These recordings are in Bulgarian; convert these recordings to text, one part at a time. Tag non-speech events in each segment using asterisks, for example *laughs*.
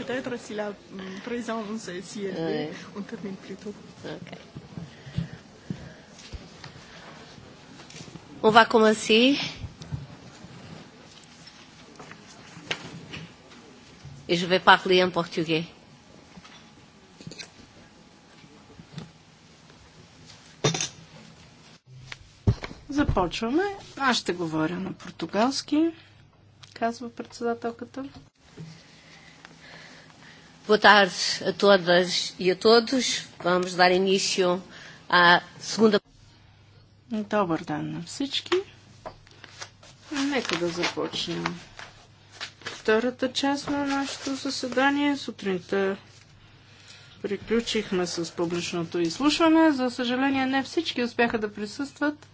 Peut-être si la présence est si élevée, ouais. on termine plus tôt. Okay. On va commencer. Et je vais parler en portugais. Започваме. Аз ще говоря на португалски, казва председателката. Boa tarde a todas e a todos. Vamos dar início à segunda. Добър ден на всички. Нека да започнем. Втората част на нашето заседание сутринта приключихме с публичното изслушване. За съжаление, не всички успяха да присъстват.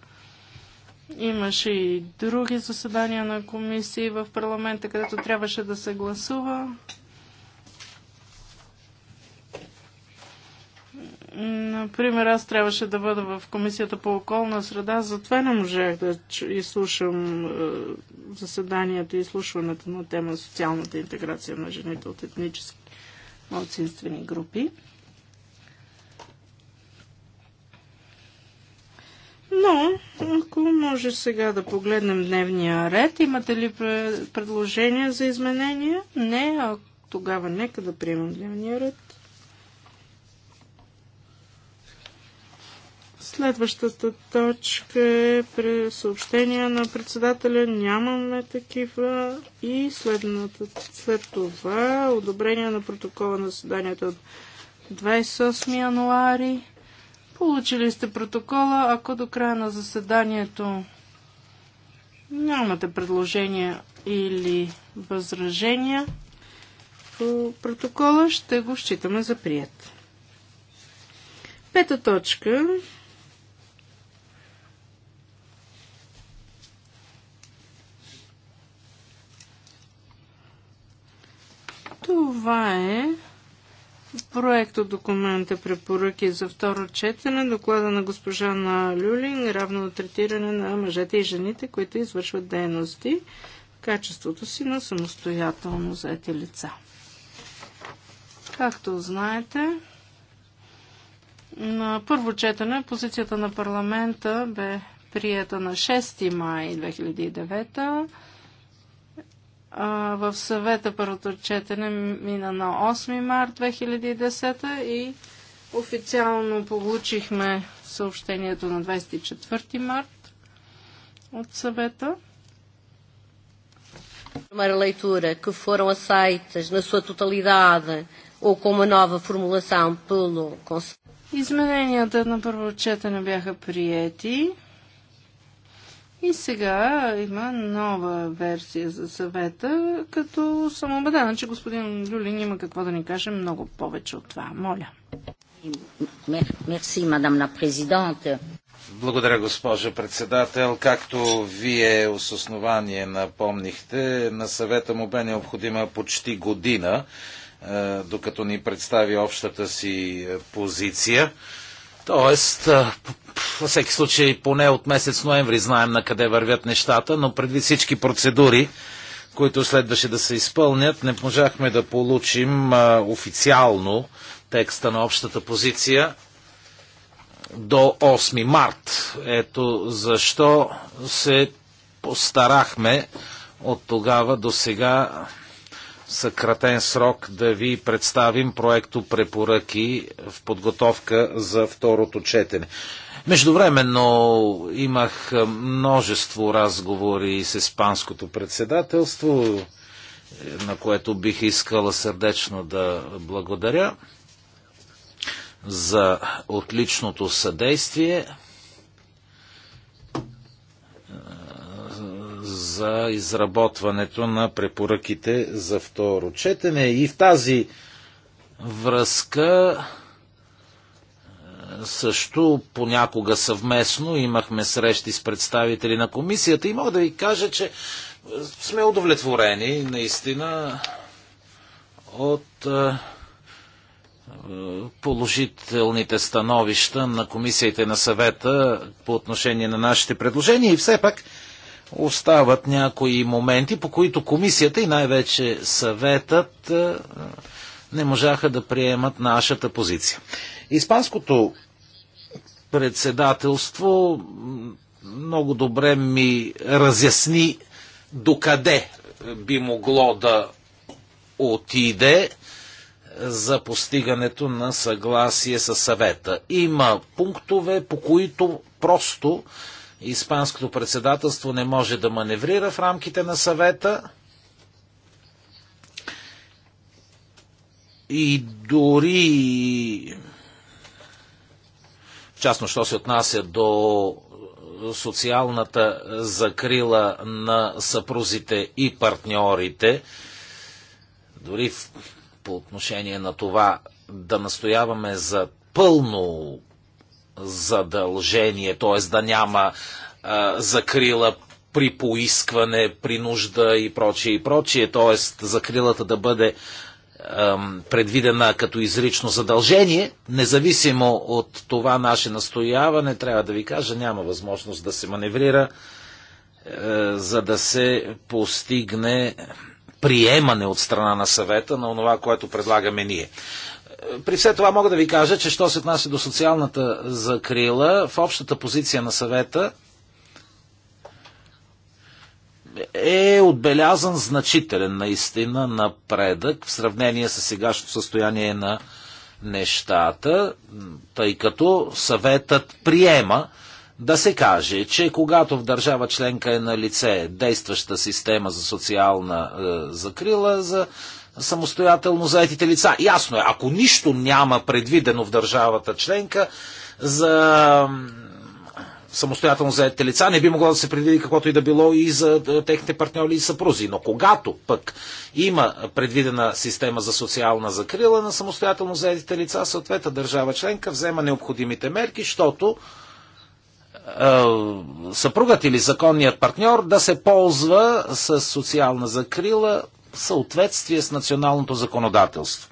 Имаше и други заседания на комисии в парламента, където трябваше да се гласува. Например, аз трябваше да бъда в Комисията по околна среда, затова не можах да изслушам е, заседанието и изслушването на тема социалната интеграция на жените от етнически младсинствени групи. Но, ако може сега да погледнем дневния ред, имате ли предложения за изменения? Не, а тогава нека да приемем дневния ред. Следващата точка е съобщение на председателя. Нямаме такива. И следната, след това одобрение на протокола на съданието от 28 януари. Получили сте протокола, ако до края на заседанието нямате предложения или възражения по протокола, ще го считаме за прият. Пета точка Това е проект от документа препоръки за второ четене, доклада на госпожа на Люлин, равно третиране на мъжете и жените, които извършват дейности в качеството си на самостоятелно заети лица. Както знаете, на първо четене позицията на парламента бе прията на 6 май 2009 в съвета първото четене мина на 8 март 2010 и официално получихме съобщението на 24 март от съвета. Primeira leitura, que foram aceitas na sua totalidade ou com uma nova formulação pelo Conselho. Измененията на първо четене бяха приети и сега има нова версия за съвета, като съм убедена, че господин Люлин има какво да ни каже много повече от това. Моля. Мерси, мадам на президента. Благодаря, госпожо председател. Както вие с основание напомнихте, на съвета му бе необходима почти година, е, докато ни представи общата си позиция. Тоест, във всеки случай, поне от месец ноември знаем на къде вървят нещата, но предвид всички процедури, които следваше да се изпълнят, не можахме да получим официално текста на общата позиция до 8 март. Ето защо се постарахме от тогава до сега съкратен срок да ви представим проекто препоръки в подготовка за второто четене. Междувременно имах множество разговори с Испанското председателство, на което бих искала сърдечно да благодаря за отличното съдействие. за изработването на препоръките за второ четене. И в тази връзка е, също понякога съвместно имахме срещи с представители на комисията и мога да ви кажа, че е, сме удовлетворени наистина от е, положителните становища на комисиите на съвета по отношение на нашите предложения и все пак Остават някои моменти, по които комисията и най-вече съветът е, не можаха да приемат нашата позиция. Испанското председателство много добре ми разясни докъде би могло да отиде за постигането на съгласие с съвета. Има пунктове, по които просто Испанското председателство не може да маневрира в рамките на съвета. И дори частно, що се отнася до социалната закрила на съпрузите и партньорите, дори в, по отношение на това да настояваме за пълно задължение, т.е. да няма а, закрила при поискване, при нужда и прочие и прочие, т.е. закрилата да бъде предвидена като изрично задължение, независимо от това наше настояване, трябва да ви кажа, няма възможност да се маневрира, е, за да се постигне приемане от страна на съвета на това, което предлагаме ние. При все това мога да ви кажа, че що се отнася до социалната закрила, в общата позиция на съвета е отбелязан значителен наистина напредък в сравнение с сегашното състояние на нещата, тъй като съветът приема да се каже, че когато в държава членка е на лице действаща система за социална е, закрила, за самостоятелно заетите лица. Ясно е, ако нищо няма предвидено в държавата членка за самостоятелно заетите лица, не би могло да се предвиди каквото и да било и за е, техните партньори и съпрузи. Но когато пък има предвидена система за социална закрила на самостоятелно заедите лица, съответна държава членка взема необходимите мерки, защото е, съпругът или законният партньор да се ползва с социална закрила съответствие с националното законодателство.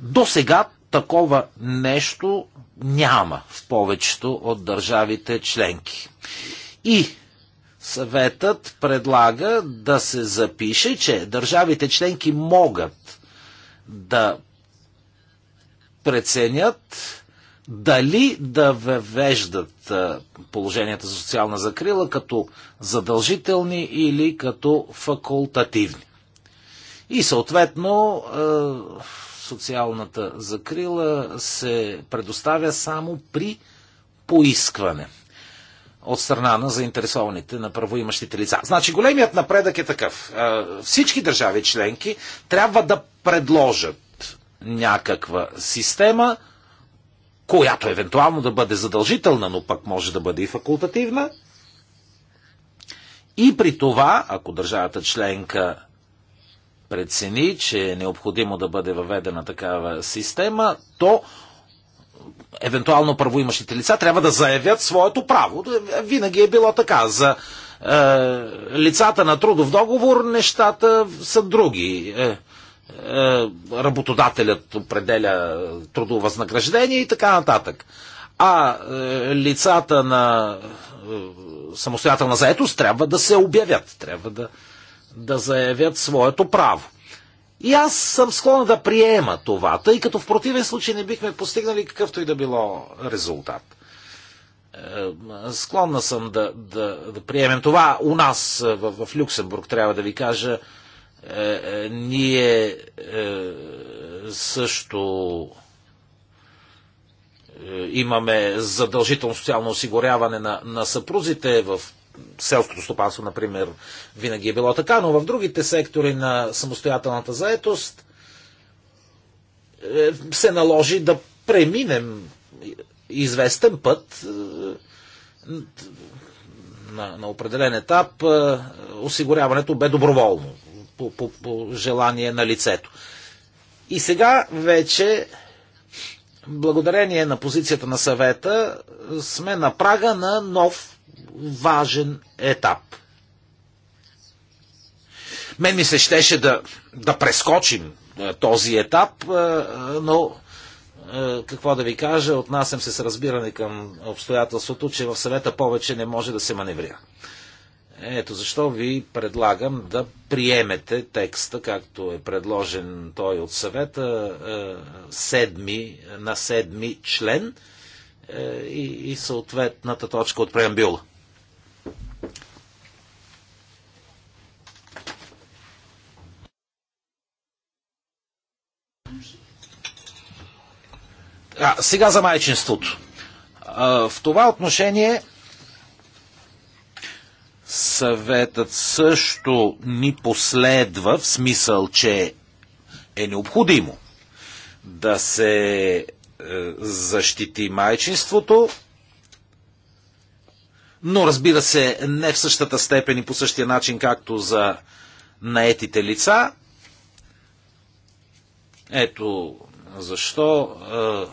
До сега такова нещо няма в повечето от държавите членки. И съветът предлага да се запише, че държавите членки могат да преценят дали да въвеждат положенията за социална закрила като задължителни или като факултативни. И съответно социалната закрила се предоставя само при поискване от страна на заинтересованите на правоимащите лица. Значи големият напредък е такъв. Всички държави членки трябва да предложат някаква система – която евентуално да бъде задължителна, но пък може да бъде и факултативна. И при това, ако държавата членка прецени, че е необходимо да бъде въведена такава система, то евентуално правоимащите лица трябва да заявят своето право. Винаги е било така. За е, лицата на трудов договор нещата са други. Е, е, работодателят определя трудово възнаграждение и така нататък. А е, лицата на е, самостоятелна заетост трябва да се обявят, трябва да, да заявят своето право. И аз съм склонен да приема това, тъй като в противен случай не бихме постигнали какъвто и да било резултат. Склонна съм да, да, да приемем това. У нас в, в Люксембург, трябва да ви кажа, е, е, ние е, също имаме задължително социално осигуряване на, на съпрузите в селското стопанство, например, винаги е било така, но в другите сектори на самостоятелната заетост се наложи да преминем известен път на, на определен етап осигуряването бе доброволно по, по, по желание на лицето. И сега вече, благодарение на позицията на съвета, сме на прага на нов важен етап. Мен ми се щеше да, да прескочим е, този етап, е, но е, какво да ви кажа, отнасям се с разбиране към обстоятелството, че в съвета повече не може да се маневрира. Ето защо ви предлагам да приемете текста, както е предложен той от съвета, е, седми, на седми член е, и, и съответната точка от преамбюла. А, сега за майчинството. В това отношение Съветът също ни последва в смисъл, че е необходимо да се е, защити майчинството, но разбира се, не в същата степен и по същия начин, както за наетите лица. Ето защо е,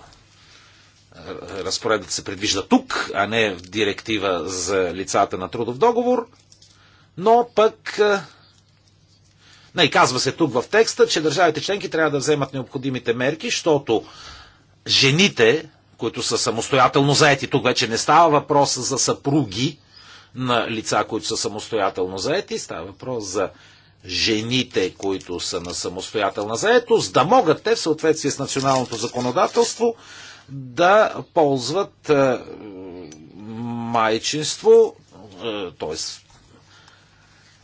Разпоредът се предвижда тук, а не в директива за лицата на трудов договор, но пък не, казва се тук в текста, че държавите членки трябва да вземат необходимите мерки, защото жените, които са самостоятелно заети, тук вече не става въпрос за съпруги на лица, които са самостоятелно заети, става въпрос за жените, които са на самостоятелна заетост, да могат те в съответствие с националното законодателство да ползват е, майчинство, е, т.е.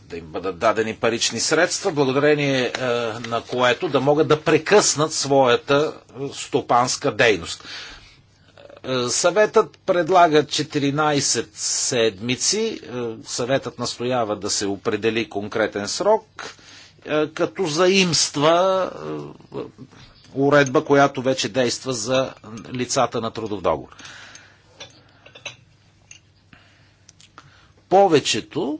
да им бъдат дадени парични средства, благодарение е, на което да могат да прекъснат своята стопанска дейност. Съветът предлага 14 седмици. Съветът настоява да се определи конкретен срок, като заимства уредба, която вече действа за лицата на трудов договор. Повечето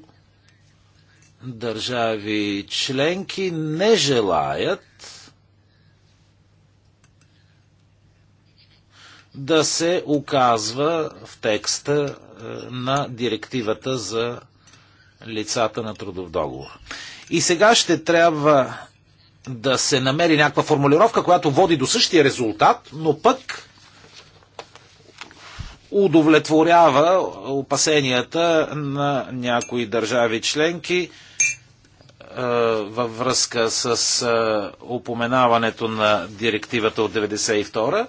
държави членки не желаят да се оказва в текста е, на директивата за лицата на трудов договор. И сега ще трябва да се намери някаква формулировка, която води до същия резултат, но пък удовлетворява опасенията на някои държави членки е, във връзка с е, упоменаването на директивата от 92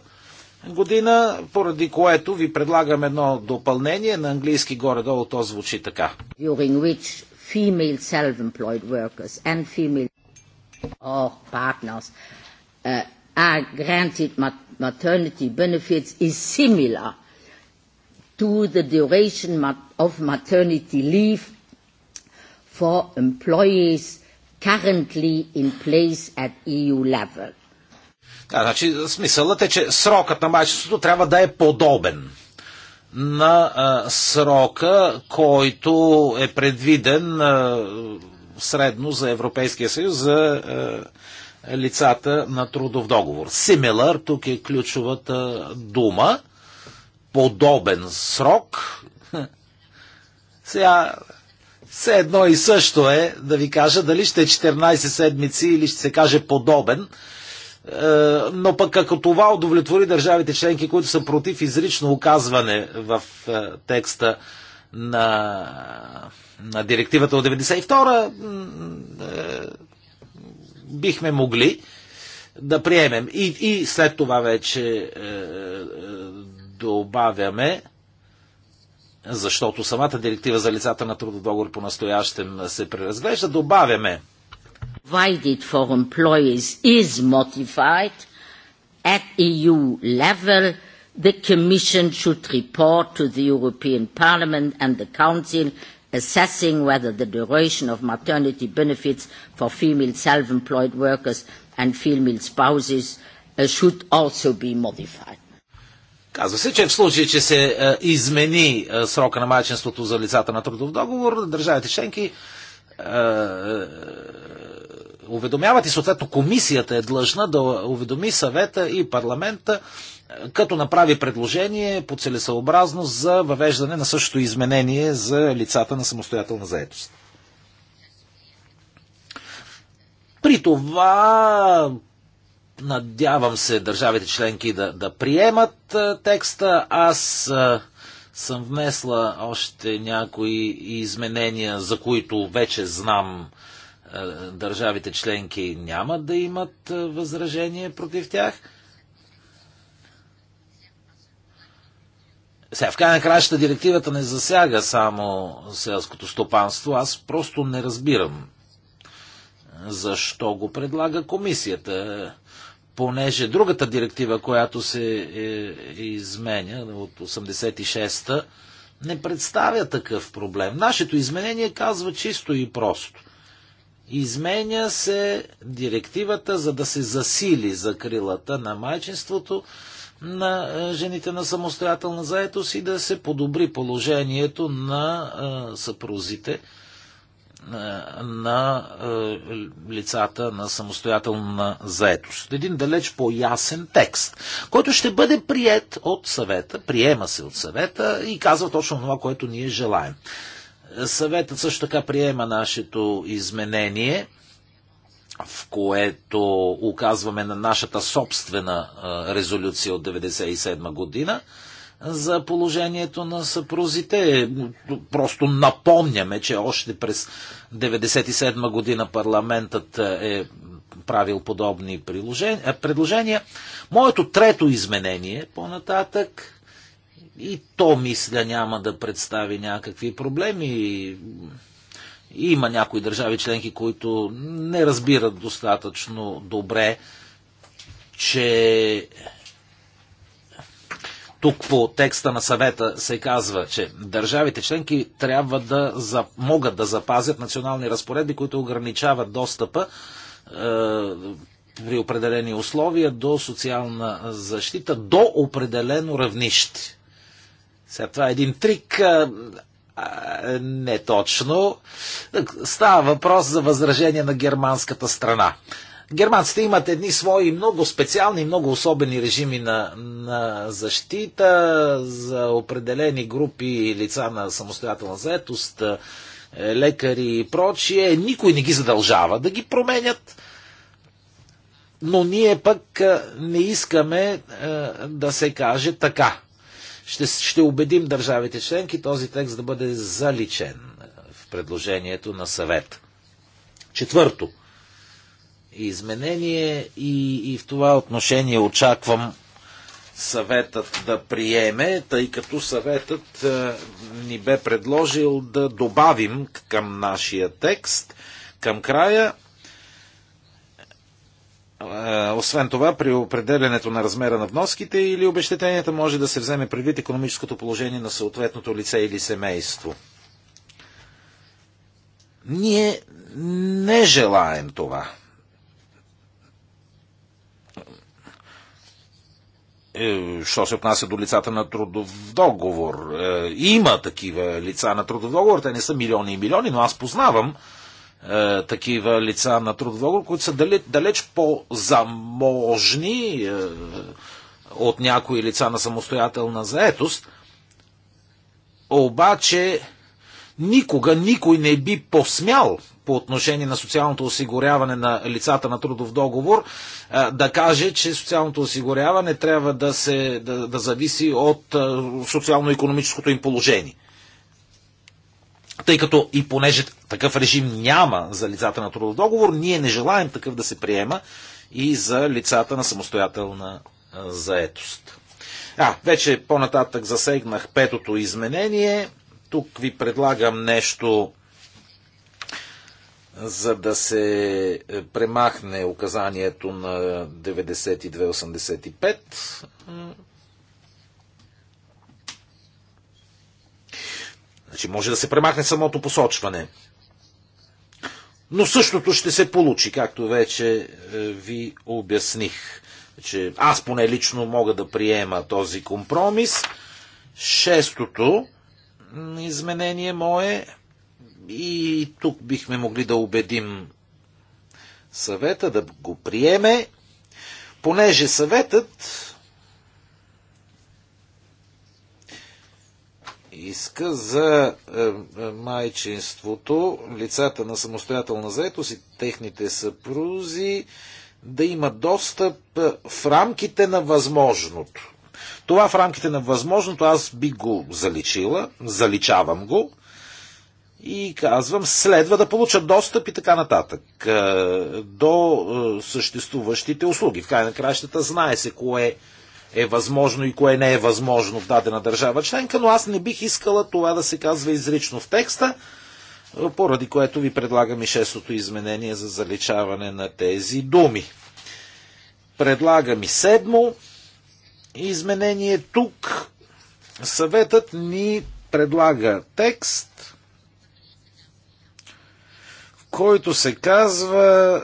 година, поради което ви предлагам едно допълнение на английски горе-долу, то звучи така. During which female self-employed workers and female All partners uh, are granted mat maternity benefits is similar to the duration mat of maternity leave for employees currently in place at EU level. Да, значи смисълът е, че срокът на майчеството трябва да е подобен на а, срока, който е предвиден а, средно за Европейския съюз за е, лицата на трудов договор. Similar, тук е ключовата дума. Подобен срок. *laughs* Сега, все едно и също е да ви кажа дали ще е 14 седмици или ще се каже подобен е, но пък ако това удовлетвори държавите членки, които са против изрично оказване в е, текста на на директивата от 92 е, бихме могли да приемем. И, и след това вече е, е добавяме, защото самата директива за лицата на трудов договор по настоящем се преразглежда, добавяме. Вайдит for employees is modified at EU level, the Commission should report to the European Parliament and the Council assessing whether the duration of maternity benefits for female self-employed workers and female spouses uh, should also be modified. Казва се, че в случай, че се е, измени е, срока на майчинството за лицата на трудов договор, държавите членки е, е, уведомяват и съответно комисията е длъжна да уведоми съвета и парламента като направи предложение по целесъобразност за въвеждане на същото изменение за лицата на самостоятелна заедост. При това надявам се държавите членки да, да приемат текста. Аз съм внесла още някои изменения, за които вече знам държавите членки няма да имат възражение против тях. Сега, в крайна краща директивата не засяга само селското стопанство. Аз просто не разбирам защо го предлага комисията. Понеже другата директива, която се е, е изменя от 86-та, не представя такъв проблем. Нашето изменение казва чисто и просто. Изменя се директивата, за да се засили закрилата на майчинството, на е, жените на самостоятелна заетост и да се подобри положението на е, съпрузите е, на лицата на самостоятелна заетост. Един далеч по-ясен текст, който ще бъде прият от съвета, приема се от съвета и казва точно това, което ние желаем. Съветът също така приема нашето изменение – в което оказваме на нашата собствена резолюция от 1997 година за положението на съпрузите. Просто напомняме, че още през 1997 година парламентът е правил подобни предложения. Моето трето изменение по-нататък и то, мисля, няма да представи някакви проблеми. Има някои държави членки, които не разбират достатъчно добре, че тук по текста на съвета се казва, че държавите членки трябва да за, могат да запазят национални разпоредби, които ограничават достъпа е, при определени условия до социална защита до определено равнище. Сега това е един трик. Е, не точно. Става въпрос за възражение на германската страна. Германците имат едни свои много специални, много особени режими на, на защита за определени групи лица на самостоятелна заетост, е, лекари и прочие. Никой не ги задължава да ги променят, но ние пък е, не искаме е, да се каже така ще, ще убедим държавите членки този текст да бъде заличен в предложението на съвет. Четвърто. Изменение и, и в това отношение очаквам съветът да приеме, тъй като съветът е, ни бе предложил да добавим към нашия текст, към края, е, освен това, при определенето на размера на вноските или обещетенията може да се вземе предвид економическото положение на съответното лице или семейство. Ние не желаем това. Е, що се отнася до лицата на трудов договор. Е, има такива лица на трудов договор, те не са милиони и милиони, но аз познавам е, такива лица на трудов договор, които са далеч, далеч по-заможни е, от някои лица на самостоятелна заетост. Обаче никога никой не би посмял по отношение на социалното осигуряване на лицата на трудов договор, е, да каже, че социалното осигуряване трябва да, се, да, да зависи от е, социално-економическото им положение тъй като и понеже такъв режим няма за лицата на трудов договор, ние не желаем такъв да се приема и за лицата на самостоятелна заетост. А, вече по-нататък засегнах петото изменение. Тук ви предлагам нещо за да се е, премахне указанието на 9285 Значи може да се премахне самото посочване. Но същото ще се получи, както вече е, ви обясних. Че аз поне лично мога да приема този компромис. Шестото изменение мое и тук бихме могли да убедим съвета да го приеме, понеже съветът иска за е, е, майчинството, лицата на самостоятелна заетост и техните съпрузи да има достъп е, в рамките на възможното. Това в рамките на възможното аз би го заличила, заличавам го и казвам, следва да получат достъп и така нататък до съществуващите услуги. В край на кращата знае се кое е е възможно и кое не е възможно в дадена държава членка, но аз не бих искала това да се казва изрично в текста, поради което ви предлагам и шестото изменение за заличаване на тези думи. Предлагам и седмо изменение тук. Съветът ни предлага текст, който се казва,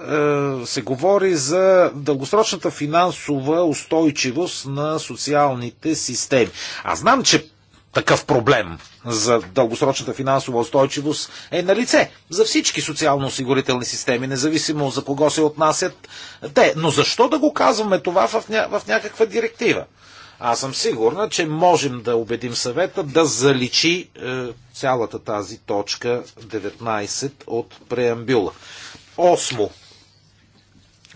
е, се говори за дългосрочната финансова устойчивост на социалните системи. Аз знам, че такъв проблем за дългосрочната финансова устойчивост е на лице за всички социално-осигурителни системи, независимо за кого се отнасят те. Но защо да го казваме това в, някаква директива? Аз съм сигурна, че можем да убедим съвета да заличи е, цялата тази точка 19 от преамбюла. Осмо.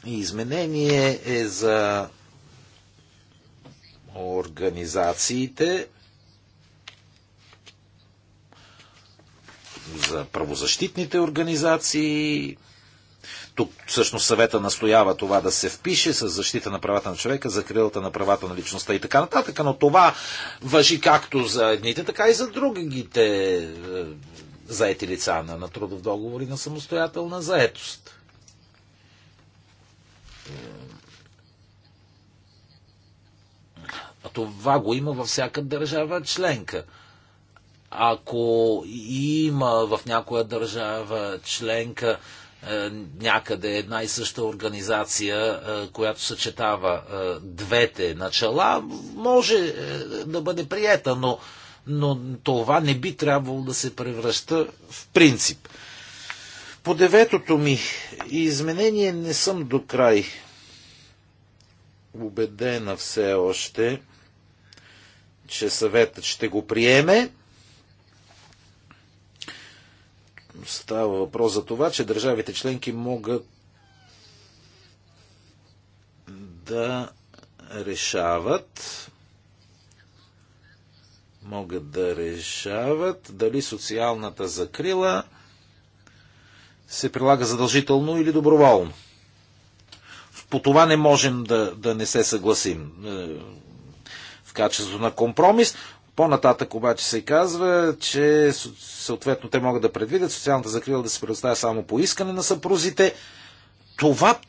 Изменение е за организациите за правозащитните организации, тук всъщност съвета настоява това да се впише с защита на правата на човека, закрилата на правата на личността и така нататък, но това въжи както за едните, така и за другите е, заети лица на, на трудов договор и на самостоятелна заетост. А това го има във всяка държава членка. Ако има в някоя държава членка е, някъде една и съща организация, е, която съчетава е, двете начала, може да бъде приета, но, но това не би трябвало да се превръща в принцип. По деветото ми изменение не съм до край убедена все още, че съветът ще го приеме. Става въпрос за това, че държавите членки могат да решават могат да решават дали социалната закрила се прилага задължително или доброволно. По това не можем да, да не се съгласим е, в качеството на компромис, по-нататък обаче се казва, че съответно те могат да предвидят социалната закрила да се предоставя само по искане на съпрузите. Това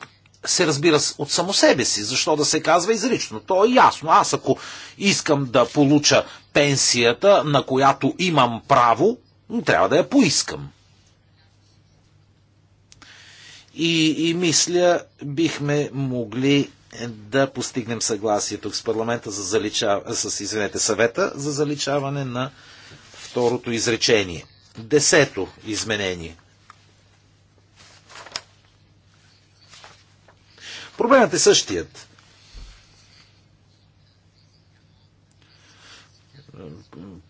се разбира от само себе си. Защо да се казва изрично? То е ясно. Аз ако искам да получа пенсията, на която имам право, трябва да я поискам. И, и мисля, бихме могли да постигнем съгласие тук с парламента за заличав... с извинете, съвета за заличаване на второто изречение. Десето изменение. Проблемът е същият.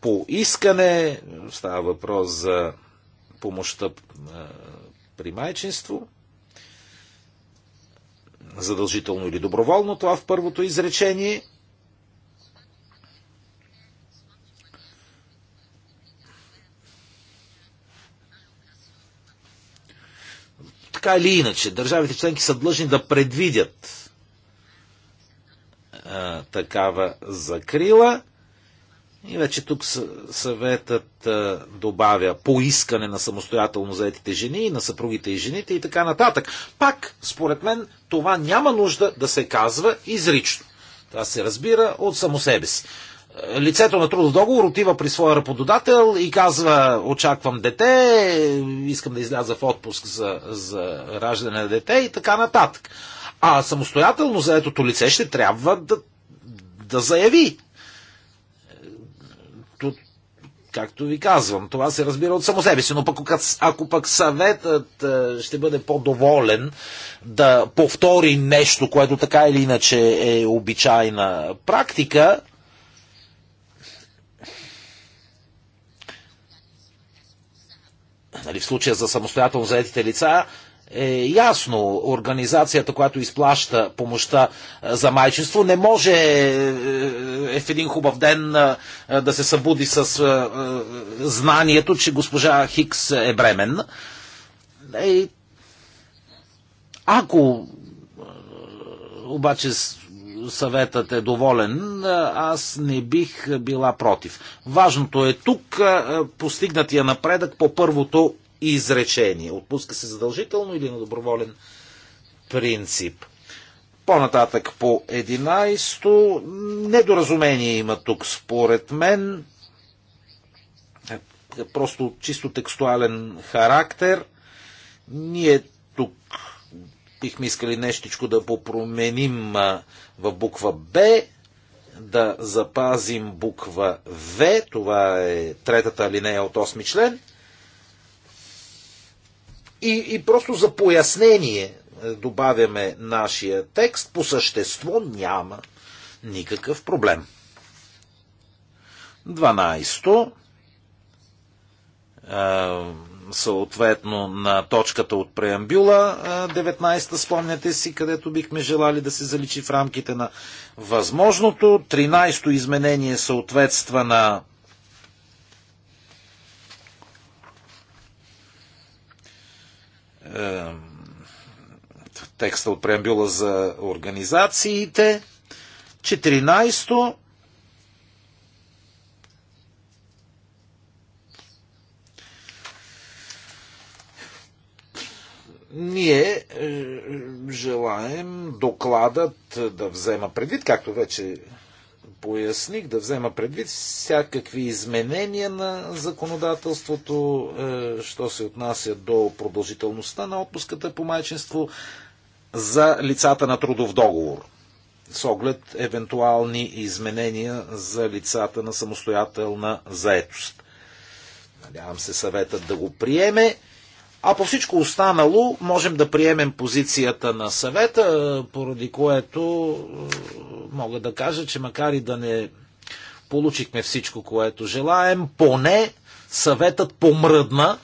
По искане става въпрос за помощта при майчинство, задължително или доброволно, това в първото изречение. Така или иначе, държавите членки са длъжни да предвидят а, такава закрила и вече тук съветът добавя поискане на самостоятелно заетите жени, на съпругите и жените и така нататък. Пак, според мен, това няма нужда да се казва изрично. Това се разбира от само себе си. Лицето на трудов договор отива при своя работодател и казва, очаквам дете, искам да изляза в отпуск за, за раждане на дете и така нататък. А самостоятелно заетото лице ще трябва да, да заяви както, както ви казвам, това се разбира от само себе си, но пък, ако пък съветът е, ще бъде по-доволен да повтори нещо, което така или иначе е обичайна практика, нали, в случая за самостоятелно заетите лица, е ясно. Организацията, която изплаща помощта е, за майчество, не може е, е, е в един хубав ден да се събуди с знанието, че госпожа Хикс е бременна. ако обаче съветът е доволен, аз не бих била против. Важното е тук постигнатия напредък по първото изречение. Отпуска се задължително или на доброволен принцип. По-нататък по 11-то недоразумение има тук според мен. Просто чисто текстуален характер. Ние тук бихме искали нещичко да попроменим в буква Б, да запазим буква В, това е третата алинея от 8 член – и, и просто за пояснение е, добавяме нашия текст. По същество няма никакъв проблем. 12 е, съответно на точката от преамбюла 19, е, та спомняте си, където бихме желали да се заличи в рамките на възможното. 13-то изменение съответства на Е, текста от преамбюла за организациите. 14-то ние е, желаем докладът да взема предвид, както вече поясних, да взема предвид всякакви изменения на законодателството, е, що се отнася до продължителността на отпуската по майчинство за лицата на трудов договор с оглед евентуални изменения за лицата на самостоятелна заетост. Надявам се съветът да го приеме. А по всичко останало можем да приемем позицията на съвета, поради което е, мога да кажа, че макар и да не получихме всичко, което желаем, поне съветът помръдна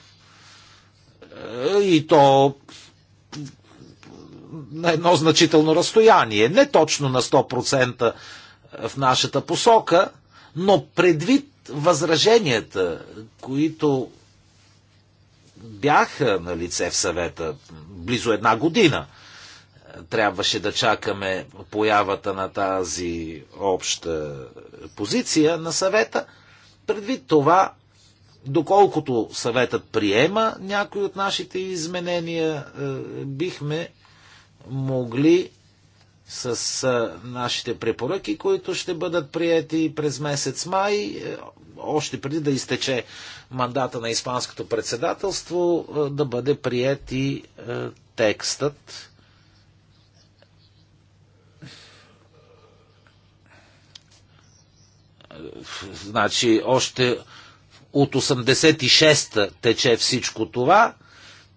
е, и то на едно значително разстояние. Не точно на 100% в нашата посока, но предвид възраженията, които бяха на лице в съвета близо една година. Трябваше да чакаме появата на тази обща позиция на съвета. Предвид това, доколкото съветът приема някои от нашите изменения, е, бихме могли с нашите препоръки, които ще бъдат приети през месец май, е, още преди да изтече мандата на Испанското председателство, е, да бъде прият и е, текстът. Значи, още от 86-та тече всичко това,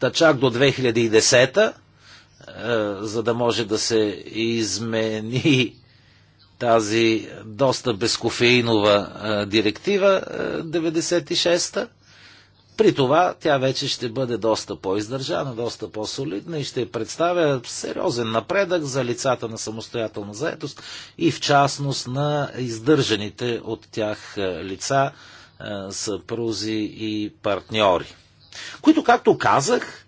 та чак до 2010-та е, за да може да се измени тази доста безкофеинова е, директива 96-та. Е, При това тя вече ще бъде доста по-издържана, доста по-солидна и ще представя сериозен напредък за лицата на самостоятелна заетост и в частност на издържаните от тях лица, съпрузи и партньори, които, както казах,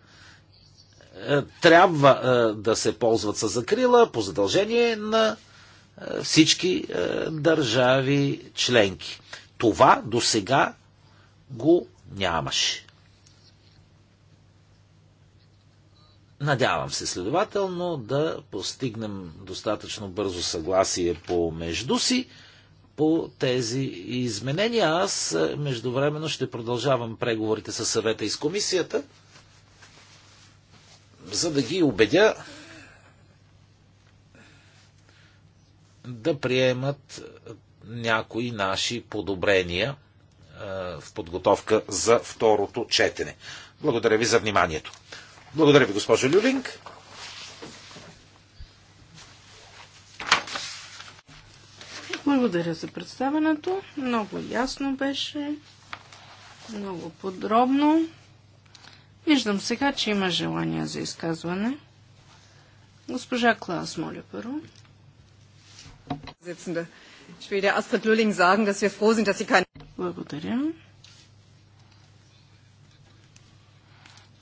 е, трябва е, да се ползват с закрила по задължение на е, всички държави членки. Това до сега го нямаше. Надявам се следователно да постигнем достатъчно бързо съгласие помежду си по тези изменения. Аз междувременно ще продължавам преговорите с съвета и с комисията за да ги убедя да приемат някои наши подобрения в подготовка за второто четене. Благодаря ви за вниманието. Благодаря ви, госпожо Люлинг. Благодаря за представенето. Много ясно беше, много подробно. Виждам сега, че има желание за изказване. Госпожа Клаус, моля първо. Благодаря.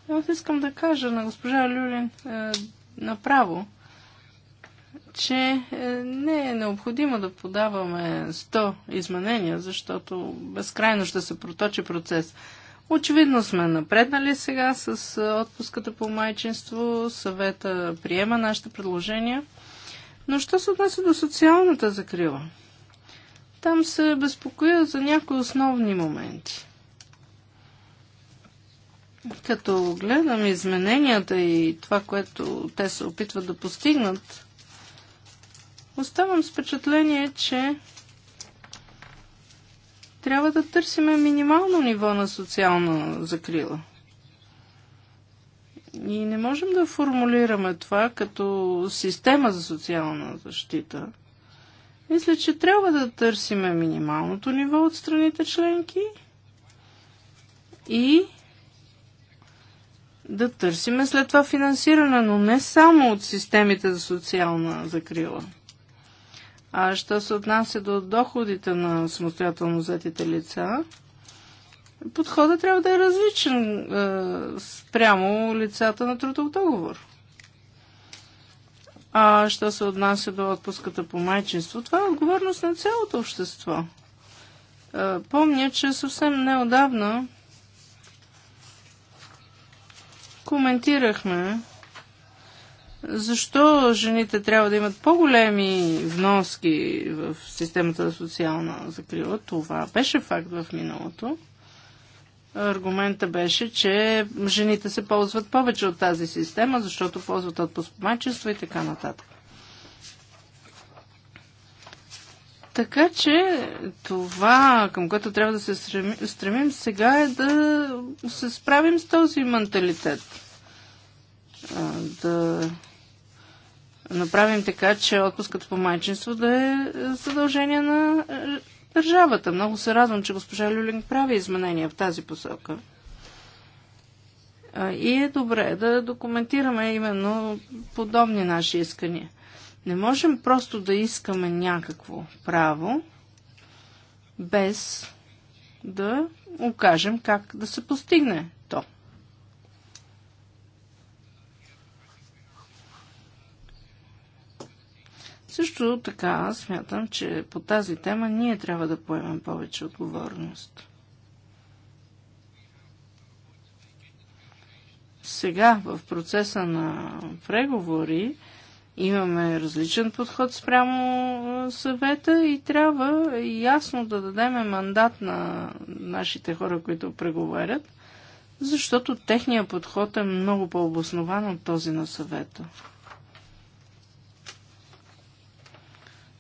Аз искам да кажа на госпожа Люлин е, направо, че е, не е необходимо да подаваме 100 изменения, защото безкрайно ще се проточи процес. Очевидно сме напреднали сега с отпуската по майчинство. Съвета приема нашите предложения. Но що се отнася до социалната закрила? Там се безпокоя за някои основни моменти. Като гледам измененията и това, което те се опитват да постигнат, оставам с впечатление, че трябва да търсиме минимално ниво на социална закрила. И не можем да формулираме това като система за социална защита. Мисля, че трябва да търсиме минималното ниво от страните членки и да търсиме след това финансиране, но не само от системите за социална закрила. А що се отнася до доходите на самостоятелно взетите лица, подходът трябва да е различен е, спрямо лицата на трудов договор. А що се отнася до отпуската по майчинство, това е отговорност на цялото общество. Е, помня, че съвсем неодавна коментирахме защо жените трябва да имат по-големи вноски в системата за социална закрила? Това беше факт в миналото. Аргумента беше, че жените се ползват повече от тази система, защото ползват отпуск майчество и така нататък. Така че това, към което трябва да се стремим сега е да се справим с този менталитет. Да направим така, че отпускът по майчинство да е задължение на е, държавата. Много се радвам, че госпожа Люлинг прави изменения в тази посока. И е добре да документираме именно подобни наши искания. Не можем просто да искаме някакво право, без да окажем как да се постигне Също така смятам, че по тази тема ние трябва да поемем повече отговорност. Сега, в процеса на преговори, имаме различен подход спрямо съвета и трябва ясно да дадем мандат на нашите хора, които преговарят, защото техният подход е много по-обоснован от този на съвета.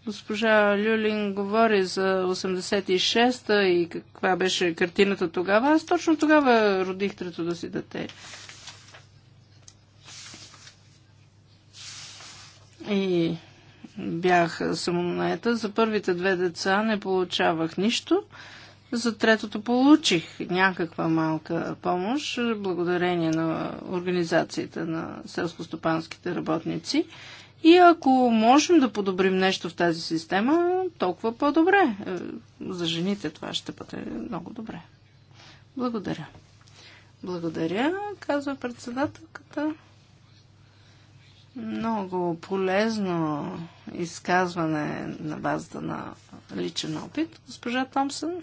Госпожа Люлин говори за 86-та и каква беше картината тогава. Аз точно тогава родих трето да си дете. И бях самонаета. За първите две деца не получавах нищо. За третото получих някаква малка помощ, благодарение на организацията на селско-стопанските работници. И ако можем да подобрим нещо в тази система, толкова по-добре. Е, за жените това ще бъде много добре. Благодаря. Благодаря, казва председателката. Много полезно изказване на базата на личен опит. Госпожа Томсън.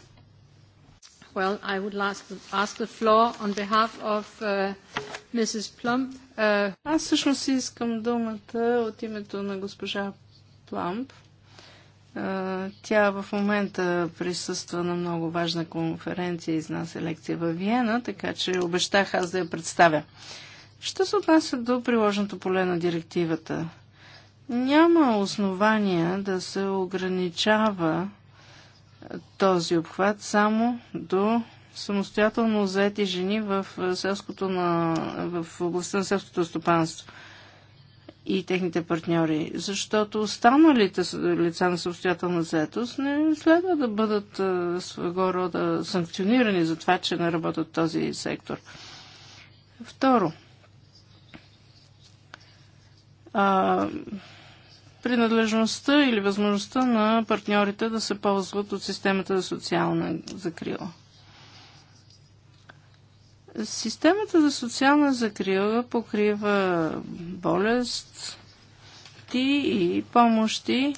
Well, I would ask the floor on behalf of uh, Mrs. Plump. Uh... Аз всъщност искам думата от името на госпожа Пламп. Uh, тя в момента присъства на много важна конференция, и изнася е лекция във Виена, така че обещах аз да я представя. Що се отнася до приложното поле на директивата? Няма основания да се ограничава този обхват само до самостоятелно заети жени в, селското на, в областта на селското стопанство и техните партньори, защото останалите лица на самостоятелна заетост не следва да бъдат своего рода санкционирани за това, че не работят в този сектор. Второ, а, принадлежността или възможността на партньорите да се ползват от системата за социална закрила. Системата за социална закрила покрива болест и помощи,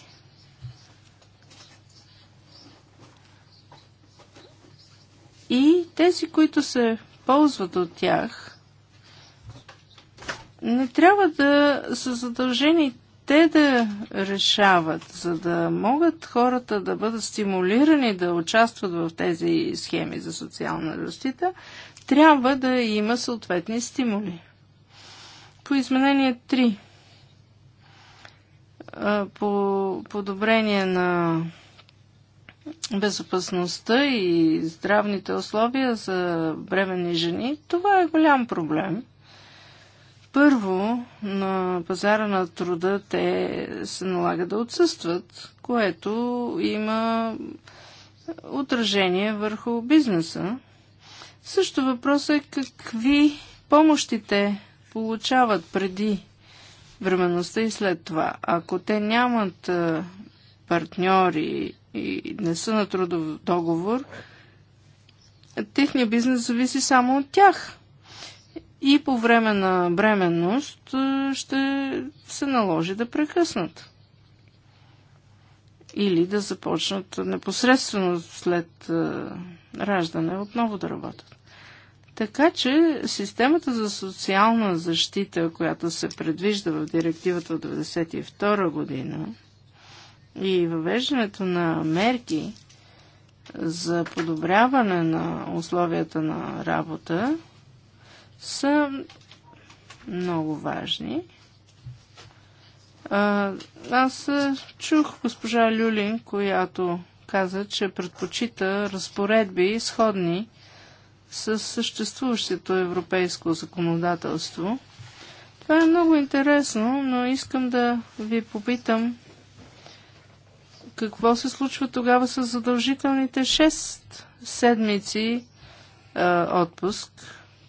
и тези, които се ползват от тях, не трябва да са задължени те да решават, за да могат хората да бъдат стимулирани да участват в тези схеми за социална защита, трябва да има съответни стимули. По изменение 3, по подобрение на безопасността и здравните условия за бременни жени, това е голям проблем – първо, на пазара на труда те се налага да отсъстват, което има отражение върху бизнеса. Също въпрос е какви помощи те получават преди временността и след това. Ако те нямат партньори и не са на трудов договор, техният бизнес зависи само от тях и по време на бременност е, ще се наложи да прекъснат. Или да започнат непосредствено след е, раждане отново да работят. Така че системата за социална защита, която се предвижда в директивата от 1992 година и въвеждането на мерки за подобряване на условията на работа, са много важни. Аз чух госпожа Люлин, която каза, че предпочита разпоредби изходни с съществуващото европейско законодателство. Това е много интересно, но искам да ви попитам какво се случва тогава с задължителните 6 седмици е, отпуск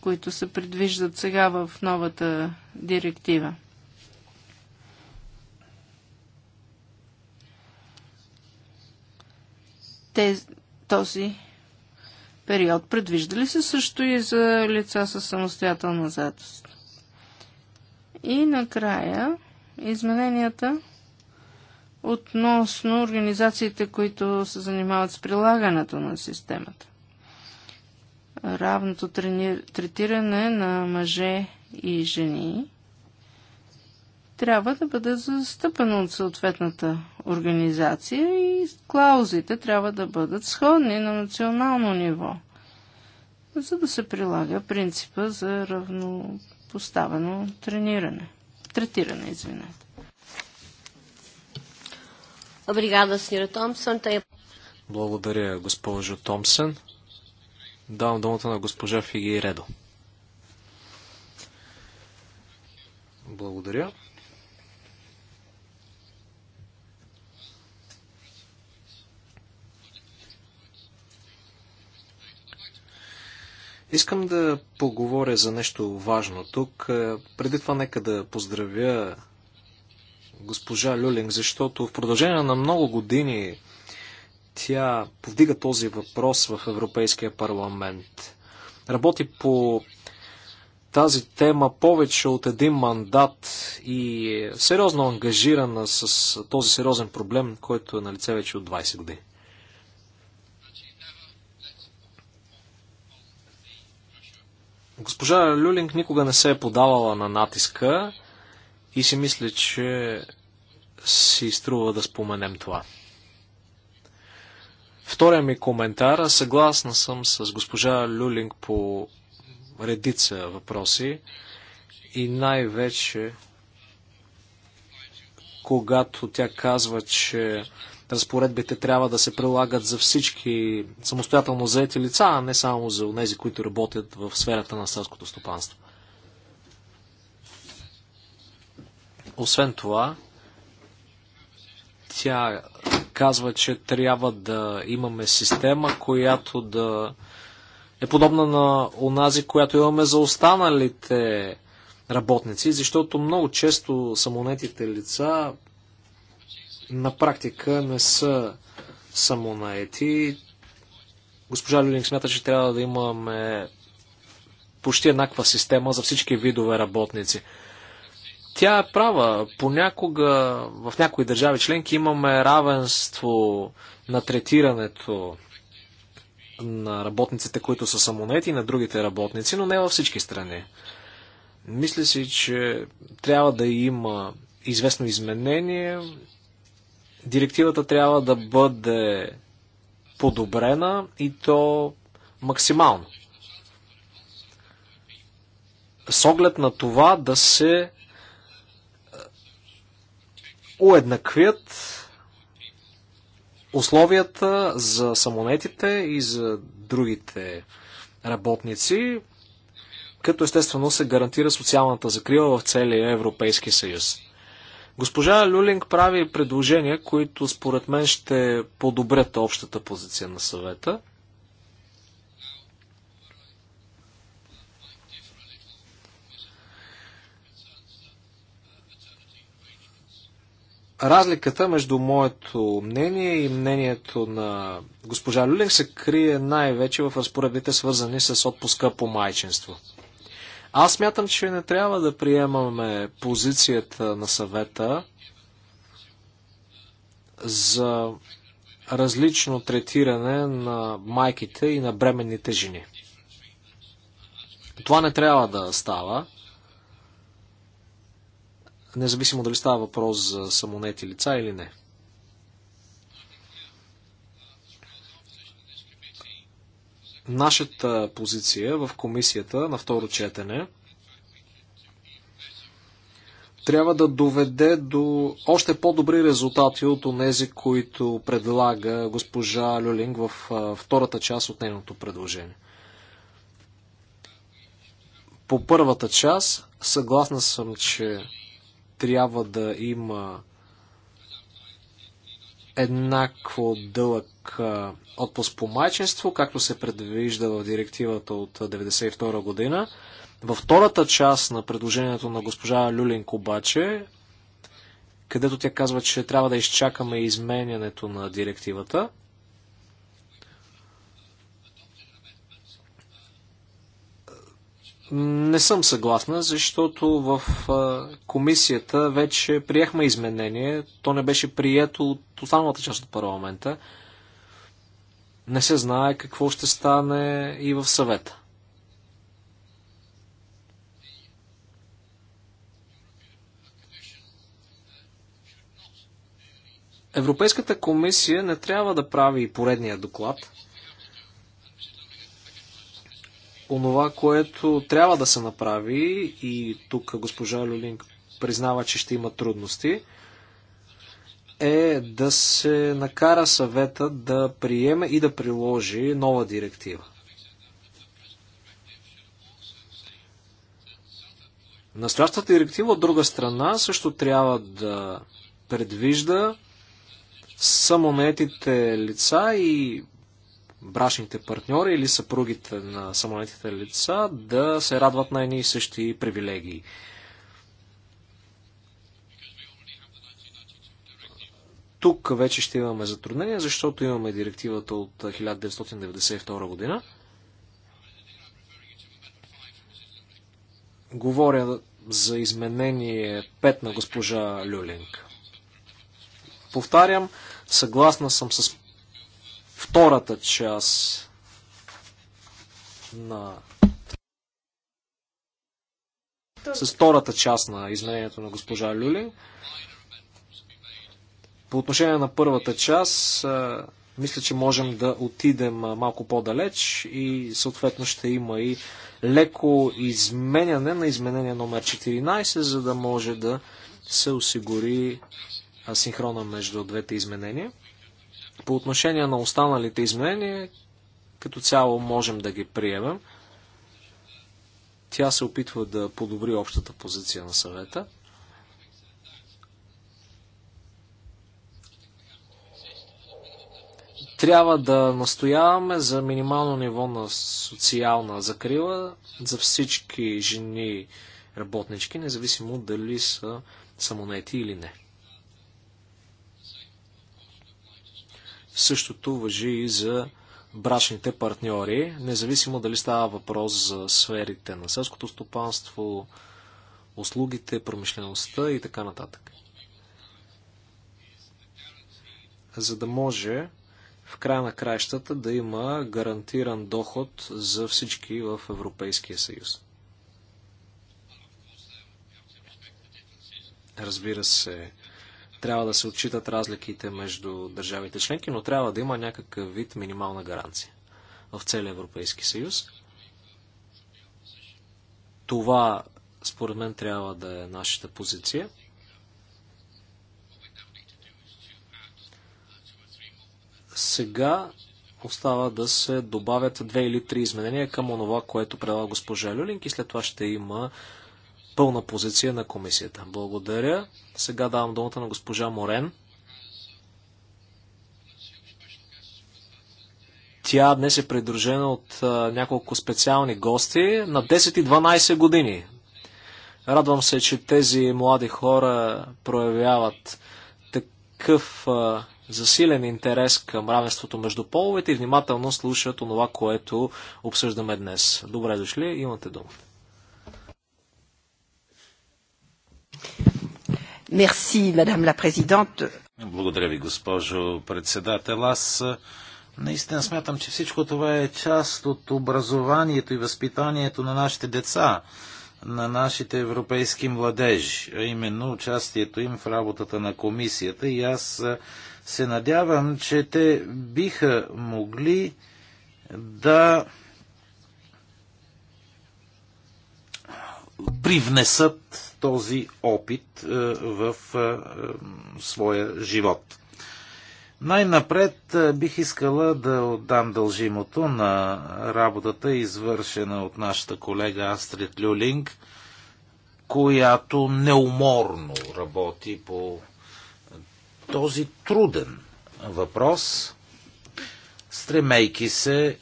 които се предвиждат сега в новата директива. този период предвижда ли се също и за лица с самостоятелна заедост? И накрая измененията относно организациите, които се занимават с прилагането на системата равното третиране на мъже и жени трябва да бъде застъпено от съответната организация и клаузите трябва да бъдат сходни на национално ниво, за да се прилага принципа за равнопоставено трениране. Третиране, извинете. Благодаря, госпожо Томсън. Давам думата на госпожа Фиги Редо. Благодаря. Искам да поговоря за нещо важно тук. Е, преди това нека да поздравя госпожа Люлинг, защото в продължение на много години тя повдига този въпрос в Европейския парламент. Работи по тази тема повече от един мандат и е сериозно ангажирана с този сериозен проблем, който е на лице вече от 20 години. Госпожа Люлинг никога не се е подавала на натиска и си мисля, че си струва да споменем това. Втория ми коментар. Съгласна съм с госпожа Люлинг по редица въпроси и най-вече когато тя казва, че разпоредбите трябва да се прилагат за всички самостоятелно заети лица, а не само за тези, които работят в сферата на селското стопанство. Освен това, тя казва, че трябва да имаме система, която да е подобна на онази, която имаме за останалите работници, защото много често самонетите лица на практика не са самонаети. Госпожа Люлинг смята, че трябва да имаме почти еднаква система за всички видове работници. Тя е права. Понякога в някои държави членки имаме равенство на третирането на работниците, които са самонети, на другите работници, но не във всички страни. Мисля си, че трябва да има известно изменение. Директивата трябва да бъде подобрена и то максимално. С оглед на това да се уеднаквят условията за самонетите и за другите работници, като естествено се гарантира социалната закрива в целия Европейски съюз. Госпожа Люлинг прави предложения, които според мен ще подобрят общата позиция на съвета – Разликата между моето мнение и мнението на госпожа Люлинг се крие най-вече в разпоредбите, свързани с отпуска по майчинство. Аз мятам, че не трябва да приемаме позицията на съвета за различно третиране на майките и на бременните жени. Това не трябва да става независимо дали става въпрос за самонети лица или не. Нашата позиция в комисията на второ четене трябва да доведе до още по-добри резултати от онези, които предлага госпожа Люлинг в втората част от нейното предложение. По първата част, съгласна съм, че трябва да има еднакво дълъг отпуск по майчинство, както се предвижда в директивата от 1992 година. Във втората част на предложението на госпожа Люлинко обаче, където тя казва, че трябва да изчакаме изменянето на директивата, Не съм съгласна, защото в комисията вече приехме изменение. То не беше прието от останалата част от парламента. Не се знае какво ще стане и в съвета. Европейската комисия не трябва да прави поредния доклад – онова, което трябва да се направи, и тук госпожа Люлинг признава, че ще има трудности, е да се накара съвета да приеме и да приложи нова директива. Настоящата директива, от друга страна, също трябва да предвижда самонетите лица и Брашните партньори или съпругите на самолетите лица да се радват на едни и същи привилегии. Тук вече ще имаме затруднения, защото имаме директивата от 1992 година. Говоря за изменение 5 на госпожа Люлинг. Повтарям, съгласна съм с втората част на с втората част на изменението на госпожа Люли. По отношение на първата част, мисля, че можем да отидем малко по-далеч и съответно ще има и леко изменяне на изменение номер 14, за да може да се осигури синхрона между двете изменения. По отношение на останалите изменения, като цяло можем да ги приемем. Тя се опитва да подобри общата позиция на съвета. трябва да настояваме за минимално ниво на социална закрила за всички жени работнички, независимо дали са самонети или не. Същото въжи и за брачните партньори, независимо дали става въпрос за сферите на селското стопанство, услугите, промишлеността и така нататък. За да може в края на краищата да има гарантиран доход за всички в Европейския съюз. Разбира се, трябва да се отчитат разликите между държавите членки, но трябва да има някакъв вид минимална гаранция в целия Европейски съюз. Това, според мен, трябва да е нашата позиция. Сега остава да се добавят две или три изменения към онова, което предлага госпожа Люлинг и след това ще има пълна позиция на комисията. Благодаря. Сега давам думата на госпожа Морен. Тя днес е придружена от а, няколко специални гости на 10 и 12 години. Радвам се, че тези млади хора проявяват такъв а, засилен интерес към равенството между половете и внимателно слушат онова, което обсъждаме днес. Добре дошли, имате думата. Благодаря ви, госпожо председател. Аз наистина смятам, че всичко това е част от образованието и възпитанието на нашите деца, на нашите европейски младежи, а именно участието им в работата на комисията. И аз се надявам, че те биха могли да привнесат този опит е, в е, своя живот. Най-напред е, бих искала да отдам дължимото на работата, извършена от нашата колега Астрид Люлинг, която неуморно работи по този труден въпрос, стремейки се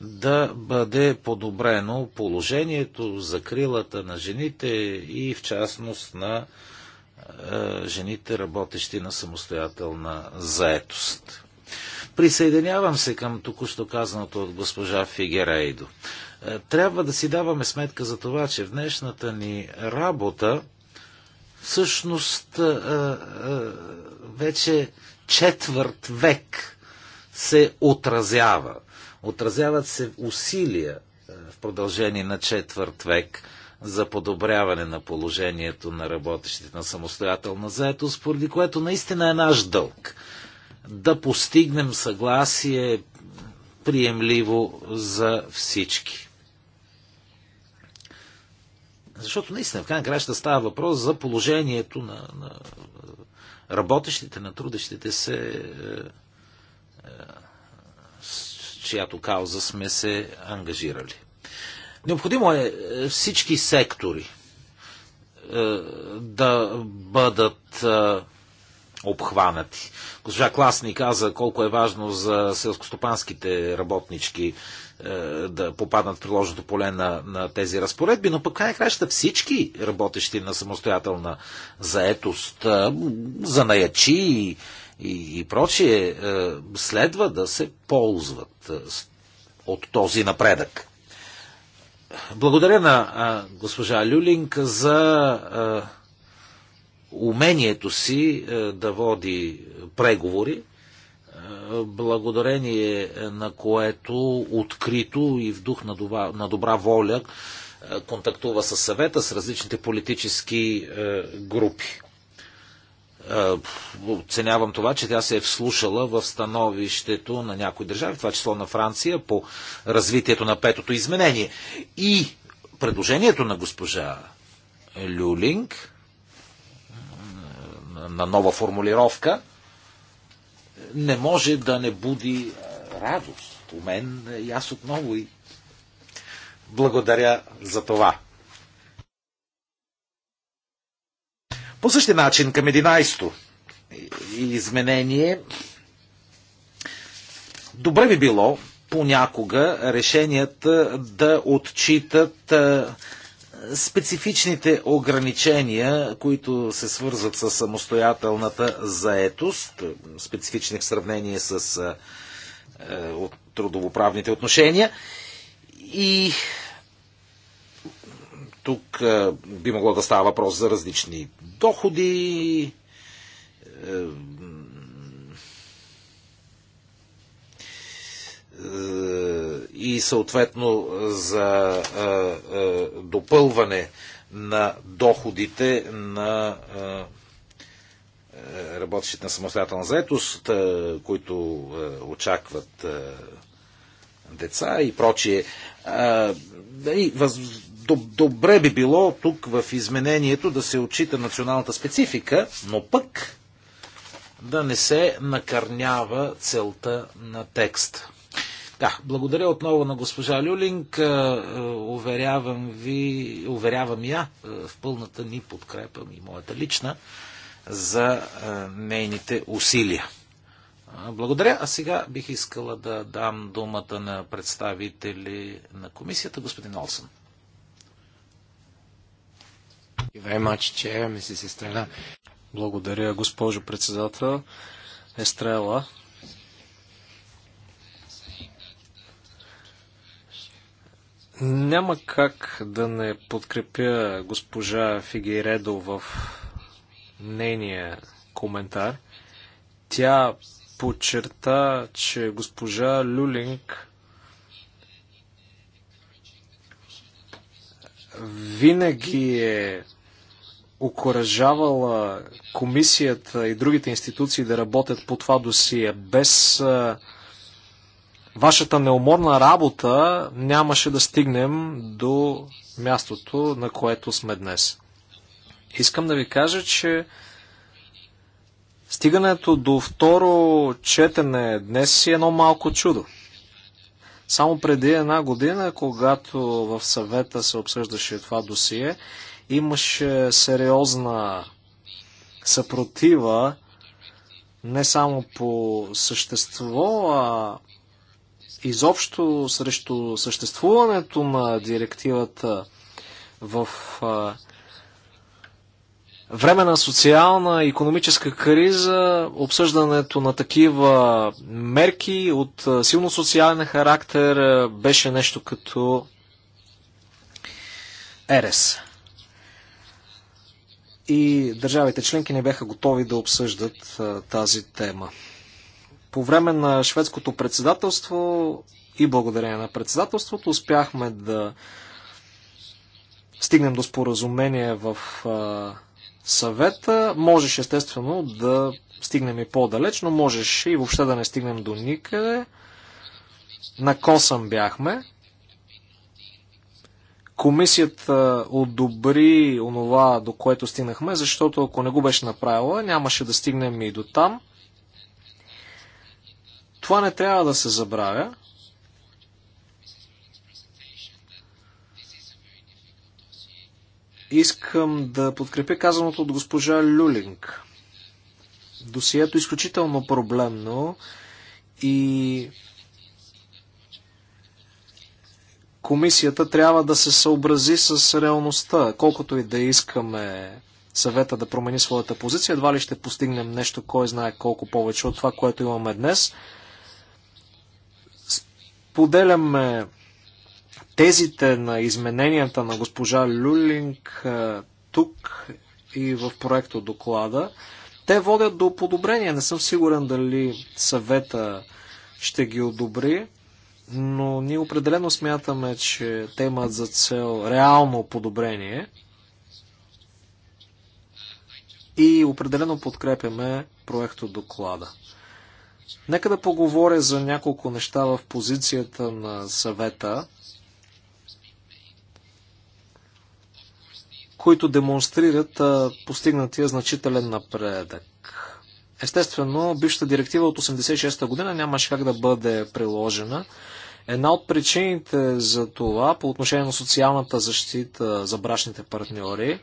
да бъде подобрено положението, за крилата на жените и в частност на е, жените, работещи на самостоятелна заетост. Присъединявам се към току-що казаното от госпожа Фигерейдо. Е, трябва да си даваме сметка за това, че в днешната ни работа всъщност е, е, е вече четвърт век се отразява Отразяват се усилия е, в продължение на четвърт век за подобряване на положението на работещите на самостоятелна заетост, поради което наистина е наш дълг да постигнем съгласие приемливо за всички. Защото наистина в крайна краща става въпрос за положението на, на работещите, на трудещите се е, е, чиято кауза сме се ангажирали. Необходимо е, е всички сектори е, да бъдат е, обхванати. Госпожа ни каза колко е важно за селскостопанските работнички да попаднат в приложното поле на, на тези разпоредби, но пък край краща всички работещи на самостоятелна заетост, занаячи, и, и прочие, е, следва да се ползват е, от този напредък. Благодаря на е, госпожа Люлинг за умението си да води преговори, благодарение на което открито и в дух на добра, на добра воля контактува с съвета, с различните политически групи. Е, оценявам това, че тя се е вслушала в становището на някои държави, в това число на Франция, по развитието на петото изменение. И предложението на госпожа Люлинг е, на нова формулировка не може да не буди е, радост у мен и аз отново и благодаря за това. По същия начин към 11-то изменение добре би било понякога решенията да отчитат специфичните ограничения, които се свързват с самостоятелната заетост, специфични в сравнение с трудовоправните отношения и тук би могло да става въпрос за различни доходи, е, е, и съответно за е, допълване на доходите на работещите на самостоятелна заетост, които очакват деца и прочие добре би било тук в изменението да се отчита националната специфика, но пък да не се накърнява целта на текст. Да, благодаря отново на госпожа Люлинг. Е, е, уверявам ви, уверявам я е, в пълната ни подкрепа и моята лична за нейните усилия. Благодаря. А сега бих искала да дам думата на представители на комисията, господин Олсен. Благодаря, госпожо председател. Естрела. Няма как да не подкрепя госпожа Фигейредо в нейния коментар. Тя подчерта, че госпожа Люлинг винаги е окоръжавала комисията и другите институции да работят по това досие. Без вашата неуморна работа нямаше да стигнем до мястото, на което сме днес. Искам да ви кажа, че стигането до второ четене днес е едно малко чудо. Само преди една година, когато в съвета се обсъждаше това досие, Имаше сериозна съпротива не само по същество, а изобщо срещу съществуването на директивата в време на социална и економическа криза, обсъждането на такива мерки от силно социален характер беше нещо като ЕРЕС и държавите членки не бяха готови да обсъждат тази тема. По време на шведското председателство и благодарение на председателството успяхме да стигнем до споразумение в съвета. Можеш естествено да стигнем и по-далеч, но можеше и въобще да не стигнем до никъде. На косъм бяхме. Комисията одобри онова, до което стигнахме, защото ако не го беше направила, нямаше да стигнем и до там. Това не трябва да се забравя. Искам да подкрепя казаното от госпожа Люлинг. Досието е изключително проблемно и комисията трябва да се съобрази с реалността. Колкото и да искаме съвета да промени своята позиция, едва ли ще постигнем нещо, кой знае колко повече от това, което имаме днес. Поделяме тезите на измененията на госпожа Люлинг тук и в проекта доклада. Те водят до подобрения. Не съм сигурен дали съвета ще ги одобри но ние определено смятаме, че те имат за цел реално подобрение и определено подкрепяме проекто доклада. Нека да поговоря за няколко неща в позицията на съвета, които демонстрират постигнатия значителен напредък. Естествено, бившата директива от 86-та година нямаше как да бъде приложена. Една от причините за това по отношение на социалната защита за брачните партньори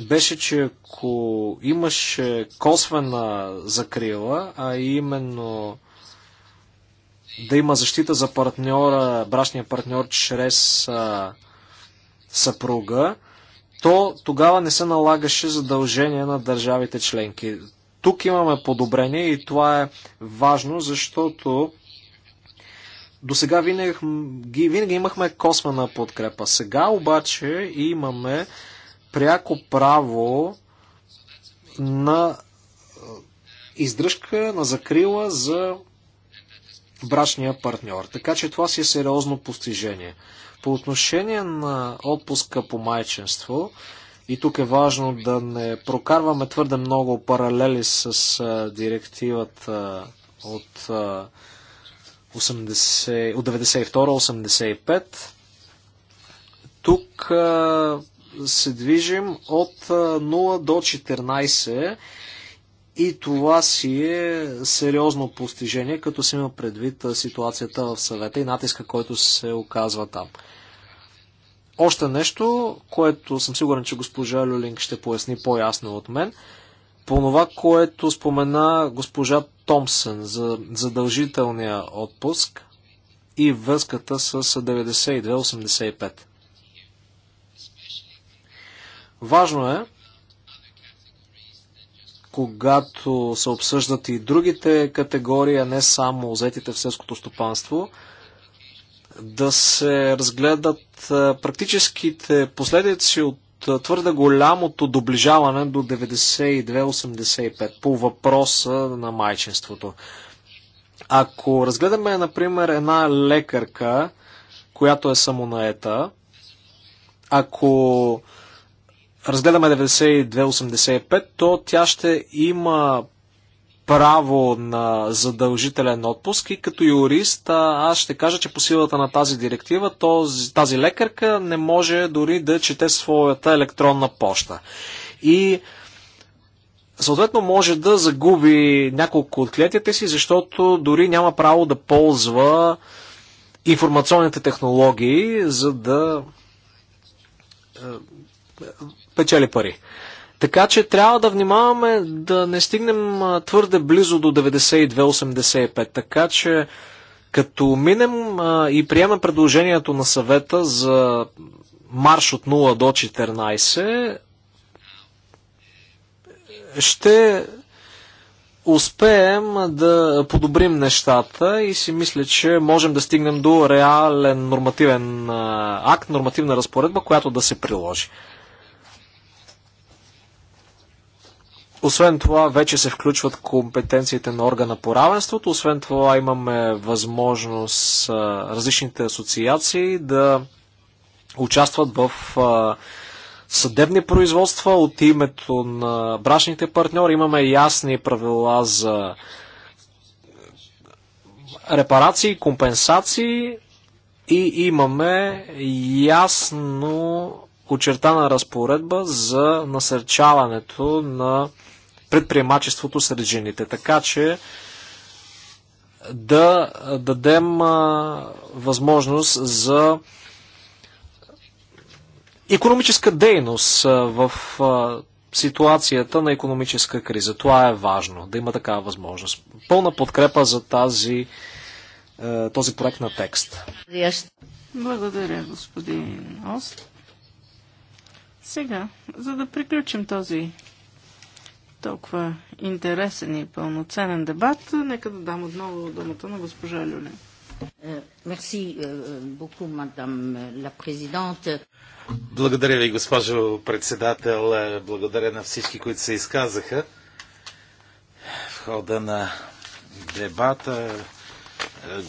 беше, че ако имаше косвена закрила, а именно да има защита за партньора, брашния партньор чрез а, съпруга, то тогава не се налагаше задължение на държавите членки. Тук имаме подобрение и това е важно, защото до сега винаги, винаги имахме космена подкрепа. Сега обаче имаме пряко право на е, издръжка, на закрила за брачния партньор. Така че това си е сериозно постижение. По отношение на отпуска по майченство. И тук е важно да не прокарваме твърде много паралели с а, директивата от, от 92-85. Тук а, се движим от 0 до 14 и това си е сериозно постижение, като се има предвид ситуацията в съвета и натиска, който се оказва там. Още нещо, което съм сигурен, че госпожа Люлинг ще поясни по-ясно от мен. По това, което спомена госпожа Томсън за задължителния отпуск и връзката с 92-85. Важно е, когато се обсъждат и другите категории, а не само заетите в селското стопанство, да се разгледат практическите последици от твърде голямото доближаване до 92-85 по въпроса на майчинството. Ако разгледаме, например, една лекарка, която е самонаета, ако разгледаме 92-85, то тя ще има право на задължителен отпуск и като юрист аз ще кажа, че по силата на тази директива този, тази лекарка не може дори да чете своята електронна поща. И съответно може да загуби няколко от клетите си, защото дори няма право да ползва информационните технологии, за да е, печели пари. Така че трябва да внимаваме да не стигнем твърде близо до 92-85. Така че като минем и приемем предложението на съвета за марш от 0 до 14, ще успеем да подобрим нещата и си мисля, че можем да стигнем до реален нормативен акт, нормативна разпоредба, която да се приложи. Освен това, вече се включват компетенциите на органа по равенството. Освен това, имаме възможност различните асоциации да участват в съдебни производства от името на брашните партньори. Имаме ясни правила за репарации, компенсации и имаме ясно очертана разпоредба за насърчаването на предприемачеството сред жените. Така че да дадем възможност за економическа дейност в ситуацията на економическа криза. Това е важно, да има такава възможност. Пълна подкрепа за тази, този проект на текст. Благодаря, господин Ост. Сега, за да приключим този толкова интересен и пълноценен дебат. Нека да дам отново думата на госпожа Люлин. Е, мерси боку, е, мадам е, ла президент. Благодаря ви, госпожо председател. Благодаря на всички, които се изказаха в хода на дебата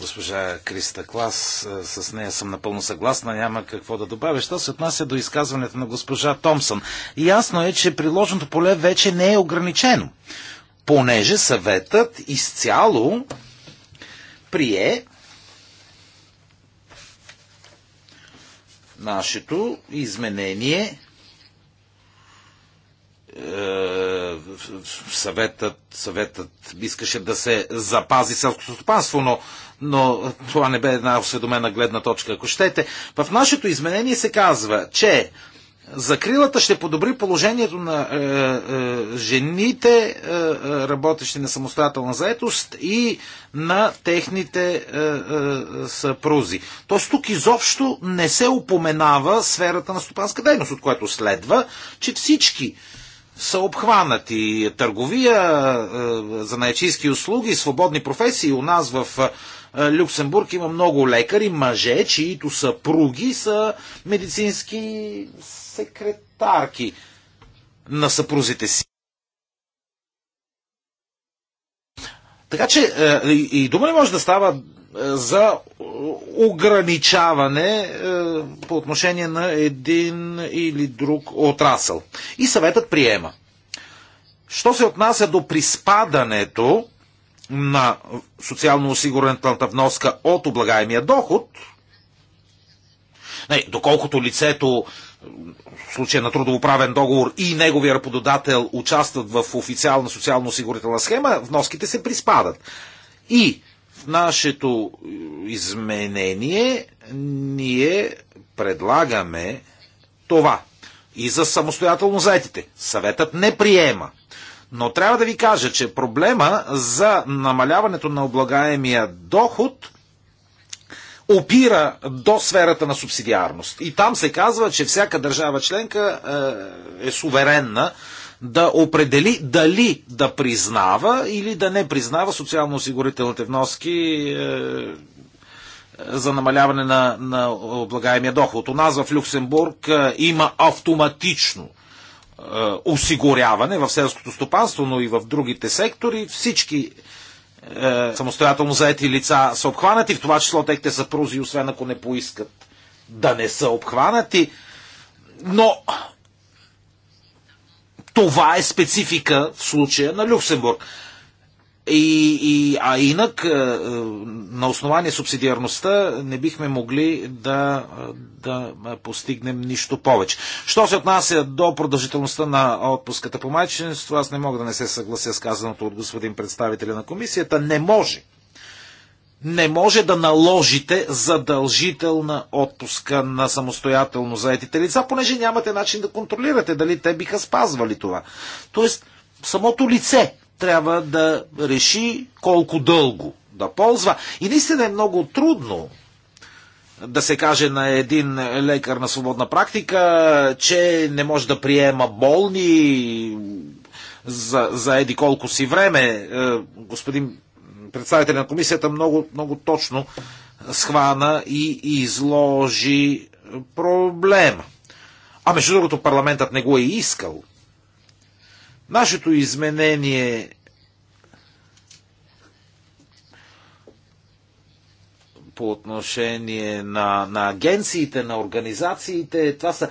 госпожа Криста Клас. С нея съм напълно съгласна, няма какво да добавя. Що се отнася до изказването на госпожа Томсън? Ясно е, че приложното поле вече не е ограничено, понеже съветът изцяло прие нашето изменение е, съветът, съветът искаше да се запази селското стопанство, но, но това не бе една осведомена гледна точка, ако щете. В нашето изменение се казва, че закрилата ще подобри положението на е, е, жените, е, е работещи на самостоятелна заетост и на техните е, е, съпрузи. Тоест тук изобщо не се упоменава сферата на стопанска дейност, от което следва, че всички са обхванати. Търговия, е, занаячийски услуги, свободни професии у нас в е, Люксембург има много лекари, мъже, чието съпруги са медицински секретарки на съпрузите си. Така че е, и дума ли може да става за ограничаване е, по отношение на един или друг отрасъл. И съветът приема. Що се отнася до приспадането на социално осигурената вноска от облагаемия доход, не, доколкото лицето в случая на трудовоправен договор и неговия работодател участват в официална социално-осигурителна схема, вноските се приспадат. И нашето изменение ние предлагаме това. И за самостоятелно заетите. Съветът не приема. Но трябва да ви кажа, че проблема за намаляването на облагаемия доход опира до сферата на субсидиарност. И там се казва, че всяка държава членка е, е суверенна да определи дали да признава или да не признава социално-осигурителните вноски е, е, за намаляване на, на облагаемия доход. У нас в Люксембург е, има автоматично осигуряване в селското стопанство, но и в другите сектори. Всички е, самостоятелно заети лица са обхванати, в това число техните съпрузи, освен ако не поискат да не са обхванати. Но това е специфика в случая на Люксембург. И, и, а инак, е, е, на основание субсидиарността, не бихме могли да, да постигнем нищо повече. Що се отнася до продължителността на отпуската по майчинство, аз не мога да не се съглася с казаното от господин представителя на комисията. Не може не може да наложите задължителна отпуска на самостоятелно заетите лица, понеже нямате начин да контролирате дали те биха спазвали това. Тоест, самото лице трябва да реши колко дълго да ползва. И наистина е много трудно да се каже на един лекар на свободна практика, че не може да приема болни за, за еди колко си време. Е, господин представителя на комисията много, много точно схвана и изложи проблема. А между другото, парламентът не го е искал. Нашето изменение по отношение на, на агенциите, на организациите, това са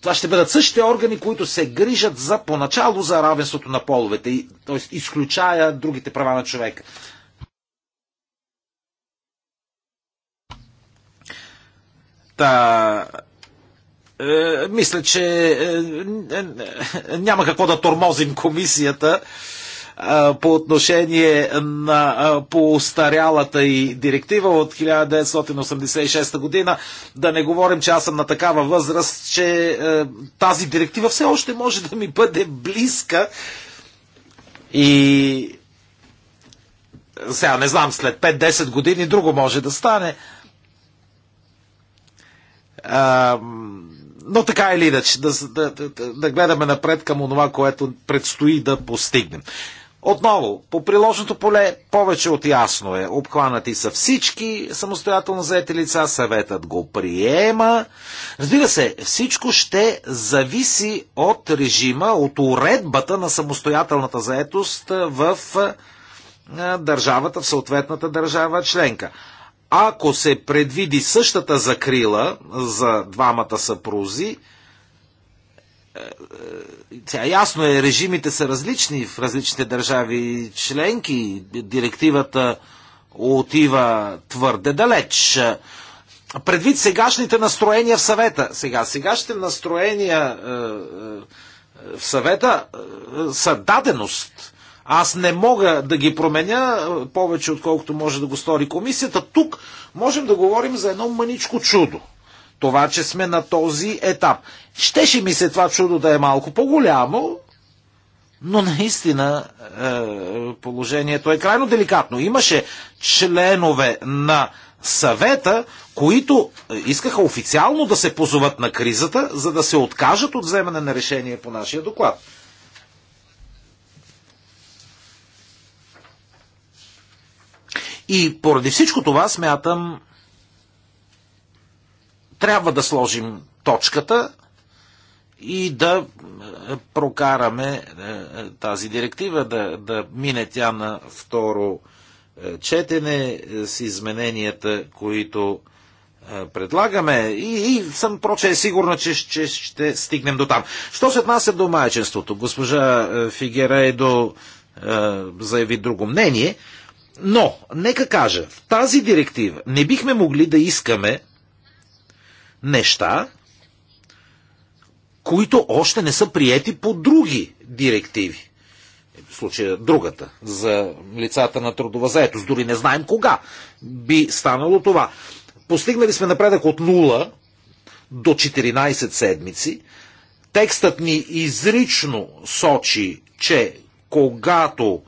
това ще бъдат същите органи, които се грижат за поначало за равенството на половете, т.е. изключая другите права на човека. Та, е, мисля, че е, е, е, няма какво да тормозим комисията е, по отношение на е, поостарялата и директива от 1986 година. Да не говорим, че аз съм на такава възраст, че е, тази директива все още може да ми бъде близка. И сега не знам, след 5-10 години друго може да стане но така или иначе, да, да, да, да гледаме напред към онова, което предстои да постигнем. Отново, по приложното поле повече от ясно е. Обхванати са всички самостоятелно заети лица, съветът го приема. Разбира се, всичко ще зависи от режима, от уредбата на самостоятелната заетост в държавата, в съответната държава членка ако се предвиди същата закрила за двамата съпрузи, тя е, е, ясно е, режимите са различни в различните държави членки. Директивата отива твърде далеч. Предвид сегашните настроения в съвета, сега, сегашните настроения е, в съвета са даденост. Аз не мога да ги променя е, повече, отколкото може да го стори комисията. Тук можем да говорим за едно мъничко чудо. Това, че сме на този етап. Щеше ми се това чудо да е малко по-голямо, но наистина е, положението е крайно деликатно. Имаше членове на съвета, които искаха официално да се позоват на кризата, за да се откажат от вземане на решение по нашия доклад. И поради всичко това смятам, трябва да сложим точката и да е, прокараме е, е, тази директива, да, да мине тя на второ четене с измененията, които предлагаме и, и съм проче сигурна, че, че ще стигнем до там. Що се отнася до майченството? Госпожа Фигерейдо е, заяви друго мнение. Но, нека кажа, в тази директива не бихме могли да искаме неща, които още не са приети по други директиви. В случая другата, за лицата на трудова заетост. Дори не знаем кога би станало това. Постигнали сме напредък от 0 до 14 седмици. Текстът ни изрично сочи, че когато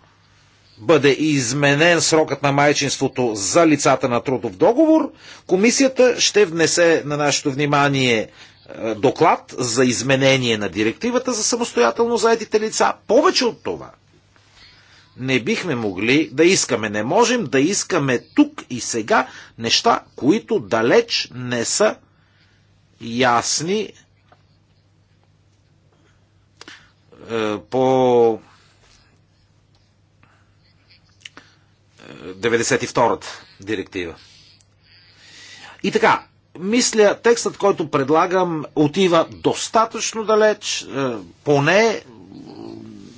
бъде изменен срокът на майчинството за лицата на трудов договор, комисията ще внесе на нашето внимание е, доклад за изменение на директивата за самостоятелно заедите лица. Повече от това не бихме могли да искаме. Не можем да искаме тук и сега неща, които далеч не са ясни е, по 92-та директива. И така, мисля, текстът, който предлагам, отива достатъчно далеч, е, поне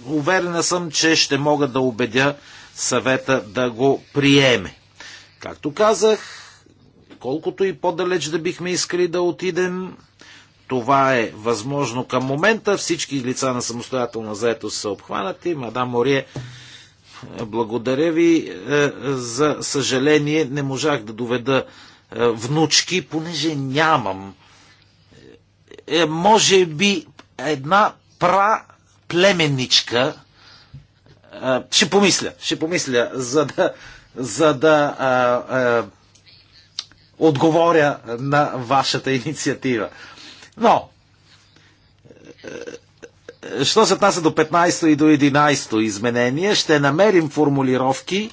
уверена съм, че ще мога да убедя съвета да го приеме. Както казах, колкото и по-далеч да бихме искали да отидем, това е възможно към момента. Всички лица на самостоятелна заетост са обхванати. Мадам Морие благодаря ви. Е, за съжаление не можах да доведа е, внучки, понеже нямам. Е, може би една пра племенничка. Ще помисля, ще помисля, за да, за да а, а, отговоря на вашата инициатива. Но, Що се отнася до 15 и до 11 изменение, ще намерим формулировки,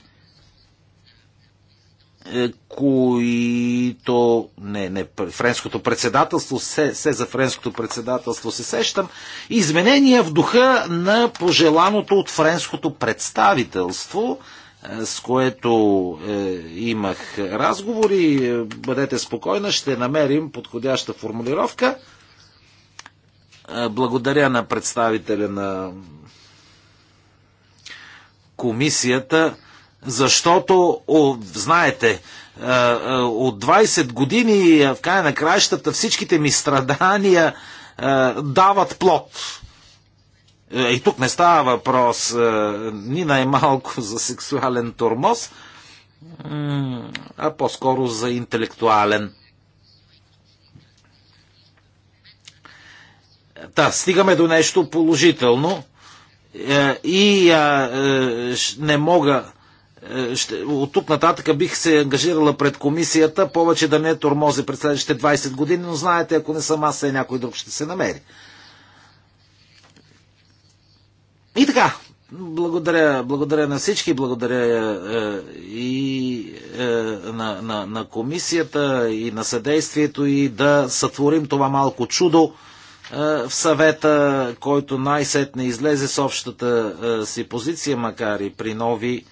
е, които... Не, не, френското председателство, се, се за френското председателство се сещам. Изменения в духа на пожеланото от френското представителство, е, с което е, имах разговори. Е, бъдете спокойна, ще намерим подходяща формулировка. Благодаря на представителя на комисията, защото, о, знаете, от 20 години в края на краищата всичките ми страдания дават плод. Е, и тук не става въпрос ни най-малко за сексуален тормоз, а по-скоро за интелектуален. Та, стигаме до нещо положително е, и е, не мога е, ще, от тук нататък бих се ангажирала пред комисията повече да не тормози през следващите 20 години, но знаете, ако не съм аз, е някой друг ще се намери. И така, благодаря, благодаря на всички, благодаря е, и е, на, на, на комисията, и на съдействието, и да сътворим това малко чудо. Е, в съвета, който най-сетне излезе с общата е, си позиция, макар и при нови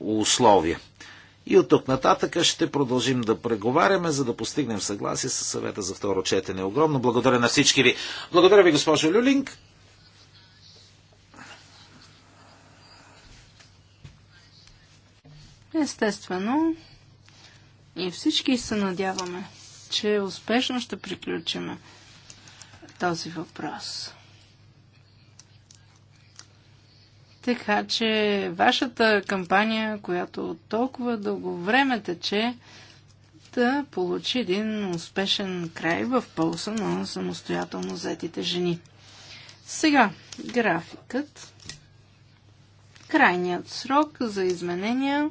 условия. И от тук нататък ще продължим да преговаряме, за да постигнем съгласие с съвета за второ четене. Огромно благодаря на всички ви. Благодаря ви, госпожо Люлинг. Естествено. И всички се надяваме, че успешно ще приключиме този въпрос. Така че вашата кампания, която толкова дълго време тече, да получи един успешен край в полза на самостоятелно заетите жени. Сега, графикът. Крайният срок за изменения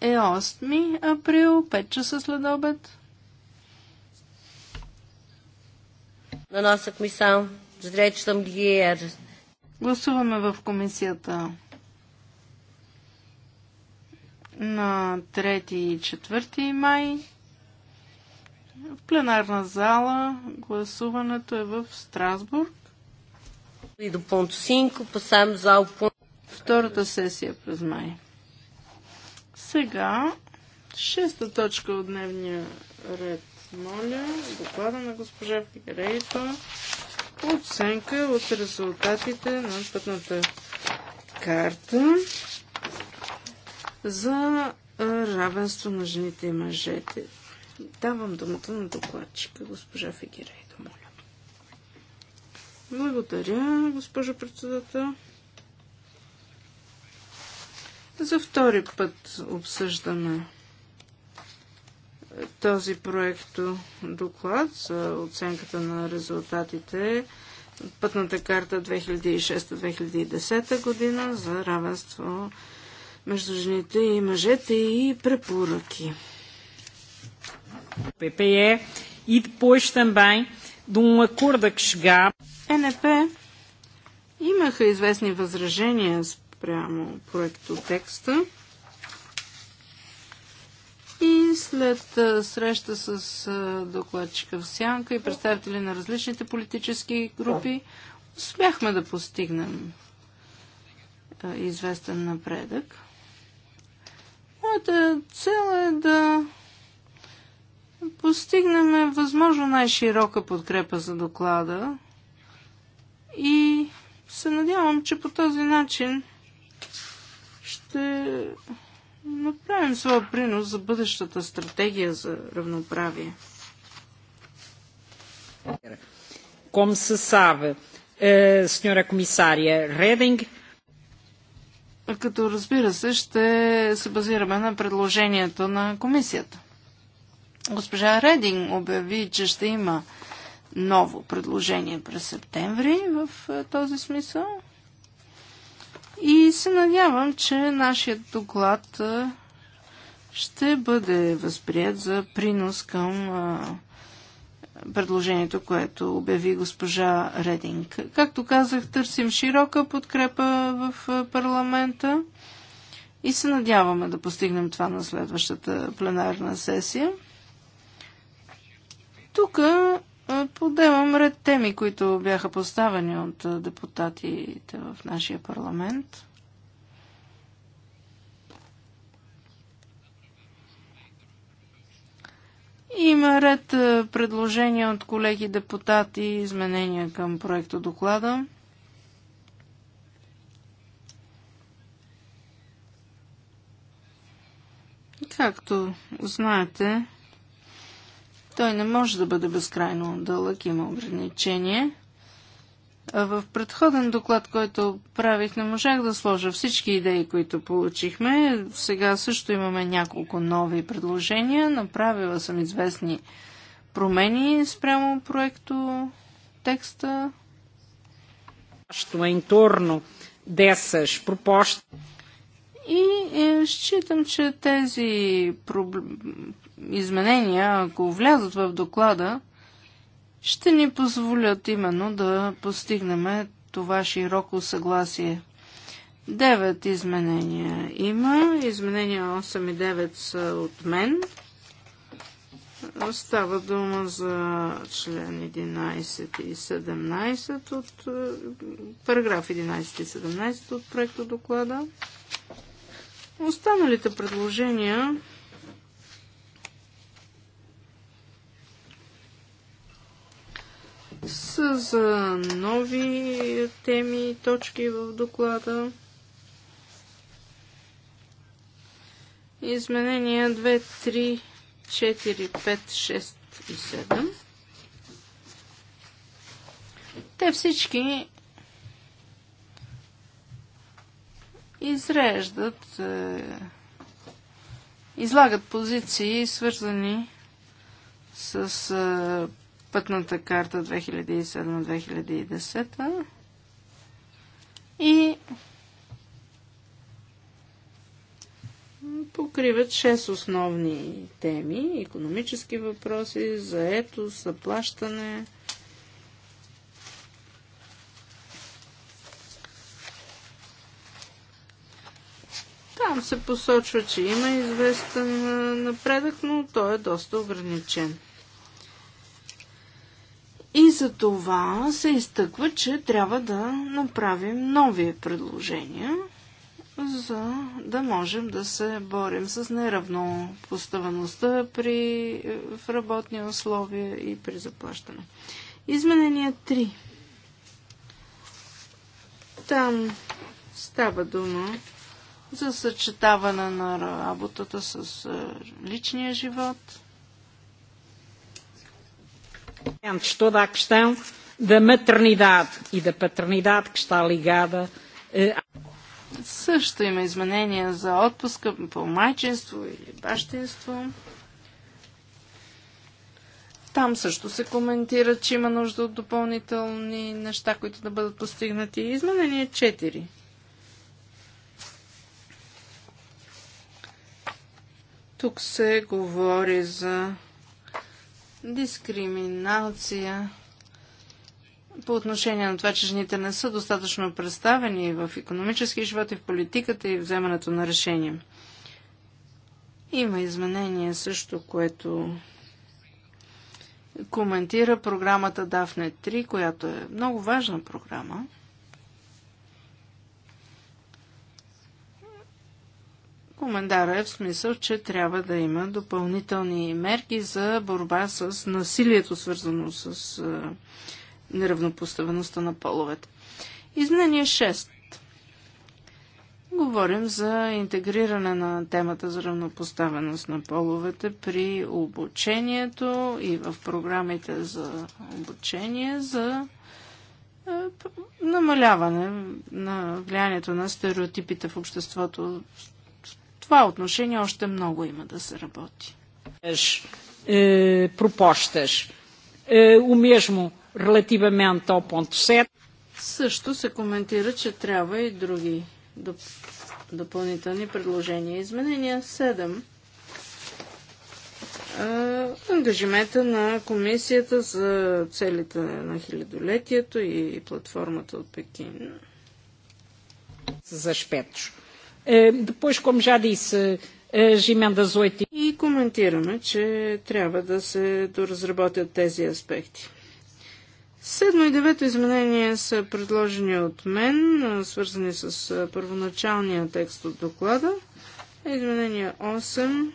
е 8 април, 5 часа след обед. на nossa Comissão dos Direitos da Mulher. Гласуваме в комисията на 3 и 4 май. В пленарна зала гласуването е в Страсбург. И до пункт 5 пасamos ao ponto... Втората сесия през май. Сега, шеста точка от дневния ред моля, доклада на госпожа Фигерейто. Оценка от резултатите на пътната карта за равенство на жените и мъжете. Давам думата на докладчика, госпожа Фигерейто, моля. Благодаря, госпожо председател. За втори път обсъждаме този проекто доклад за оценката на резултатите Пътната карта 2006-2010 година за равенство между жените и мъжете и препоръки. ППЕ е. и depois também de um acordo que НП имаха известни възражения спрямо проекто текста след среща с докладчика в Сянка и представители на различните политически групи успяхме да постигнем известен напредък. Моята цел е да постигнем възможно най-широка подкрепа за доклада и се надявам, че по този начин ще направим своя принос за бъдещата стратегия за равноправие. Como се sabe, senhora комисария Рединг, като разбира се ще се базираме на предложението на комисията. Госпожа Рединг обяви, че ще има ново предложение през септември в е, този смисъл. И се надявам, че нашият доклад ще бъде възприят за принос към предложението, което обяви госпожа Рединг. Както казах, търсим широка подкрепа в парламента и се надяваме да постигнем това на следващата пленарна сесия. Тук подемам ред теми, които бяха поставени от депутатите в нашия парламент. Има ред предложения от колеги депутати и изменения към проекта доклада. Както знаете, той не може да бъде безкрайно дълъг, има ограничение. В предходен доклад, който правих, не можах да сложа всички идеи, които получихме. Сега също имаме няколко нови предложения. Направила съм известни промени спрямо проекто текста. Em е интурно dessas пропоща. И е, считам, че тези изменения, ако влязат в доклада, ще ни позволят именно да постигнем това широко съгласие. Девет изменения има. Изменения 8 и 9 са от мен. Става дума за член 11 и 17 от е, параграф 11 и 17 от проекта доклада. Останалите предложения са за нови теми и точки в доклада. Изменения 2, 3, 4, 5, 6 и 7. Те всички изреждат, е, излагат позиции, свързани с е, пътната карта 2007-2010 и покриват 6 основни теми економически въпроси, заето, заплащане, Там се посочва, че има известен напредък, но той е доста ограничен. И за това се изтъква, че трябва да направим нови предложения, за да можем да се борим с неравнопоставеността при, е, в работни условия и при заплащане. Изменение 3. Там става дума за съчетаване на работата с е, личния живот. също има изменения за отпуска по майчинство или бащинство. Там също се коментира, че има нужда от допълнителни неща, които да бъдат постигнати. Изменение 4. Тук се говори за дискриминация по отношение на това, че жените не са достатъчно представени в економически живот и в политиката и вземането на решения. Има изменение също, което коментира програмата Дафне 3, която е много важна програма. Комендара е в смисъл, че трябва да има допълнителни мерки за борба с насилието, свързано с е, неравнопоставеността на половете. Изменение 6. Говорим за интегриране на темата за равнопоставеност на половете при обучението и в програмите за обучение за е, намаляване на влиянието на стереотипите в обществото това отношение още много има да се работи. Е, пропощаш. O mesmo relativamente опонто ponto Също се коментира, че трябва и други доп... допълнителни предложения. Изменения 7 е, ангажимента на комисията за целите на хилядолетието и платформата от Пекин. За шпетчо. Е, Depois, como já disse, as emendas 8 e и коментираме, че трябва да се доразработят тези аспекти. Седмо и девето изменение са предложени от мен, свързани с първоначалния текст от доклада. Изменение 8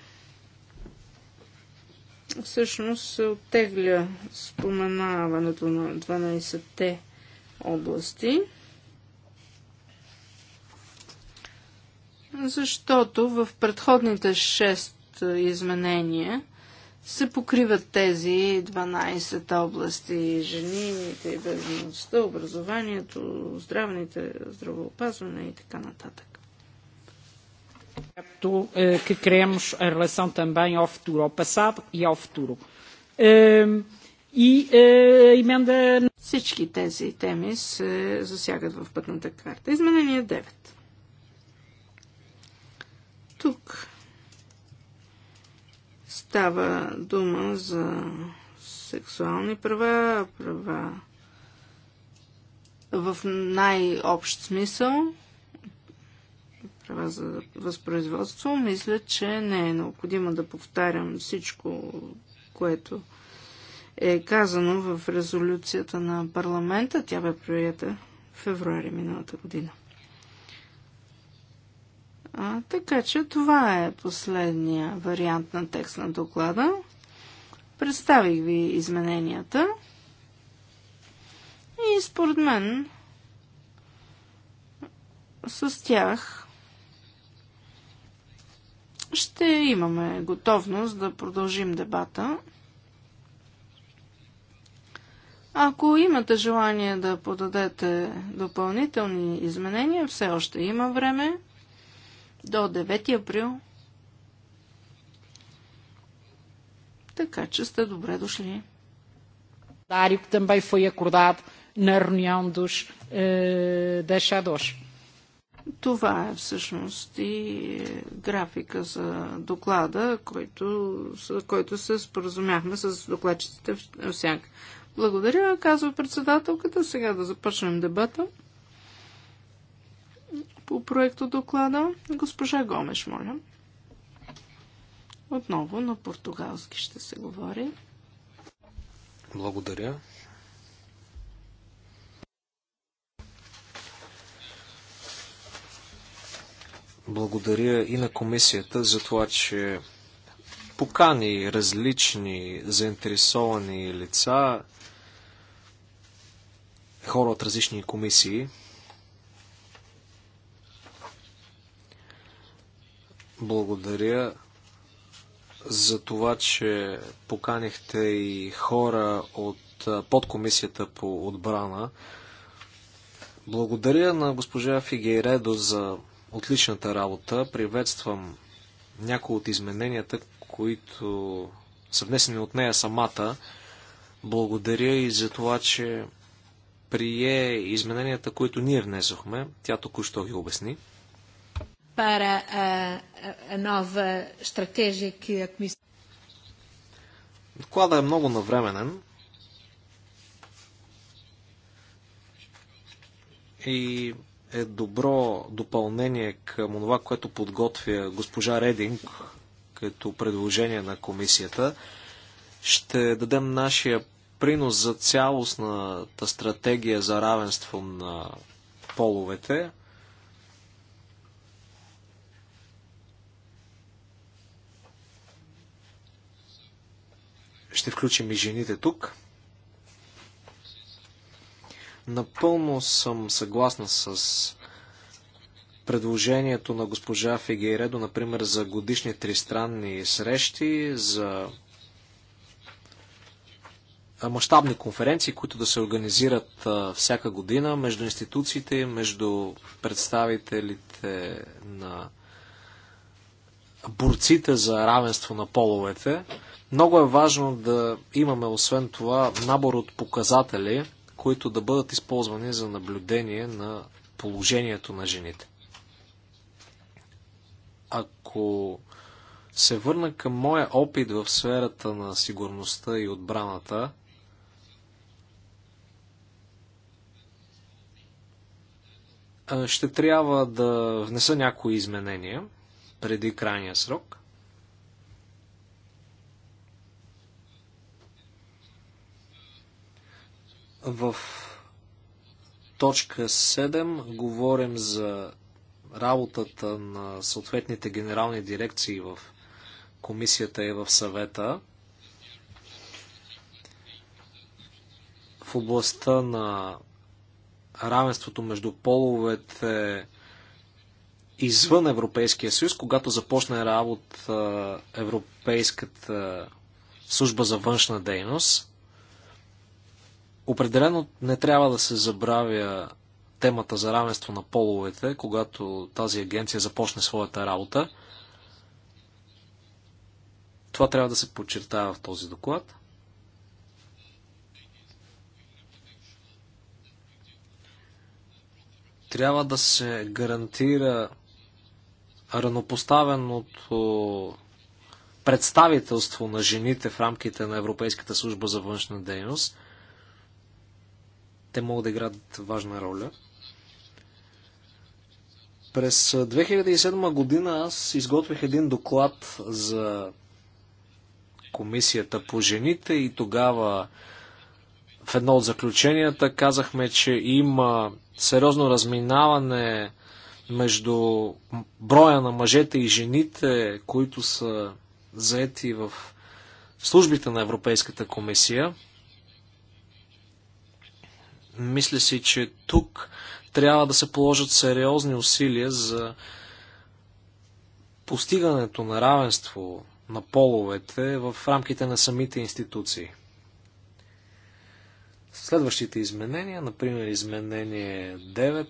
всъщност се оттегля споменаването на 12-те области. защото в предходните 6 е, изменения се покриват тези 12 области жените и бедността, образованието, здравните, здравеопазване и така нататък. Както que queremos em relação também ao futuro, ao passado e ao futuro. И емenda... Е, Всички тези теми се засягат в пътната карта. Изменение 9. Тук става дума за сексуални права, права в най-общ смисъл, права за възпроизводство, мисля, че не е необходимо да повтарям всичко, което е казано в резолюцията на парламента. Тя бе приета в февруари миналата година. А, така че това е последния вариант на текст на доклада. Представих ви измененията и според мен с тях ще имаме готовност да продължим дебата. Ако имате желание да подадете допълнителни изменения, все още има време до 9 април. Така че сте добре дошли. Дарик que também foi acordado на reunião dos eh, deixadores. Това е всъщност и графика за доклада, който, с който се споразумяхме с докладчиците в сянка. Благодаря, казва председателката. Сега да започнем дебата по проекто доклада. Госпожа Гомеш, моля. Отново на португалски ще се говори. Благодаря. Благодаря и на комисията за това, че покани различни заинтересовани лица, хора от различни комисии Благодаря за това, че поканихте и хора от подкомисията по отбрана. Благодаря на госпожа Фигейредо за отличната работа. Приветствам някои от измененията, които са внесени от нея самата. Благодаря и за това, че прие измененията, които ние внесохме. Тя току-що ги обясни para a, a nova estratégia que a Comissão. Доклада е много навременен и е добро допълнение към това, което подготвя госпожа Рединг като предложение на комисията. Ще дадем нашия принос за цялостната стратегия за равенство на половете. Ще включим и жените тук. Напълно съм съгласна с предложението на госпожа Фигейредо, например, за годишни тристранни срещи, за мащабни конференции, които да се организират всяка година между институциите, между представителите на борците за равенство на половете. Много е важно да имаме, освен това, набор от показатели, които да бъдат използвани за наблюдение на положението на жените. Ако се върна към моя опит в сферата на сигурността и отбраната, ще трябва да внеса някои изменения – преди крайния срок. В точка 7 говорим за работата на съответните генерални дирекции в комисията и в съвета в областта на равенството между половете извън Европейския съюз, когато започне работа Европейската служба за външна дейност. Определено не трябва да се забравя темата за равенство на половете, когато тази агенция започне своята работа. Това трябва да се подчертава в този доклад. Трябва да се гарантира от представителство на жените в рамките на Европейската служба за външна дейност. Те могат да играят важна роля. През 2007 година аз изготвих един доклад за комисията по жените и тогава в едно от заключенията казахме, че има сериозно разминаване между броя на мъжете и жените, които са заети в службите на Европейската комисия. Мисля си, че тук трябва да се положат сериозни усилия за постигането на равенство на половете в рамките на самите институции. Следващите изменения, например изменение 9,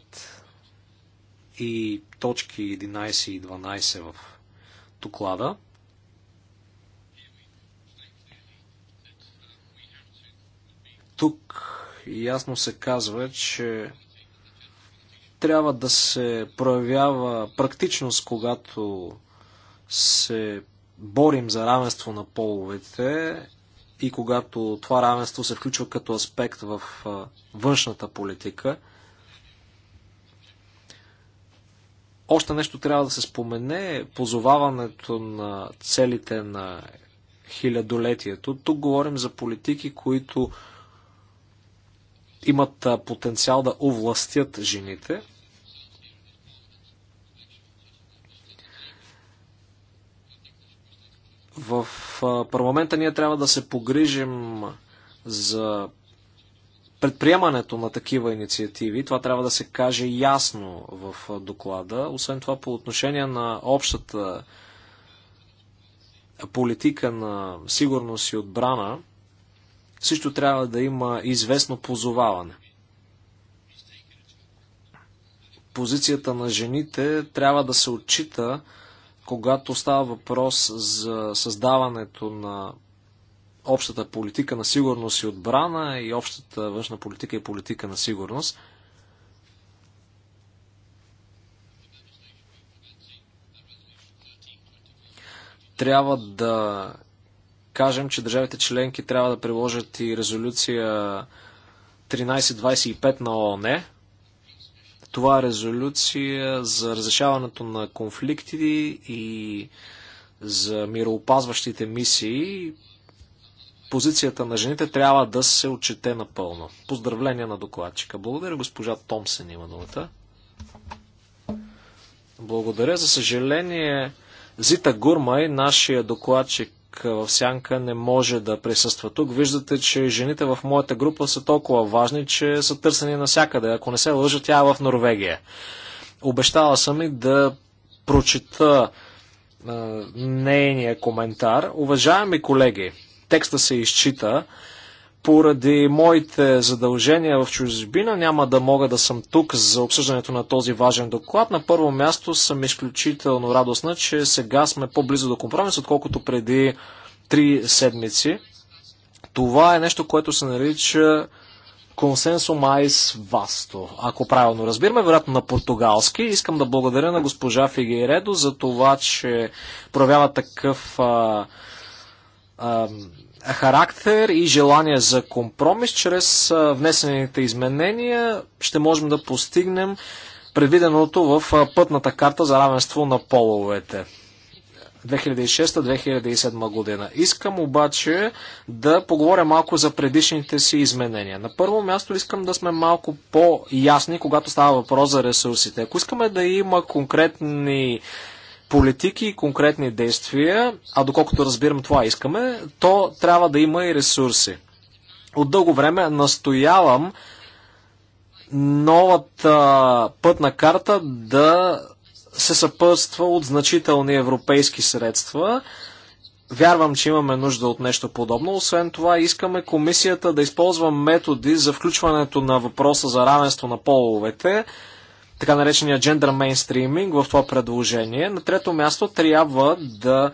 и точки 11 и 12 в доклада. Тук ясно се казва, че трябва да се проявява практичност, когато се борим за равенство на половете и когато това равенство се включва като аспект в външната политика – Още нещо трябва да се спомене е позоваването на целите на хилядолетието. Тук говорим за политики, които имат потенциал да овластят жените. В парламента ние трябва да се погрижим за предприемането на такива инициативи. Това трябва да се каже ясно в доклада. Освен това, по отношение на общата политика на сигурност и отбрана, също трябва да има известно позоваване. Позицията на жените трябва да се отчита, когато става въпрос за създаването на общата политика на сигурност и отбрана и общата външна политика и политика на сигурност. Трябва да кажем, че държавите членки трябва да приложат и резолюция 1325 на ООН. Това е резолюция за разрешаването на конфликти и за мироопазващите мисии позицията на жените трябва да се отчете напълно. Поздравления на докладчика. Благодаря, госпожа Томсен има думата. Благодаря. За съжаление, Зита Гурмай, нашия докладчик в Сянка, не може да присъства тук. Виждате, че жените в моята група са толкова важни, че са търсени навсякъде. Ако не се лъжа, тя е в Норвегия. Обещала съм и да прочита нейния коментар. Уважаеми колеги, текста се изчита. Поради моите задължения в чужбина няма да мога да съм тук за обсъждането на този важен доклад. На първо място съм изключително радостна, че сега сме по-близо до компромис, отколкото преди три седмици. Това е нещо, което се нарича консенсум айс васто, ако правилно разбираме, вероятно на португалски. Искам да благодаря на госпожа Фигейредо за това, че проявява такъв а, характер и желание за компромис, чрез внесените изменения ще можем да постигнем предвиденото в пътната карта за равенство на половете. 2006-2007 година. Искам обаче да поговоря малко за предишните си изменения. На първо място искам да сме малко по-ясни, когато става въпрос за ресурсите. Ако искаме да има конкретни политики и конкретни действия, а доколкото разбирам това искаме, то трябва да има и ресурси. От дълго време настоявам новата пътна карта да се съпътства от значителни европейски средства. Вярвам, че имаме нужда от нещо подобно. Освен това, искаме комисията да използва методи за включването на въпроса за равенство на половете така наречения джендър мейнстриминг в това предложение. На трето място трябва да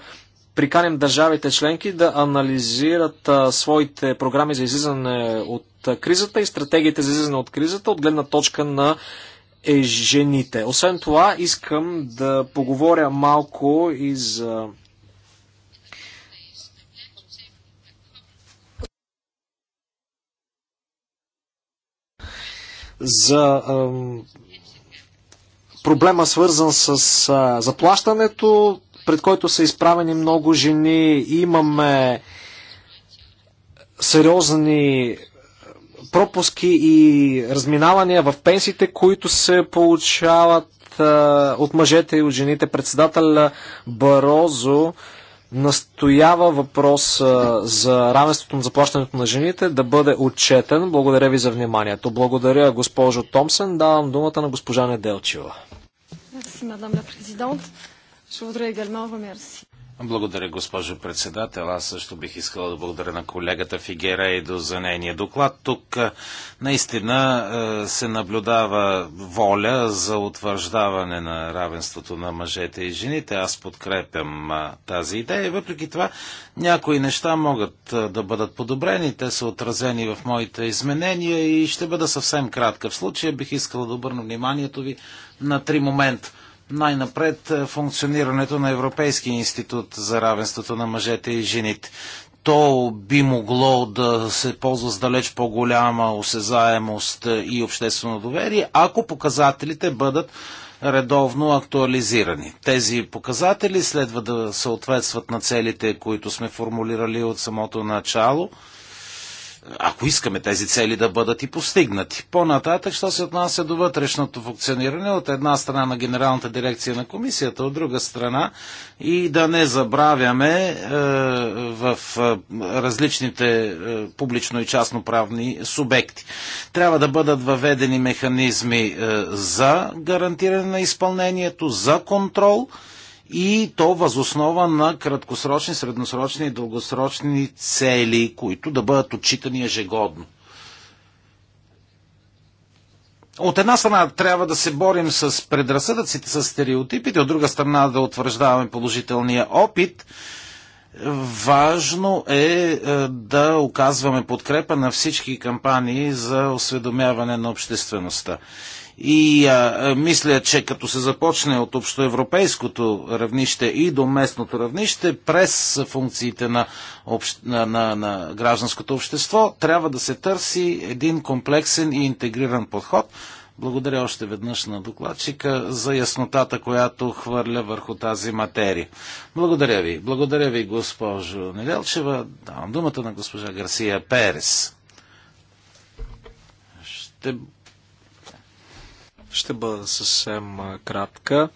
приканим държавите членки да анализират а, своите програми за излизане от а, кризата и стратегиите за излизане от кризата от гледна точка на е, жените. Освен това, искам да поговоря малко и за за проблема свързан с а, заплащането, пред който са изправени много жени. Имаме сериозни пропуски и разминавания в пенсиите, които се получават а, от мъжете и от жените. Председател Барозо настоява въпрос за равенството на заплащането на жените да бъде отчетен. Благодаря ви за вниманието. Благодаря госпожо Томсен. Давам думата на госпожа Неделчева. Merci, madame la présidente. Je voudrais également remercier. Благодаря, госпожо председател. Аз също бих искала да благодаря на колегата Фигера и до за нейния доклад. Тук наистина се наблюдава воля за утвърждаване на равенството на мъжете и жените. Аз подкрепям тази идея въпреки това някои неща могат да бъдат подобрени. Те са отразени в моите изменения и ще бъда съвсем кратка. В случая бих искала да обърна вниманието ви на три момента най-напред е, функционирането на Европейския институт за равенството на мъжете и жените. То би могло да се ползва с далеч по-голяма осезаемост е, и обществено доверие, ако показателите бъдат редовно актуализирани. Тези показатели следва да съответстват на целите, които сме формулирали от самото начало – ако искаме тези цели да бъдат и постигнати. По-нататък, що се отнася до вътрешното функциониране от една страна на Генералната дирекция на комисията, от друга страна и да не забравяме е, в е, различните е, публично и частно правни субекти. Трябва да бъдат въведени механизми е, за гарантиране на изпълнението, за контрол, и то възоснова на краткосрочни, средносрочни и дългосрочни цели, които да бъдат отчитани ежегодно. От една страна трябва да се борим с предразсъдъците, с стереотипите, от друга страна да утвърждаваме положителния опит. Важно е, е да оказваме подкрепа на всички кампании за осведомяване на обществеността. И а, мисля, че като се започне от общоевропейското равнище и до местното равнище, през функциите на, общ... на, на, на гражданското общество, трябва да се търси един комплексен и интегриран подход. Благодаря още веднъж на докладчика за яснотата, която хвърля върху тази материя. Благодаря ви. Благодаря ви, госпожо Неделчева. Давам думата на госпожа Гарсия Перес. Ще ще бъда съвсем кратка.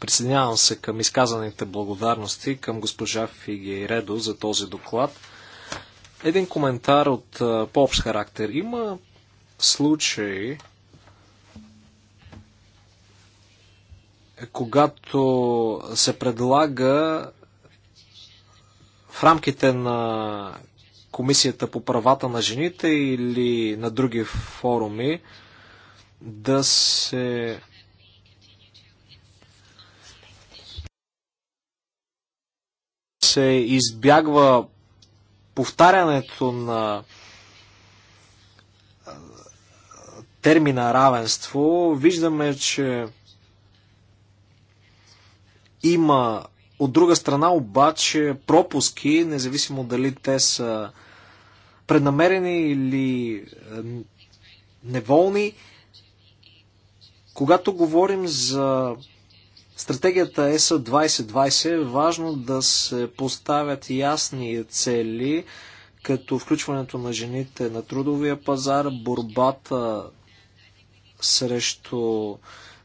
Присъединявам се към изказаните благодарности към госпожа Фигейредо за този доклад. Един коментар от по-общ характер. Има случаи, когато се предлага в рамките на Комисията по правата на жените или на други форуми, да се се избягва повтарянето на термина равенство, виждаме, че има от друга страна обаче пропуски, независимо дали те са преднамерени или е, неволни, когато говорим за стратегията ЕСА 2020, е важно да се поставят ясни цели, като включването на жените на трудовия пазар, борбата срещу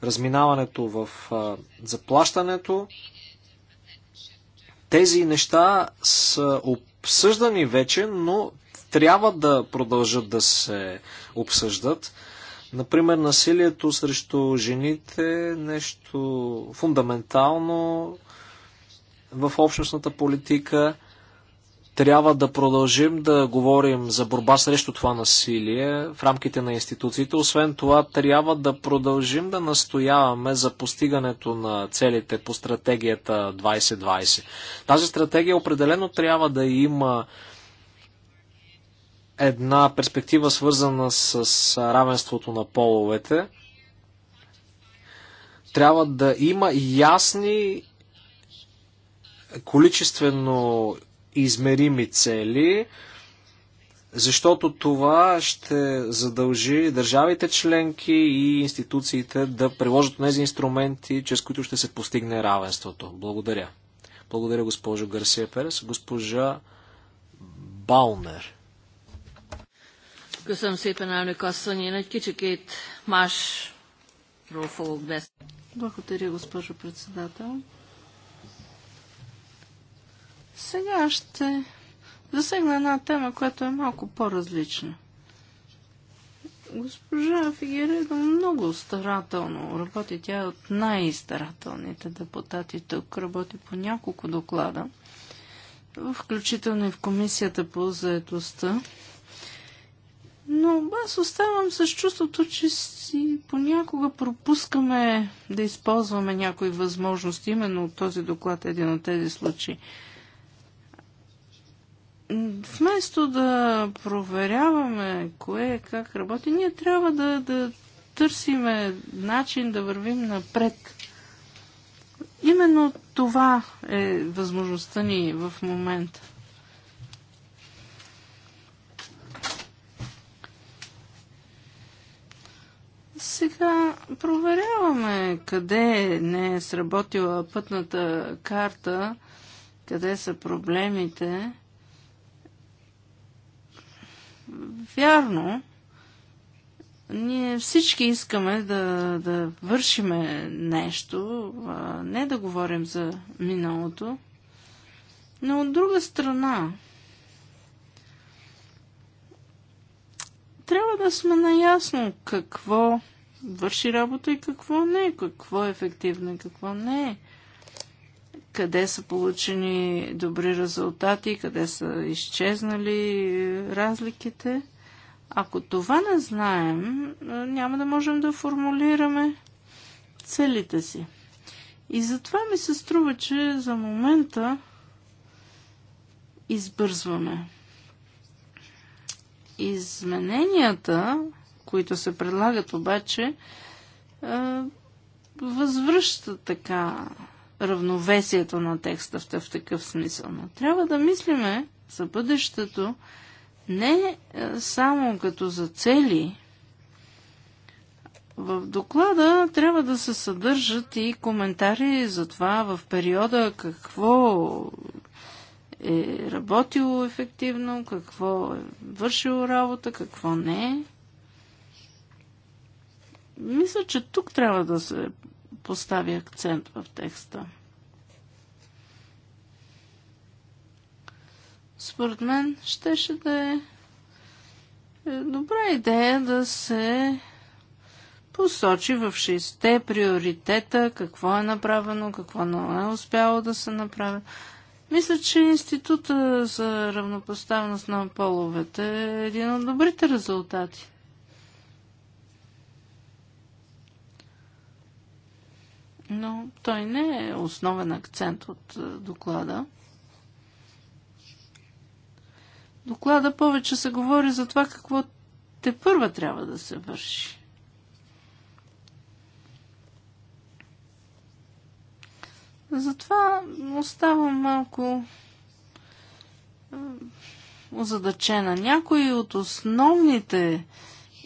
разминаването в заплащането. Тези неща са обсъждани вече, но трябва да продължат да се обсъждат. Например, насилието срещу жените е нещо фундаментално в общностната политика. Трябва да продължим да говорим за борба срещу това насилие в рамките на институциите. Освен това, трябва да продължим да настояваме за постигането на целите по стратегията 2020. Тази стратегия определено трябва да има една перспектива свързана с равенството на половете. Трябва да има ясни количествено измерими цели, защото това ще задължи държавите членки и институциите да приложат тези инструменти, чрез които ще се постигне равенството. Благодаря. Благодаря госпожо Гарсия Перес. Госпожа Баунер. Köszönöm szépen, elnök asszony. Én egy kicsikét másról fogok beszélni. Благодаря, госпожо председател. Сега ще засегна една тема, която е малко по-различна. Госпожа Фигередо много старателно работи. Тя е от най-старателните депутати тук. Работи по няколко доклада, включително и в комисията по заедостта. Но аз оставам с чувството, че си понякога пропускаме да използваме някои възможности. Именно този доклад е един от тези случаи. Вместо да проверяваме кое е, как работи, ние трябва да, да търсиме начин да вървим напред. Именно това е възможността ни в момента. Сега проверяваме къде не е сработила пътната карта, къде са проблемите. Вярно, ние всички искаме да, да вършиме нещо, а не да говорим за миналото. Но от друга страна, трябва да сме наясно какво върши работа и какво не, какво е ефективно и какво не е. Къде са получени добри резултати, къде са изчезнали разликите. Ако това не знаем, няма да можем да формулираме целите си. И затова ми се струва, че за момента избързваме. Измененията които се предлагат обаче, е, възвръща така равновесието на текста в, в такъв смисъл. Но трябва да мислиме за бъдещето не е, само като за цели. В доклада трябва да се съдържат и коментари за това в периода какво е работило ефективно, какво е вършило работа, какво не е. Мисля, че тук трябва да се постави акцент в текста. Според мен щеше да е добра идея да се посочи в 6 приоритета какво е направено, какво не е успяло да се направи. Мисля, че Института за равнопоставеност на половете е един от добрите резултати. но той не е основен акцент от е, доклада. Доклада повече се говори за това какво те първа трябва да се върши. Затова оставам малко е, озадачена. Някои от основните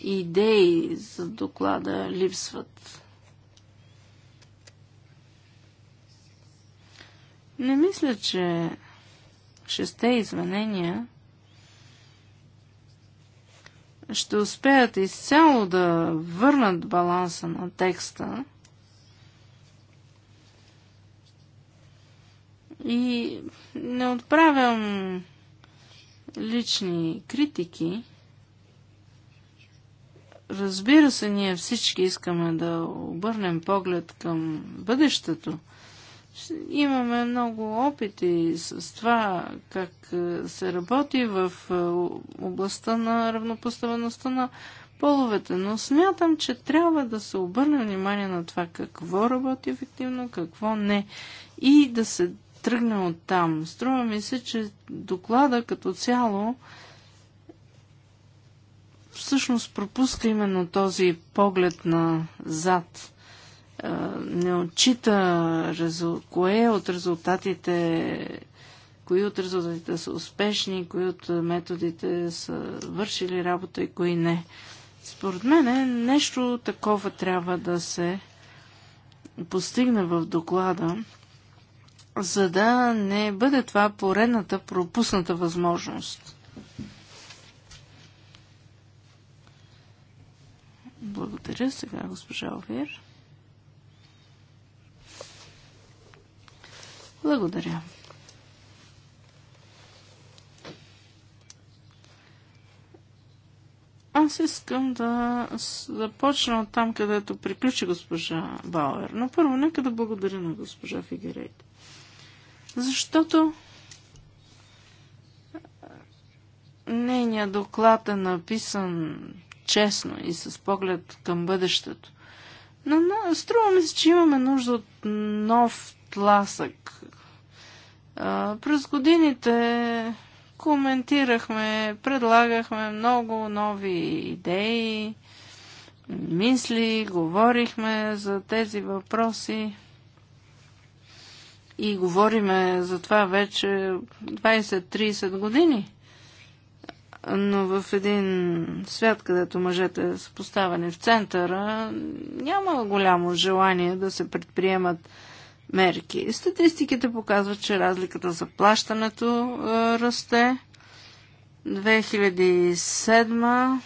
идеи за доклада липсват. Не мисля, че шесте изменения ще успеят изцяло да върнат баланса на текста и не отправям лични критики. Разбира се, ние всички искаме да обърнем поглед към бъдещето – Имаме много опити с това как е, се работи в е, областта на равнопоставеността на половете, но смятам, че трябва да се обърне внимание на това какво работи ефективно, какво не и да се тръгне от там. Струва ми се, че доклада като цяло всъщност пропуска именно този поглед на зад. Е, не отчита резул... кое от резултатите, кои от резултатите са успешни, кои от методите са вършили работа и кои не. Според мен нещо такова трябва да се постигне в доклада, за да не бъде това поредната пропусната възможност. Благодаря сега, госпожа Овир. Благодаря. Аз искам да започна от там, където приключи госпожа Бауер. Но първо, нека да благодаря на госпожа Фигерейт. Защото нейният доклад е написан честно и с поглед към бъдещето. Но, но струва ми се, че имаме нужда от нов тласък. през годините коментирахме, предлагахме много нови идеи, мисли, говорихме за тези въпроси и говориме за това вече 20-30 години. Но в един свят, където мъжете са поставени в центъра, няма голямо желание да се предприемат мерки. Статистиките показват, че разликата за плащането е, расте. 2007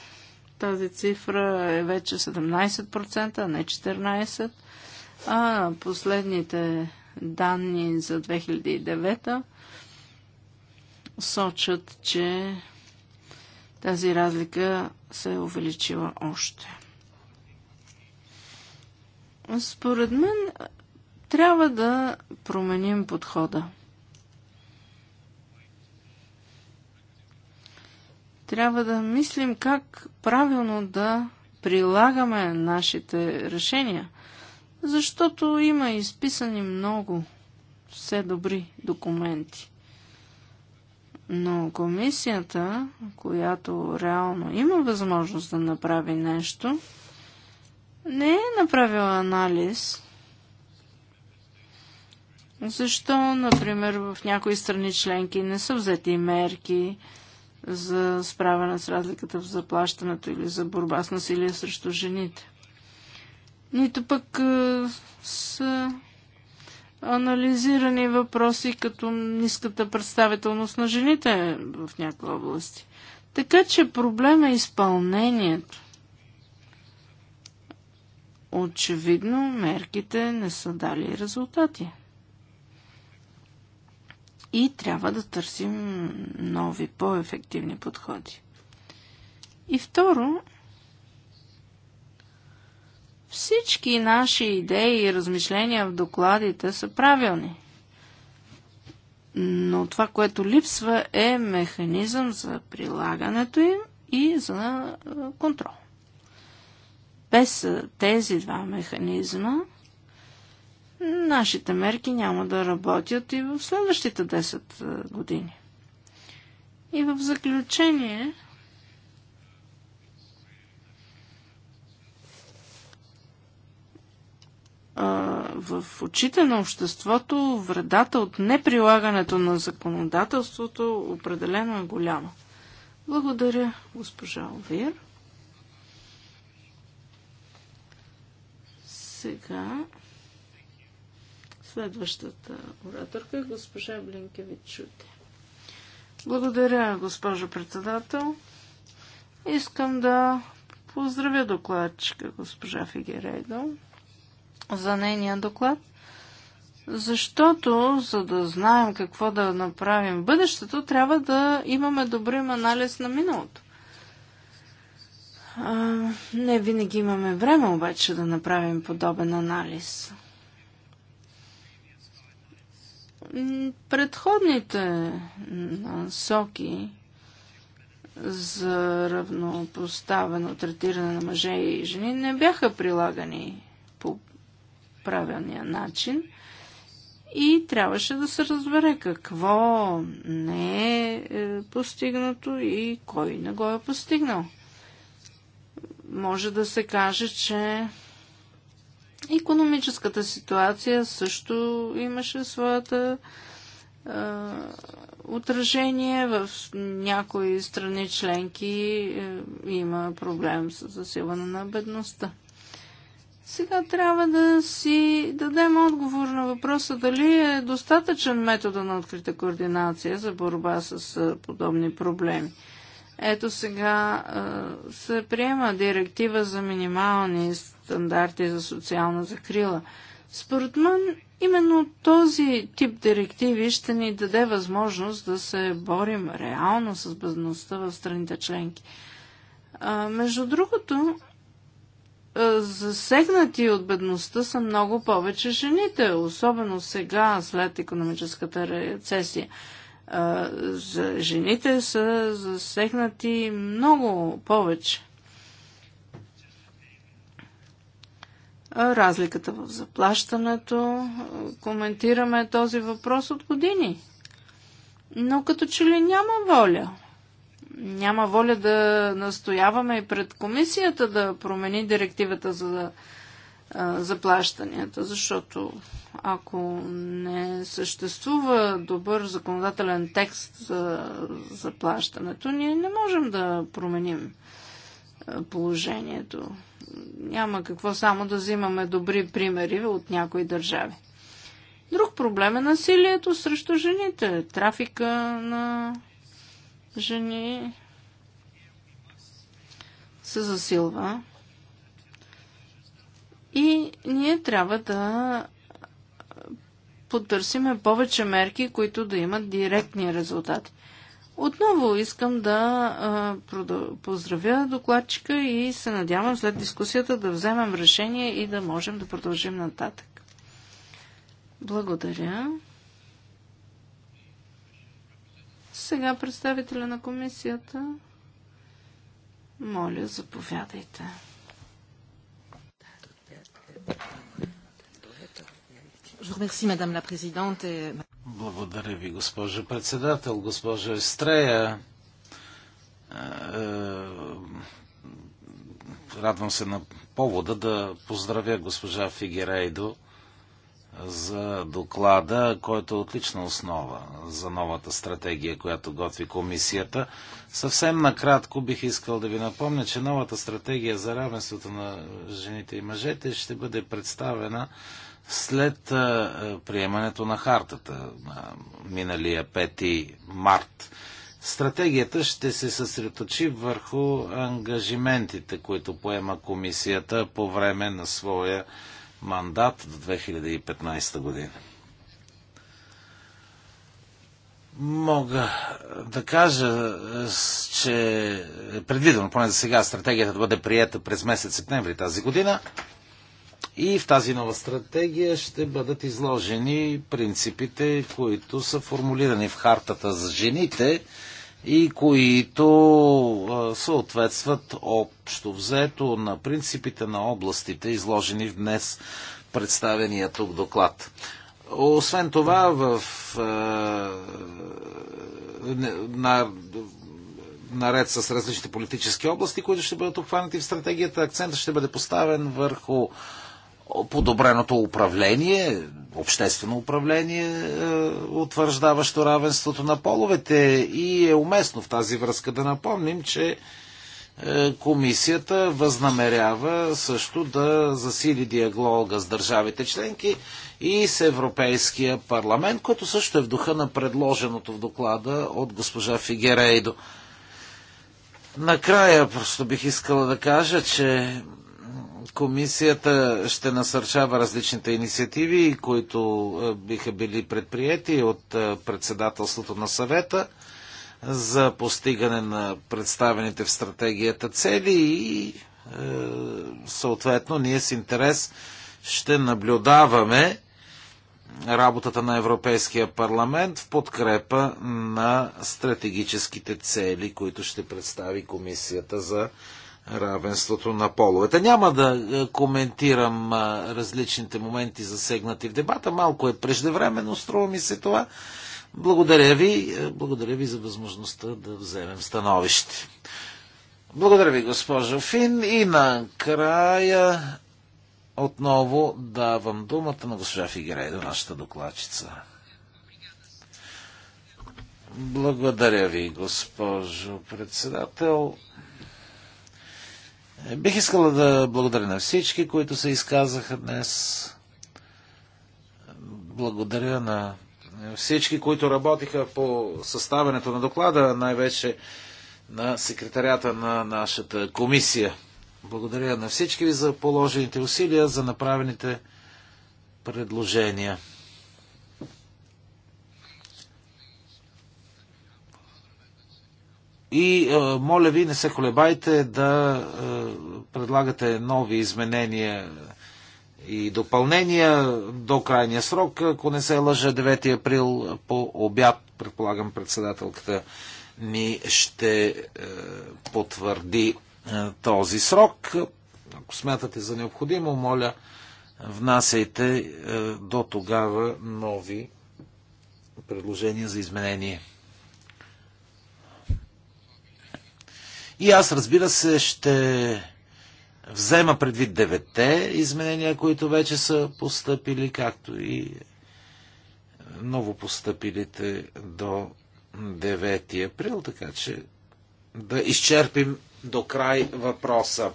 тази цифра е вече 17%, а не 14%. А последните данни за 2009 сочат, че тази разлика се е увеличила още. Според мен трябва да променим подхода. Трябва да мислим как правилно да прилагаме нашите решения, защото има изписани много все добри документи. Но комисията, която реално има възможност да направи нещо, не е направила анализ защо, например, в някои страни членки не са взети мерки за справяне с разликата в заплащането или за борба с насилие срещу жените? Нито пък е, са анализирани въпроси като ниската представителност на жените в някои области. Така че проблем е изпълнението. Очевидно, мерките не са дали резултати и трябва да търсим нови, по-ефективни подходи. И второ, всички наши идеи и размишления в докладите са правилни. Но това, което липсва е механизъм за прилагането им и за контрол. Без тези два механизма нашите мерки няма да работят и в следващите 10 е, години. И в заключение, е, в очите на обществото вредата от неприлагането на законодателството определено е голяма. Благодаря, госпожа Овир. Сега Следващата ораторка е госпожа Блинкевич Чути. Благодаря, госпожо председател. Искам да поздравя докладчика госпожа Фигерейдо за нейния доклад, защото за да знаем какво да направим в бъдещето, трябва да имаме добрим анализ на миналото. А, не винаги имаме време обаче да направим подобен анализ. Предходните насоки за равнопоставено третиране на мъже и жени не бяха прилагани по правилния начин и трябваше да се разбере какво не е, е постигнато и кой не го е постигнал. Може да се каже, че Економическата ситуация също имаше своята е, отражение. В някои страни членки е, има проблем с засилване на бедността. Сега трябва да си дадем отговор на въпроса дали е достатъчен метода на открита координация за борба с е, подобни проблеми. Ето сега е, се приема директива за минимални стандарти за социална закрила. Според мен, именно този тип директиви ще ни даде възможност да се борим реално с бедността в страните членки. А, между другото, засегнати от бедността са много повече жените, особено сега, след економическата рецесия. За жените са засегнати много повече. разликата в заплащането. Коментираме този въпрос от години. Но като че ли няма воля. Няма воля да настояваме и пред комисията да промени директивата за заплащанията, защото ако не съществува добър законодателен текст за заплащането, ние не можем да променим положението няма какво само да взимаме добри примери от някои държави. Друг проблем е насилието срещу жените, трафика на жени се засилва. И ние трябва да потърсиме повече мерки, които да имат директни резултати. Отново искам да поздравя докладчика и се надявам след дискусията да вземем решение и да можем да продължим нататък. Благодаря. Сега представителя на комисията. Моля, заповядайте. Благодаря, мадам remercie, президент. Благодаря ви, госпожо председател. Госпожо Естрея, е, е, радвам се на повода да поздравя госпожа Фигерейдо за доклада, който е отлична основа за новата стратегия, която готви комисията. Съвсем накратко бих искал да ви напомня, че новата стратегия за равенството на жените и мъжете ще бъде представена след приемането на хартата на миналия 5 март. Стратегията ще се съсредоточи върху ангажиментите, които поема комисията по време на своя мандат до 2015 година. Мога да кажа, че е предвидено поне за сега стратегията да бъде приета през месец септември тази година. И в тази нова стратегия ще бъдат изложени принципите, които са формулирани в хартата за жените и които съответстват общо взето на принципите на областите, изложени в днес представения тук доклад. Освен това, в, на, наред с различните политически области, които ще бъдат обхванати в стратегията, акцентът ще бъде поставен върху подобреното управление, обществено управление, е, утвърждаващо равенството на половете. И е уместно в тази връзка да напомним, че е, комисията възнамерява също да засили диалога с държавите членки и с Европейския парламент, което също е в духа на предложеното в доклада от госпожа Фигерейдо. Накрая просто бих искала да кажа, че Комисията ще насърчава различните инициативи, които е, биха били предприяти от е, председателството на съвета за постигане на представените в стратегията цели и е, съответно ние с интерес ще наблюдаваме работата на Европейския парламент в подкрепа на стратегическите цели, които ще представи Комисията за равенството на половете. Няма да е, коментирам е, различните моменти засегнати в дебата. Малко е преждевременно, струва ми се това. Благодаря ви. Е, благодаря ви за възможността да вземем становище. Благодаря ви, госпожо Фин. И накрая отново давам думата на госпожа Фигерейда, нашата докладчица. Благодаря ви, госпожо председател. Бих искала да благодаря на всички, които се изказаха днес. Благодаря на всички, които работиха по съставянето на доклада, най-вече на секретарята на нашата комисия. Благодаря на всички ви за положените усилия, за направените предложения. И а, е, моля ви, не се колебайте да а, е, предлагате нови изменения и допълнения до крайния срок. Ако не се лъжа, 9 април по обяд, предполагам, председателката ни ще а, е, потвърди а, този срок. Ако смятате за необходимо, моля, внасяйте а, до тогава нови предложения за изменение. И аз, разбира се, ще взема предвид девете изменения, които вече са поступили, както и новопостъпилите до 9 април, така че да изчерпим до край въпроса.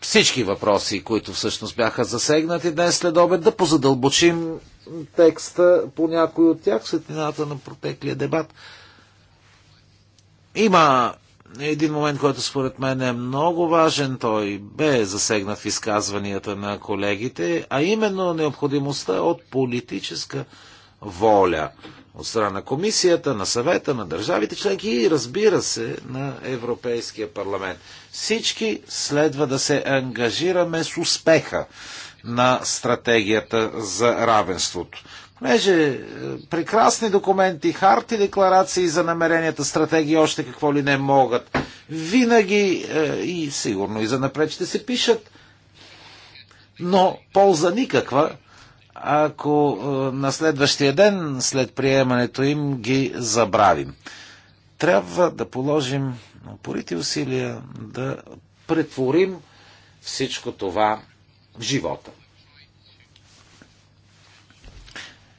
Всички въпроси, които всъщност бяха засегнати днес след обед, да позадълбочим текста по някой от тях светлината на протеклия дебат. Има един момент, който според мен е много важен, той бе засегнат в изказванията на колегите, а именно необходимостта от политическа воля от страна на комисията, на съвета, на държавите членки и разбира се на Европейския парламент. Всички следва да се ангажираме с успеха на стратегията за равенството. Понеже е, прекрасни документи, харти, декларации за намеренията, стратегии, още какво ли не могат. Винаги е, и сигурно и за напред ще се пишат, но полза никаква, ако е, на следващия ден, след приемането им, ги забравим. Трябва да положим порити усилия да претворим всичко това в живота.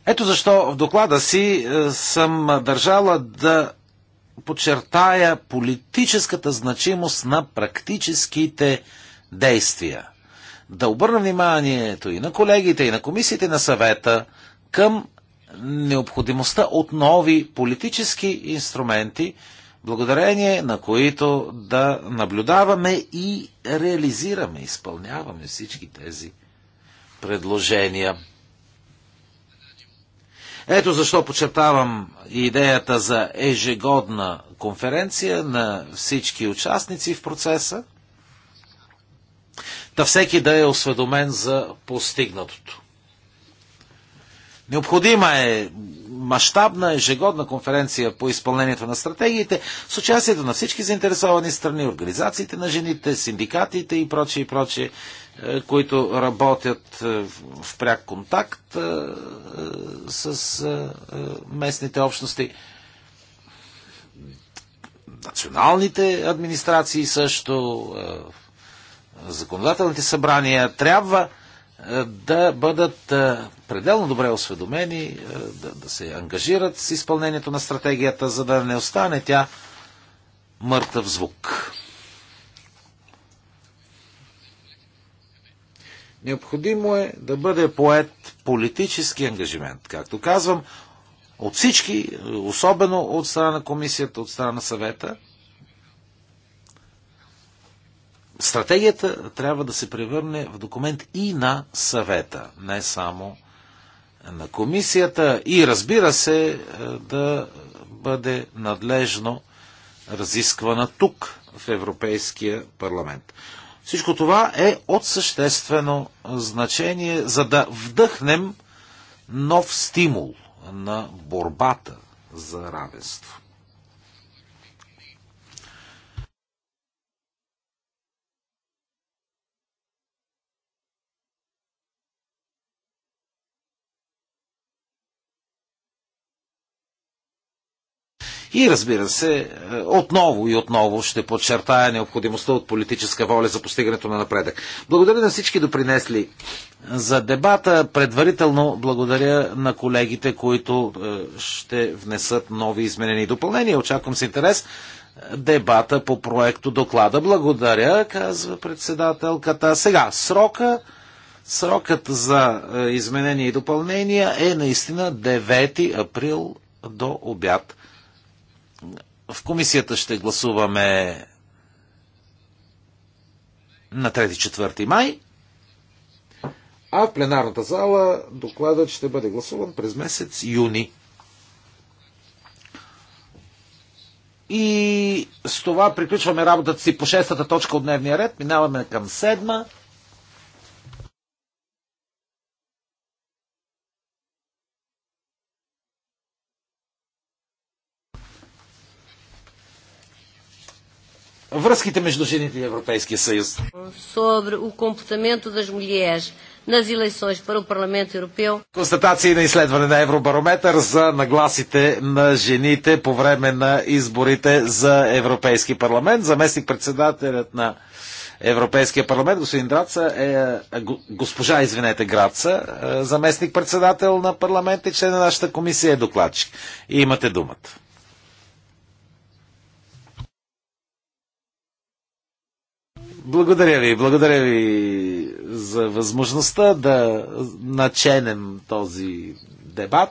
Ето защо в доклада си е, съм държала да подчертая политическата значимост на практическите действия. Да обърна вниманието и на колегите, и на комисиите на съвета към необходимостта от нови политически инструменти, благодарение на които да наблюдаваме и реализираме, изпълняваме всички тези предложения. Ето защо подчертавам идеята за ежегодна конференция на всички участници в процеса, да всеки да е осведомен за постигнатото. Необходима е мащабна ежегодна конференция по изпълнението на стратегиите с участието на всички заинтересовани страни, организациите на жените, синдикатите и прочие, и прочие, е, които работят е, в пряк контакт е, с местните общности. Националните администрации също, законодателните събрания трябва да бъдат пределно добре осведомени, да, да се ангажират с изпълнението на стратегията, за да не остане тя мъртъв звук. Необходимо е да бъде поет политически ангажимент, както казвам, от всички, особено от страна на комисията, от страна на съвета – стратегията трябва да се превърне в документ и на съвета, не само на комисията и разбира се е, да бъде надлежно разисквана тук в Европейския парламент. Всичко това е от съществено значение, за да вдъхнем нов стимул на борбата за равенство. И разбира се, е, отново и отново ще подчертая необходимостта от политическа воля за постигането на напредък. Благодаря на всички допринесли за дебата. Предварително благодаря на колегите, които е, ще внесат нови изменени допълнения. Очаквам с интерес е, дебата по проекто доклада. Благодаря, казва председателката. Сега, срока Срокът за изменения и допълнения е наистина 9 април до обяд. В комисията ще гласуваме на 3-4 май, а в пленарната зала докладът ще бъде гласуван през месец юни. И с това приключваме работата си по шестата точка от дневния ред. Минаваме към седма. връзките между жените и Европейския съюз. у компутаменто за das на зила и para първо парламент Europeu. Констатации на изследване на Евробарометър за нагласите на жените по време на изборите за Европейски парламент. Заместник председателят на Европейския парламент, господин Драца, е, е госпожа, извинете, Граца, е, заместник председател на парламента и член на нашата комисия е докладчик. И имате думата. Благодаря ви, благодаря ви за възможността да наченем този дебат.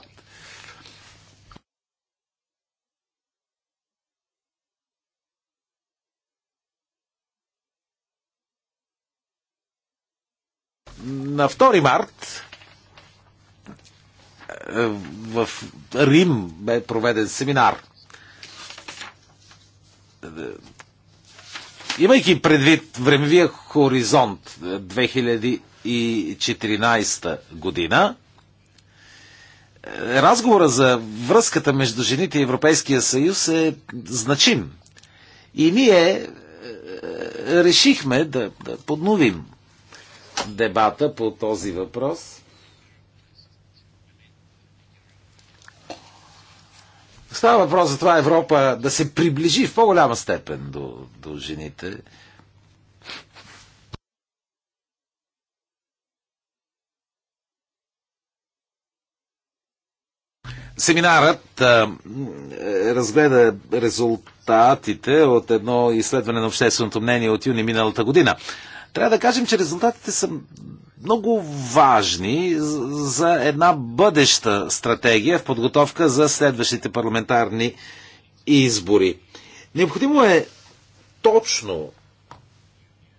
На 2 март е, в Рим бе проведен семинар е, Имайки предвид времевия хоризонт 2014 е, година, е, разговора за връзката между жените и Европейския съюз е значим. И ние е, решихме да, да подновим дебата по този въпрос – Става въпрос за това Европа да се приближи в по-голяма степен до, до жените. Семинарът а, е, разгледа резултатите от едно изследване на общественото мнение от юни миналата година. Трябва да кажем, че резултатите са много важни за една бъдеща стратегия в подготовка за следващите парламентарни избори. Необходимо е точно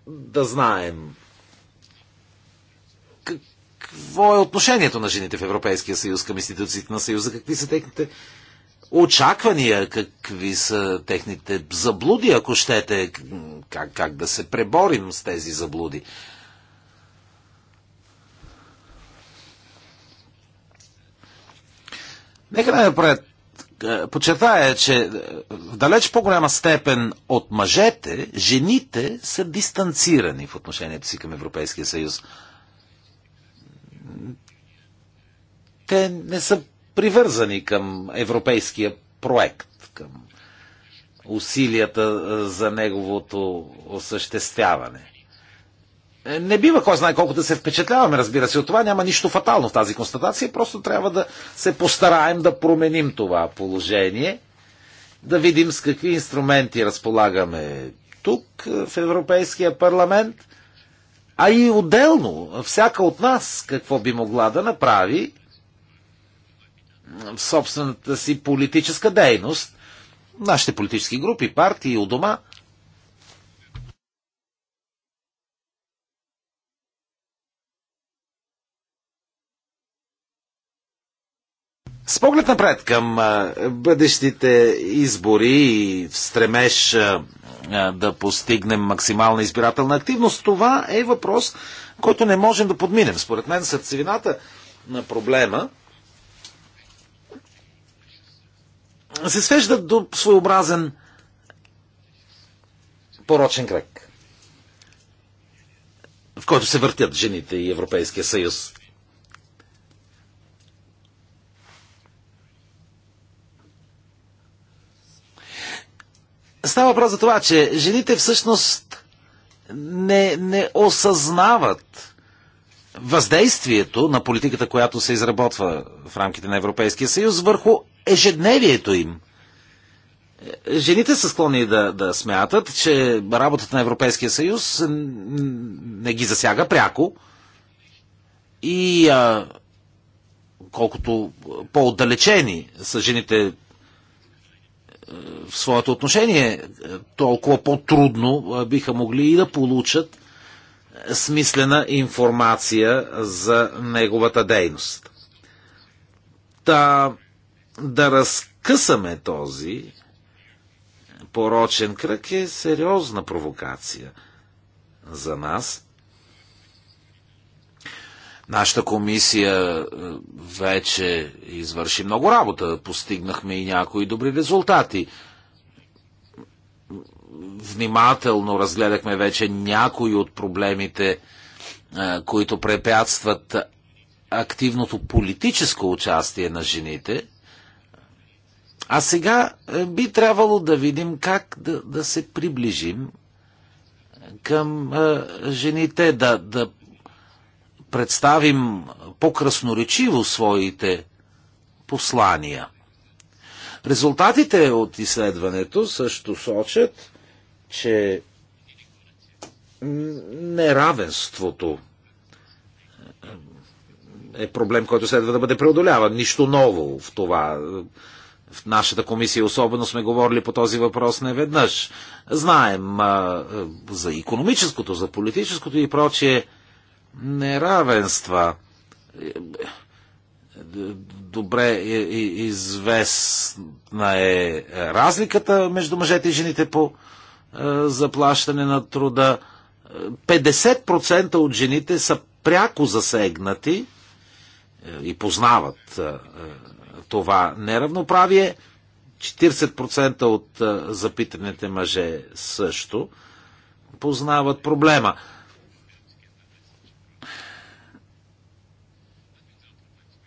да знаем какво е отношението на жените в Европейския съюз към институциите на съюза, какви са техните очаквания, какви са техните заблуди, ако щете, как, как да се преборим с тези заблуди. Нека да напред подчертая, че е, в далеч по-голяма степен от мъжете, жените са дистанцирани в отношението си към Европейския съюз. Те не са привързани към европейския проект, към усилията е, за неговото осъществяване. Е, не бива кой знае колко да се впечатляваме, разбира се, от това няма нищо фатално в тази констатация, просто трябва да се постараем да променим това положение, да видим с какви инструменти разполагаме тук, е, в Европейския парламент, а и отделно, всяка от нас какво би могла да направи в собствената си политическа дейност, нашите политически групи, партии у дома – С поглед напред към бъдещите избори и в а, да постигнем максимална избирателна активност, това е въпрос, който не можем да подминем. Според мен сърцевината на проблема се свежда до своеобразен порочен кръг, в който се въртят жените и Европейския съюз. Става въпрос за това, че жените всъщност не, не осъзнават въздействието на политиката, която се изработва в рамките на Европейския съюз върху ежедневието им. Жените са склонни да, да смятат, че работата на Европейския съюз не ги засяга пряко и а, колкото по-отдалечени са жените в своето отношение, е, толкова по-трудно е, биха могли и да получат е, смислена информация за неговата дейност. Та да разкъсаме този порочен кръг е сериозна провокация за нас – Нашата комисия е, вече извърши много работа. Постигнахме и някои добри резултати. Внимателно разгледахме вече някои от проблемите, е, които препятстват активното политическо участие на жените. А сега е, би трябвало да видим как да, да се приближим към жените, да, да представим по-красноречиво своите послания. Резултатите от изследването също сочат, че неравенството е проблем, който следва да бъде преодоляван. Нищо ново в това. В нашата комисия особено сме говорили по този въпрос не веднъж. Знаем а, за економическото, за политическото и прочие неравенства. Добре известна е разликата между мъжете и жените по е, заплащане на труда. 50% от жените са пряко засегнати е, и познават е, това неравноправие. 40% от запитаните мъже също познават проблема.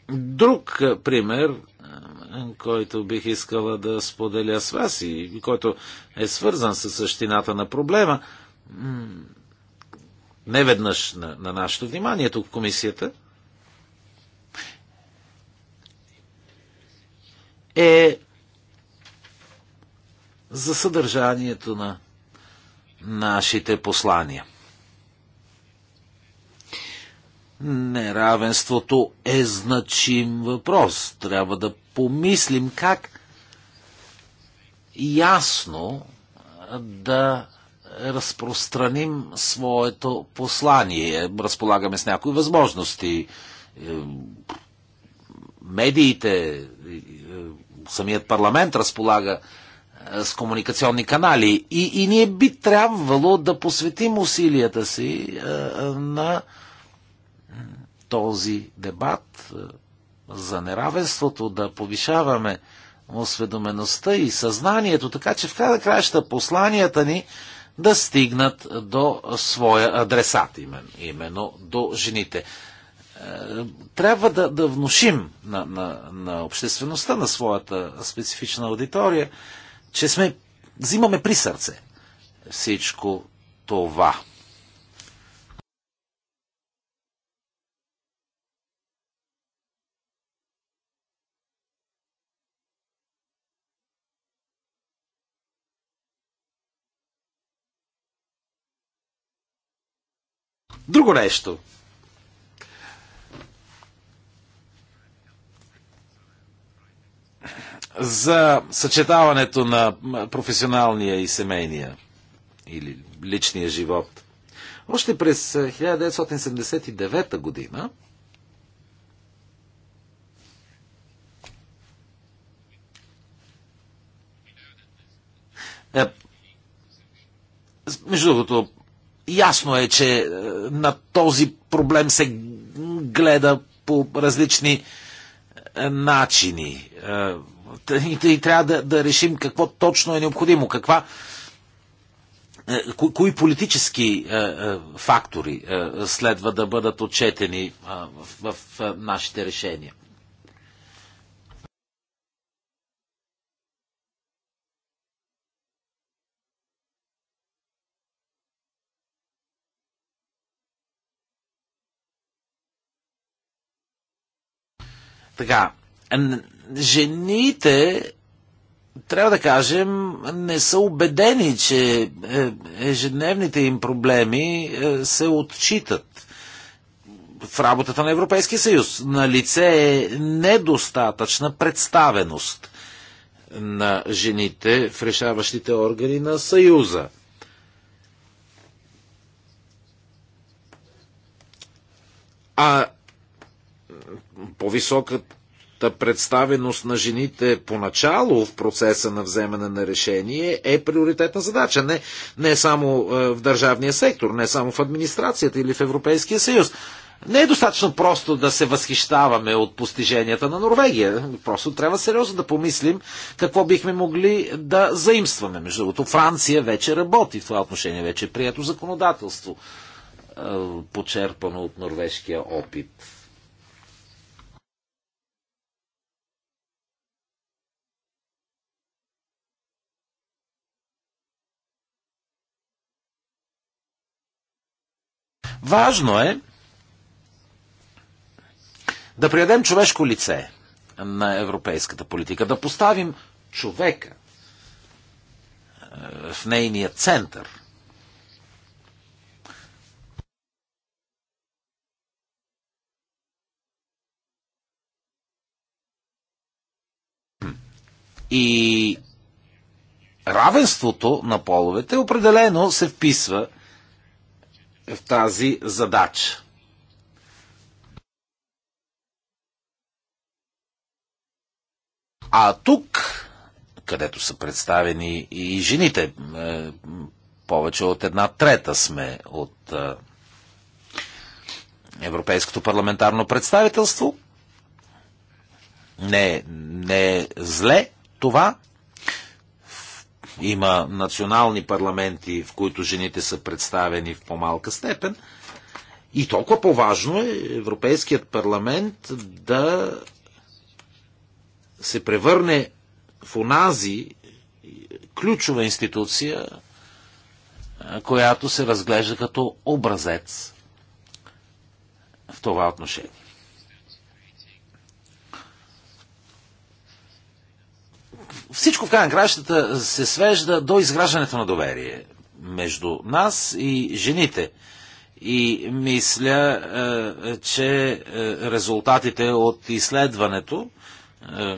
Друг пример, който бих искала да споделя с вас и който е свързан с същината на проблема, не веднъж на, на нашето внимание тук в комисията, е за съдържанието на нашите послания. Неравенството е значим въпрос. Трябва да помислим как ясно да разпространим своето послание. Разполагаме с някои възможности. Е, медиите, е, е, самият парламент разполага с комуникационни канали. И, и ние би трябвало да посветим усилията си на този дебат е, за неравенството, да повишаваме осведомеността и съзнанието, така че в края краища посланията ни да стигнат до своя адресат, именно, именно до жените. Е, трябва да, да внушим на, на, на обществеността, на своята специфична аудитория, че сме, взимаме при сърце всичко това. Друго нещо. За съчетаването на професионалния и семейния или личния живот. Още през 1979 е, година е, Между другото, Ясно е, че е, на този проблем се гледа по различни е, начини. Е, и трябва да, да решим какво точно е необходимо, каква, кои политически фактори следва да бъдат отчетени в нашите решения. Така, жените, трябва да кажем, не са убедени, че е, ежедневните им проблеми е, се отчитат в работата на Европейския съюз. На лице е недостатъчна представеност на жените в решаващите органи на Съюза. А по-високата представеност на жените поначало в процеса на вземане на решение е приоритетна задача. Не, не само е, в държавния сектор, не само в администрацията или в Европейския съюз. Не е достатъчно просто да се възхищаваме от постиженията на Норвегия. Просто трябва сериозно да помислим какво бихме могли да заимстваме. Между другото, Франция вече работи в това отношение, вече е прието законодателство, е, почерпано от норвежкия опит. Важно е да приедем човешко лице на европейската политика, да поставим човека е, в нейния център – И равенството на половете определено се вписва в тази задача. А тук, където са представени и жените, е, повече от една трета сме от е, Европейското парламентарно представителство. Не, не е зле това, има национални парламенти, в които жените са представени в по-малка степен. И толкова по-важно е Европейският парламент да се превърне в онази ключова институция, която се разглежда като образец в това отношение. всичко в край на краищата се свежда до изграждането на доверие между нас и жените. И мисля, е, че е, резултатите от изследването, е,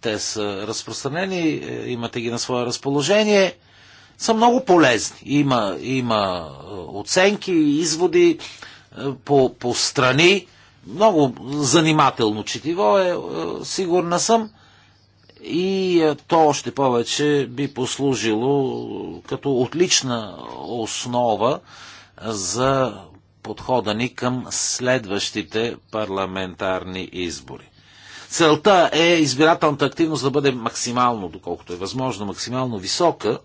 те са разпространени, имате ги на свое разположение, са много полезни. Има, има оценки, изводи по, по страни. Много занимателно четиво е, сигурна съм и е, то още повече би послужило е, като отлична основа е, за подхода ни към следващите парламентарни избори. Целта е избирателната активност да бъде максимално, доколкото е възможно, максимално висока.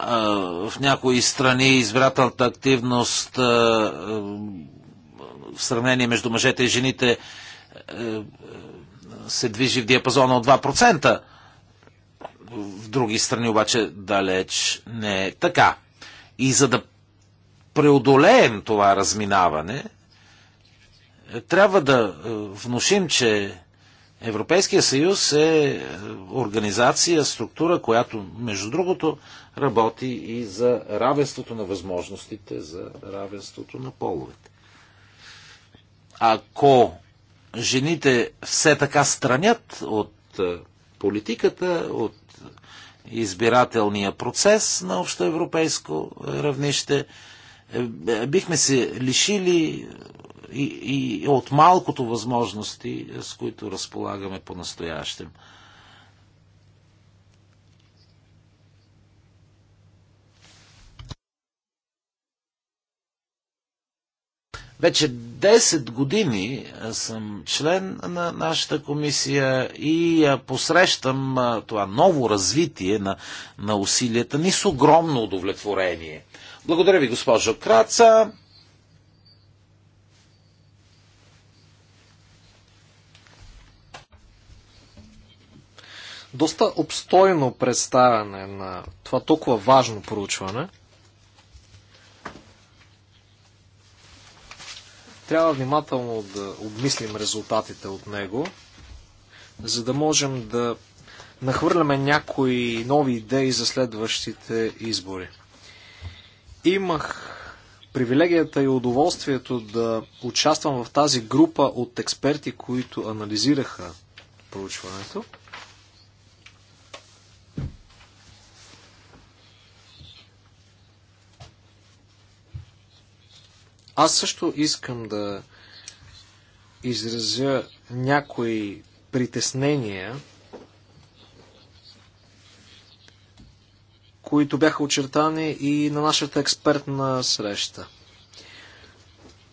В някои страни избирателната активност в сравнение между мъжете и жените е, е, се движи в диапазона от 2%. В други страни обаче далеч не е така. И за да преодолеем това разминаване, трябва да е, внушим, че Европейския съюз е организация, структура, която, между другото, работи и за равенството на възможностите, за равенството на половете. Ако жените все така странят от е, политиката, от избирателния процес на общоевропейско равнище, е, бихме се лишили е, и, и от малкото възможности, с които разполагаме по-настоящем. Вече 10 години съм член на нашата комисия и посрещам това ново развитие на, на усилията ни с огромно удовлетворение. Благодаря ви, госпожо Краца. Доста обстойно представяне на това толкова важно проучване – Трябва внимателно да обмислим резултатите от него, за да можем да нахвърляме някои нови идеи за следващите избори. Имах привилегията и удоволствието да участвам в тази група от експерти, които анализираха проучването. Аз също искам да изразя някои притеснения, които бяха очертани и на нашата експертна среща.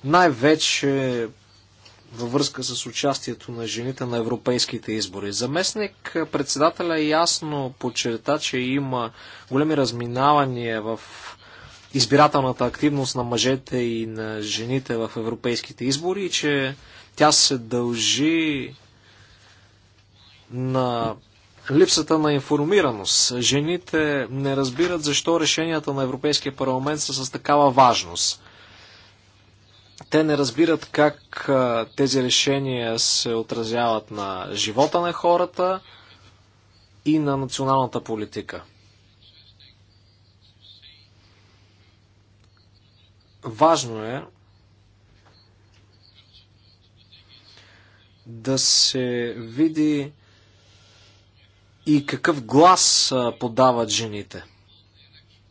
Най-вече във връзка с участието на жените на европейските избори. Заместник председателя ясно подчерта, че има големи разминавания в избирателната активност на мъжете и на жените в европейските избори и че тя се дължи на липсата на информираност. Жените не разбират защо решенията на Европейския парламент са с такава важност. Те не разбират как тези решения се отразяват на живота на хората и на националната политика. Важно е да се види и какъв глас подават жените.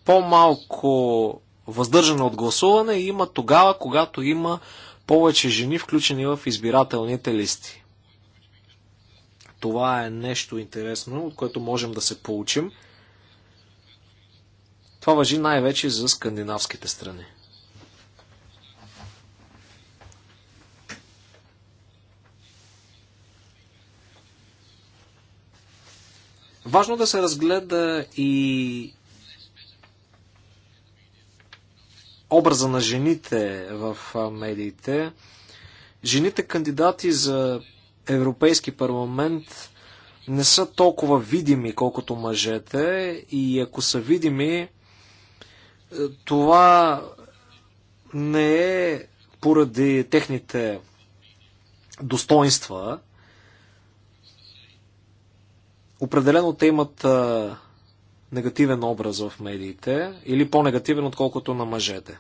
По-малко въздържане от гласуване има тогава, когато има повече жени включени в избирателните листи. Това е нещо интересно, от което можем да се получим. Това въжи най-вече за скандинавските страни. Важно да се разгледа и образа на жените в медиите. Жените кандидати за Европейски парламент не са толкова видими, колкото мъжете и ако са видими, е, това не е поради техните достоинства, Определено те имат а, негативен образ в медиите или по-негативен, отколкото на мъжете.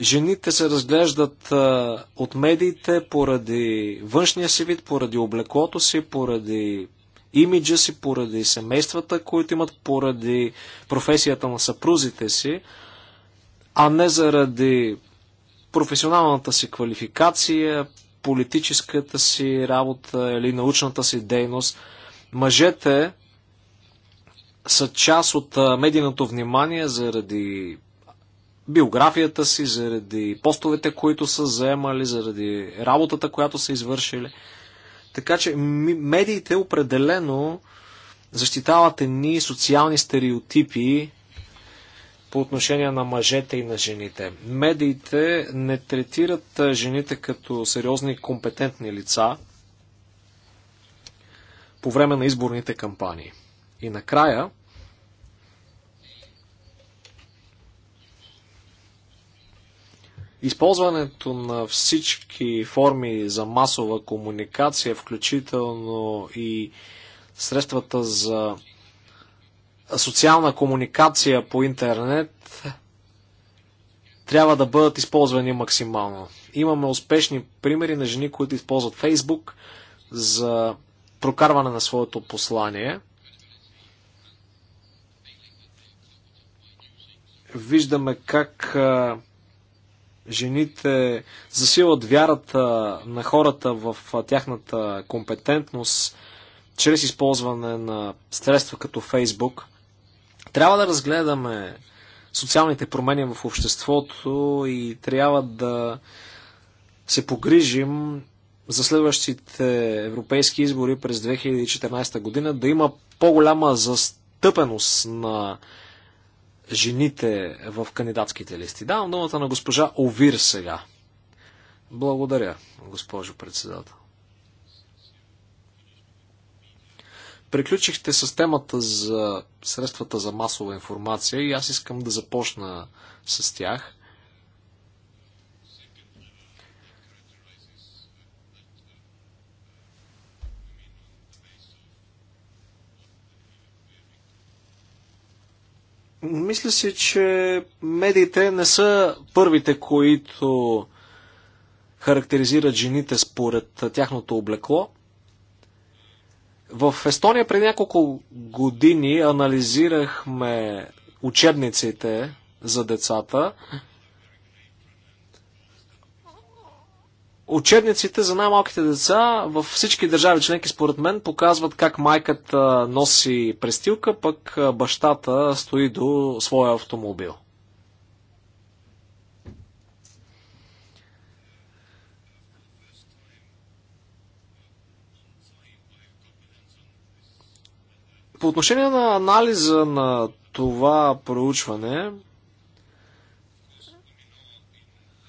Жените се разглеждат а, от медиите поради външния си вид, поради облеклото си, поради имиджа си, поради семействата, които имат, поради професията на съпрузите си, а не заради професионалната си квалификация, политическата си работа или научната си дейност. Мъжете са част от медийното внимание заради биографията си, заради постовете, които са заемали, заради работата, която са извършили. Така че медиите определено защитават едни социални стереотипи, по отношение на мъжете и на жените. Медиите не третират жените като сериозни и компетентни лица по време на изборните кампании. И накрая, Използването на всички форми за масова комуникация, включително и средствата за социална комуникация по интернет трябва да бъдат използвани максимално. Имаме успешни примери на жени, които използват Фейсбук за прокарване на своето послание. Виждаме как жените засилват вярата на хората в тяхната компетентност чрез използване на средства като Фейсбук – трябва да разгледаме социалните промени в обществото и трябва да се погрижим за следващите европейски избори през 2014 година да има по-голяма застъпеност на жените в кандидатските листи. Давам думата на госпожа Овир сега. Благодаря, госпожо председател. Приключихте с темата за средствата за масова информация и аз искам да започна с тях. Мисля си, че медиите не са първите, които характеризират жените според тяхното облекло. В Естония преди няколко години анализирахме учебниците за децата. Учебниците за най-малките деца във всички държави членки, според мен, показват как майката носи престилка, пък бащата стои до своя автомобил. По отношение на анализа на това проучване,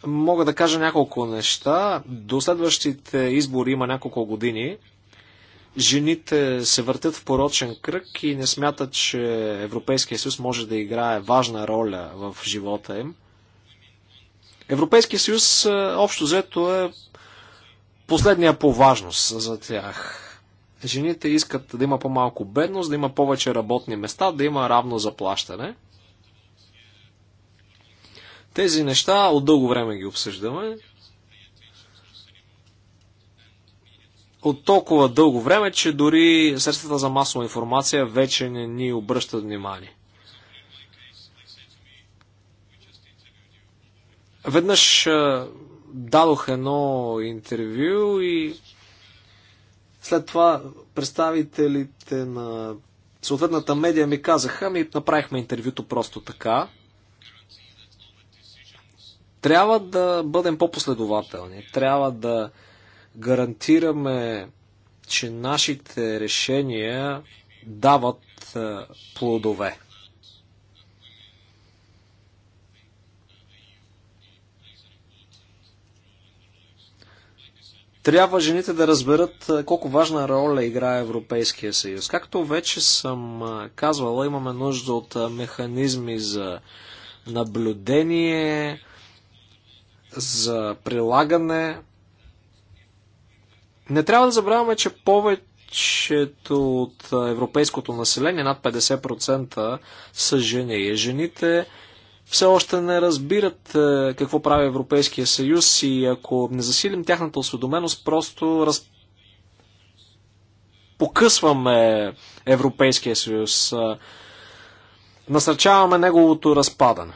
мога да кажа няколко неща. До следващите избори има няколко години. Жените се въртят в порочен кръг и не смятат, че Европейския съюз може да играе важна роля в живота им. Европейския съюз е, общо взето е последния по важност за тях жените искат да има по-малко бедност, да има повече работни места, да има равно заплащане. Тези неща от дълго време ги обсъждаме. От толкова дълго време, че дори средствата за масова информация вече не ни обръщат внимание. Веднъж дадох едно интервю и след това представителите на съответната медия ми казаха, ми направихме интервюто просто така. Трябва да бъдем по-последователни. Трябва да гарантираме, че нашите решения дават плодове. Трябва жените да разберат колко важна роля играе Европейския съюз. Както вече съм казвала, имаме нужда от механизми за наблюдение, за прилагане. Не трябва да забравяме, че повечето от европейското население, над 50%, са жени. Жените все още не разбират е, какво прави Европейския съюз и ако не засилим тяхната осведоменост, просто раз... покъсваме Европейския съюз, е, насърчаваме неговото разпадане.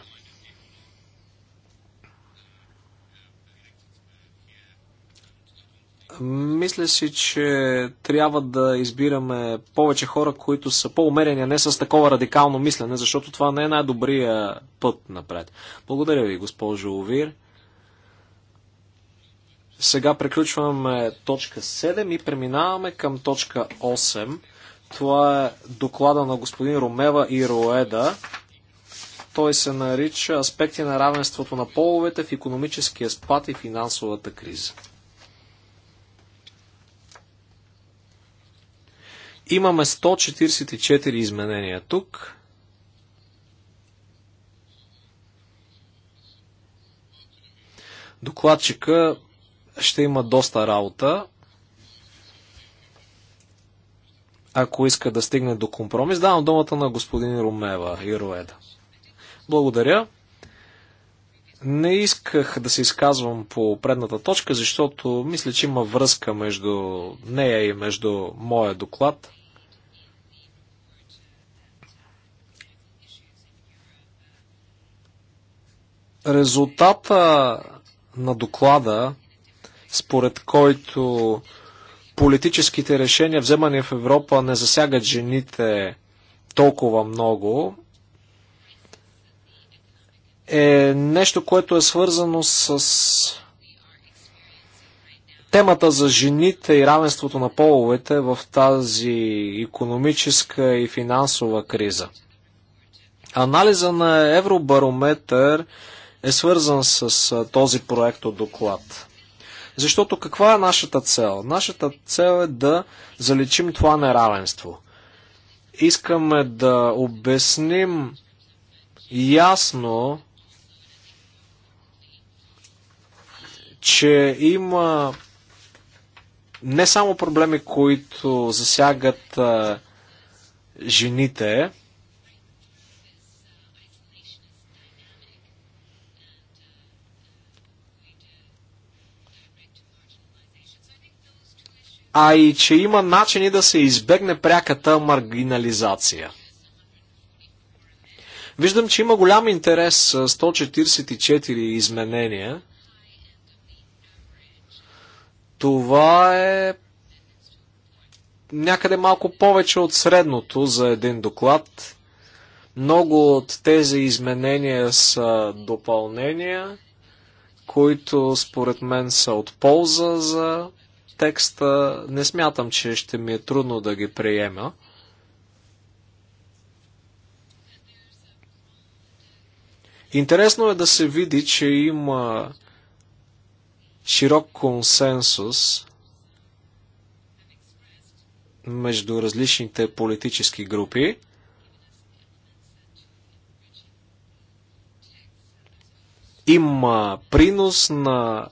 Мисля си, че трябва да избираме повече хора, които са по-умерени, а не с такова радикално мислене, защото това не е най-добрия път напред. Благодаря ви, госпожо Овир. Сега приключваме точка 7 и преминаваме към точка 8. Това е доклада на господин Ромева и Роеда. Той се нарича Аспекти на равенството на половете в економическия спад и финансовата криза. Имаме 144 изменения тук. Докладчика ще има доста работа. Ако иска да стигне до компромис, давам думата на господин Румева и Роеда. Благодаря. Не исках да се изказвам по предната точка, защото мисля, че има връзка между нея и между моя доклад. Резултата на доклада, според който политическите решения, вземани в Европа, не засягат жените толкова много, е нещо, което е свързано с темата за жените и равенството на половете в тази економическа и финансова криза. Анализа на Евробарометър е свързан с този проект от доклад. Защото каква е нашата цел? Нашата цел е да заличим това неравенство. Искаме да обясним ясно, че има не само проблеми, които засягат жените, а и че има начини да се избегне пряката маргинализация. Виждам, че има голям интерес с 144 изменения. Това е някъде малко повече от средното за един доклад. Много от тези изменения са допълнения, които според мен са от полза за текста не смятам, че ще ми е трудно да ги приема. Интересно е да се види, че има широк консенсус между различните политически групи. Има принос на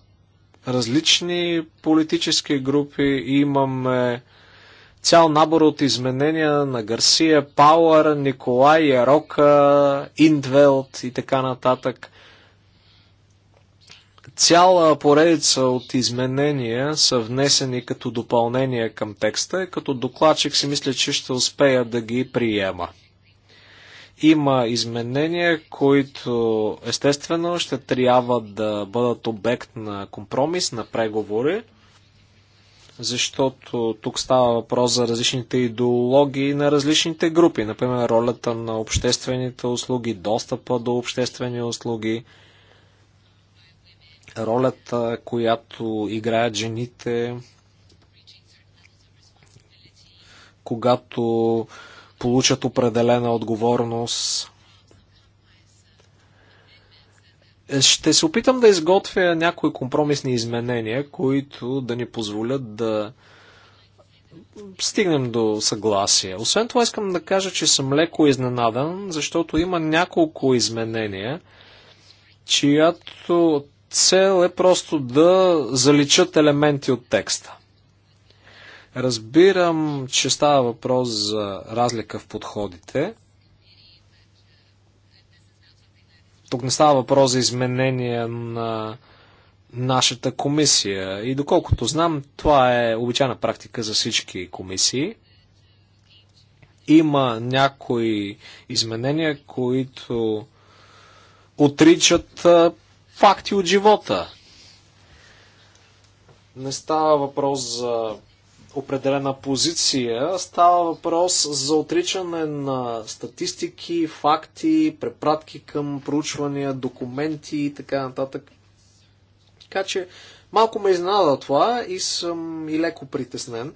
различни политически групи. Имаме цял набор от изменения на Гарсия, Пауър, Николай, Ярока, Индвелт и така нататък. Цяла поредица от изменения са внесени като допълнение към текста и като докладчик си мисля, че ще успея да ги приема. Има изменения, които естествено ще трябва да бъдат обект на компромис, на преговори, защото тук става въпрос за различните идеологии на различните групи. Например, ролята на обществените услуги, достъпа до обществени услуги, ролята, която играят жените, когато получат определена отговорност. Ще се опитам да изготвя някои компромисни изменения, които да ни позволят да стигнем до съгласие. Освен това искам да кажа, че съм леко изненадан, защото има няколко изменения, чиято цел е просто да заличат елементи от текста. Разбирам, че става въпрос за разлика в подходите. Тук не става въпрос за изменение на нашата комисия. И доколкото знам, това е обичайна практика за всички комисии. Има някои изменения, които отричат факти от живота. Не става въпрос за определена позиция. Става въпрос за отричане на статистики, факти, препратки към проучвания, документи и така нататък. Така че малко ме изненада това и съм и леко притеснен.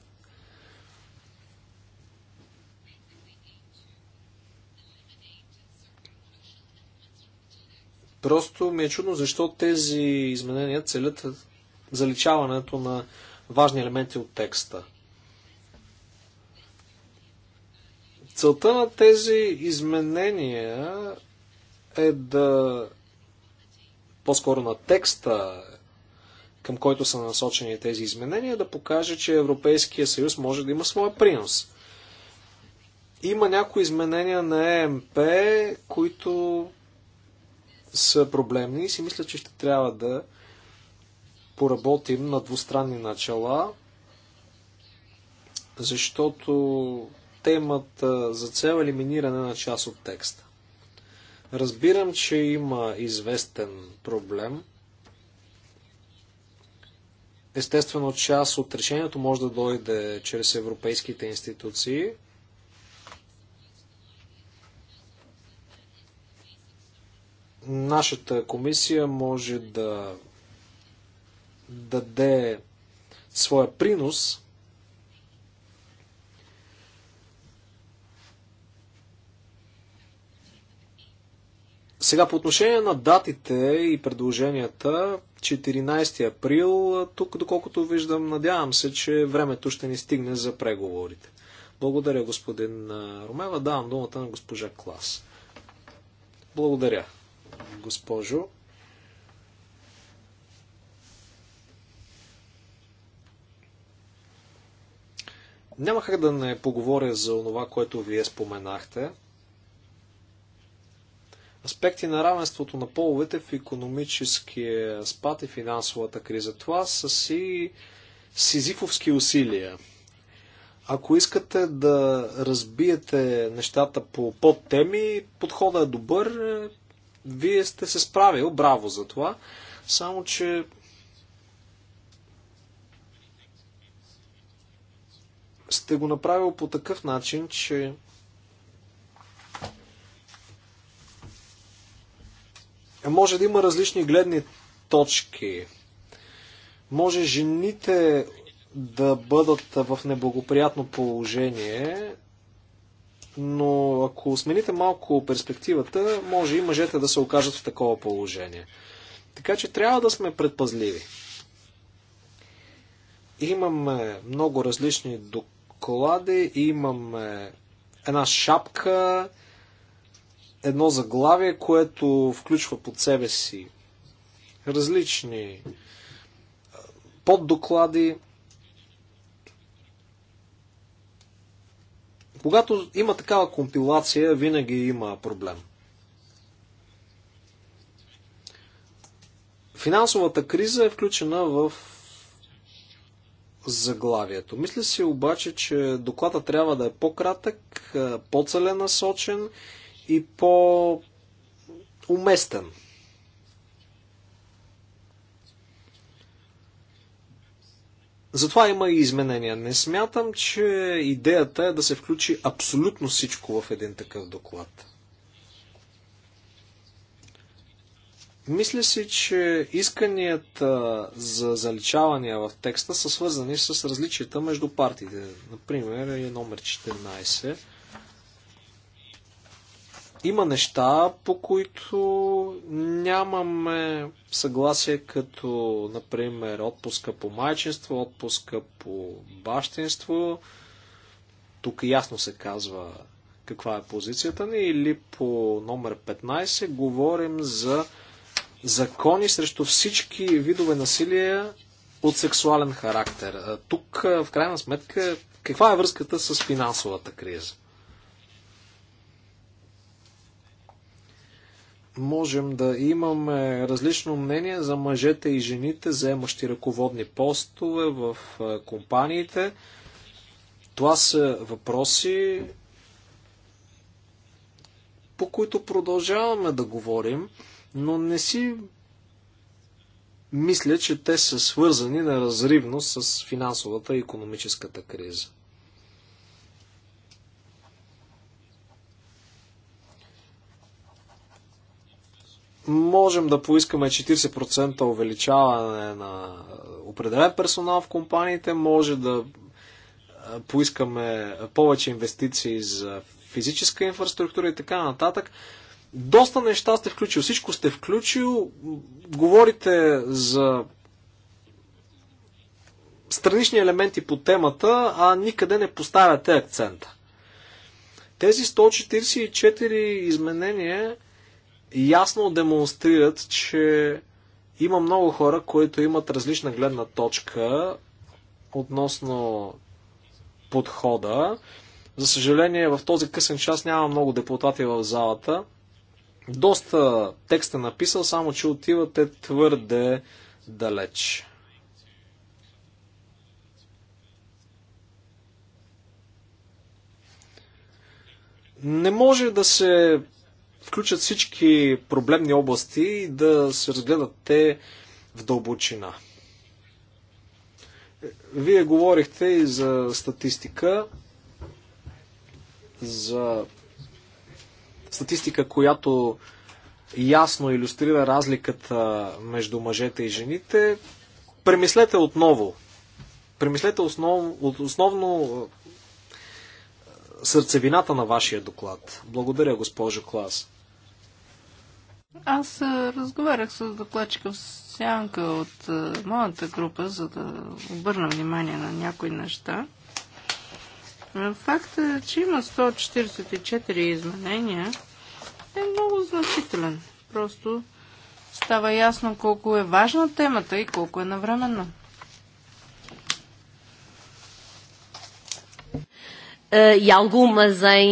Просто ми е чудно защо тези изменения целят заличаването на важни елементи от текста. Целта на тези изменения е да по-скоро на текста, към който са насочени тези изменения, да покаже, че Европейския съюз може да има своя принос. Има някои изменения на ЕМП, които са проблемни и си мисля, че ще трябва да поработим на двустранни начала, защото те имат за цел елиминиране на част от текста. Разбирам, че има известен проблем. Естествено, част от решението може да дойде чрез европейските институции. Нашата комисия може да даде своя принос. Сега по отношение на датите и предложенията, 14 април, тук доколкото виждам, надявам се, че времето ще ни стигне за преговорите. Благодаря, господин Ромева. Давам думата на госпожа Клас. Благодаря, госпожо. Няма как да не поговоря за това, което вие споменахте. Аспекти на равенството на половете в економическия спад и финансовата криза. Това са си сизифовски усилия. Ако искате да разбиете нещата по подтеми, подходът е добър, вие сте се справил, браво за това, само че сте го направил по такъв начин, че може да има различни гледни точки. Може жените да бъдат в неблагоприятно положение, но ако смените малко перспективата, може и мъжете да се окажат в такова положение. Така че трябва да сме предпазливи. Имаме много различни доказателства шоколади, имаме една шапка, едно заглавие, което включва под себе си различни поддоклади. Когато има такава компилация, винаги има проблем. Финансовата криза е включена в заглавието. Мисля си обаче, че доклада трябва да е по-кратък, е, по-целенасочен и по-уместен. Затова има и изменения. Не смятам, че идеята е да се включи абсолютно всичко в един такъв доклад. Мисля си, че исканията за заличавания в текста са свързани с различията между партиите. Например, е номер 14. Има неща, по които нямаме съгласие, като, например, отпуска по майчинство, отпуска по бащинство. Тук ясно се казва каква е позицията ни. Или по номер 15 говорим за закони срещу всички видове насилие от сексуален характер. Тук, в крайна сметка, каква е връзката с финансовата криза? Можем да имаме различно мнение за мъжете и жените, заемащи ръководни постове в компаниите. Това са въпроси, по които продължаваме да говорим но не си мисля, че те са свързани неразривно с финансовата и економическата криза. можем да поискаме 40% увеличаване на определен персонал в компаниите, може да поискаме повече инвестиции за физическа инфраструктура и така нататък. Доста неща сте включил, всичко сте включил. Говорите за странични елементи по темата, а никъде не поставяте акцента. Тези 144 изменения ясно демонстрират, че има много хора, които имат различна гледна точка относно подхода. За съжаление, в този късен час няма много депутати в залата. Доста текста написал, само че отивате твърде далеч. Не може да се включат всички проблемни области и да се разгледат те в дълбочина. Вие говорихте и за статистика, за статистика, която ясно иллюстрира разликата между мъжете и жените, премислете отново. Премислете основ, основно е, сърцевината на вашия доклад. Благодаря, госпожо Клас. Аз е, разговарях с докладчика в сянка от е, моята група, за да обърна внимание на някои неща е, че има 144 изменения е много значителен. Просто става ясно колко е важна темата и колко е навременна. e algumas em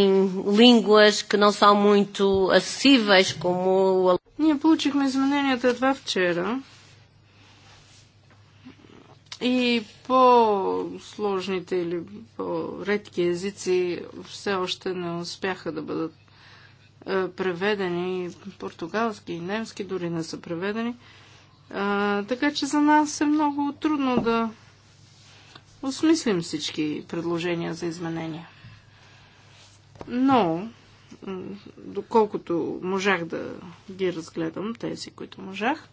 línguas que não são muito acessíveis, como o... Ние получихме измененията едва вчера. И по-сложните или по-редки езици все още не успяха да бъдат е, преведени. Португалски и немски дори не са преведени. А, така че за нас е много трудно да осмислим всички предложения за изменения. Но, доколкото можах да ги разгледам, тези, които можах,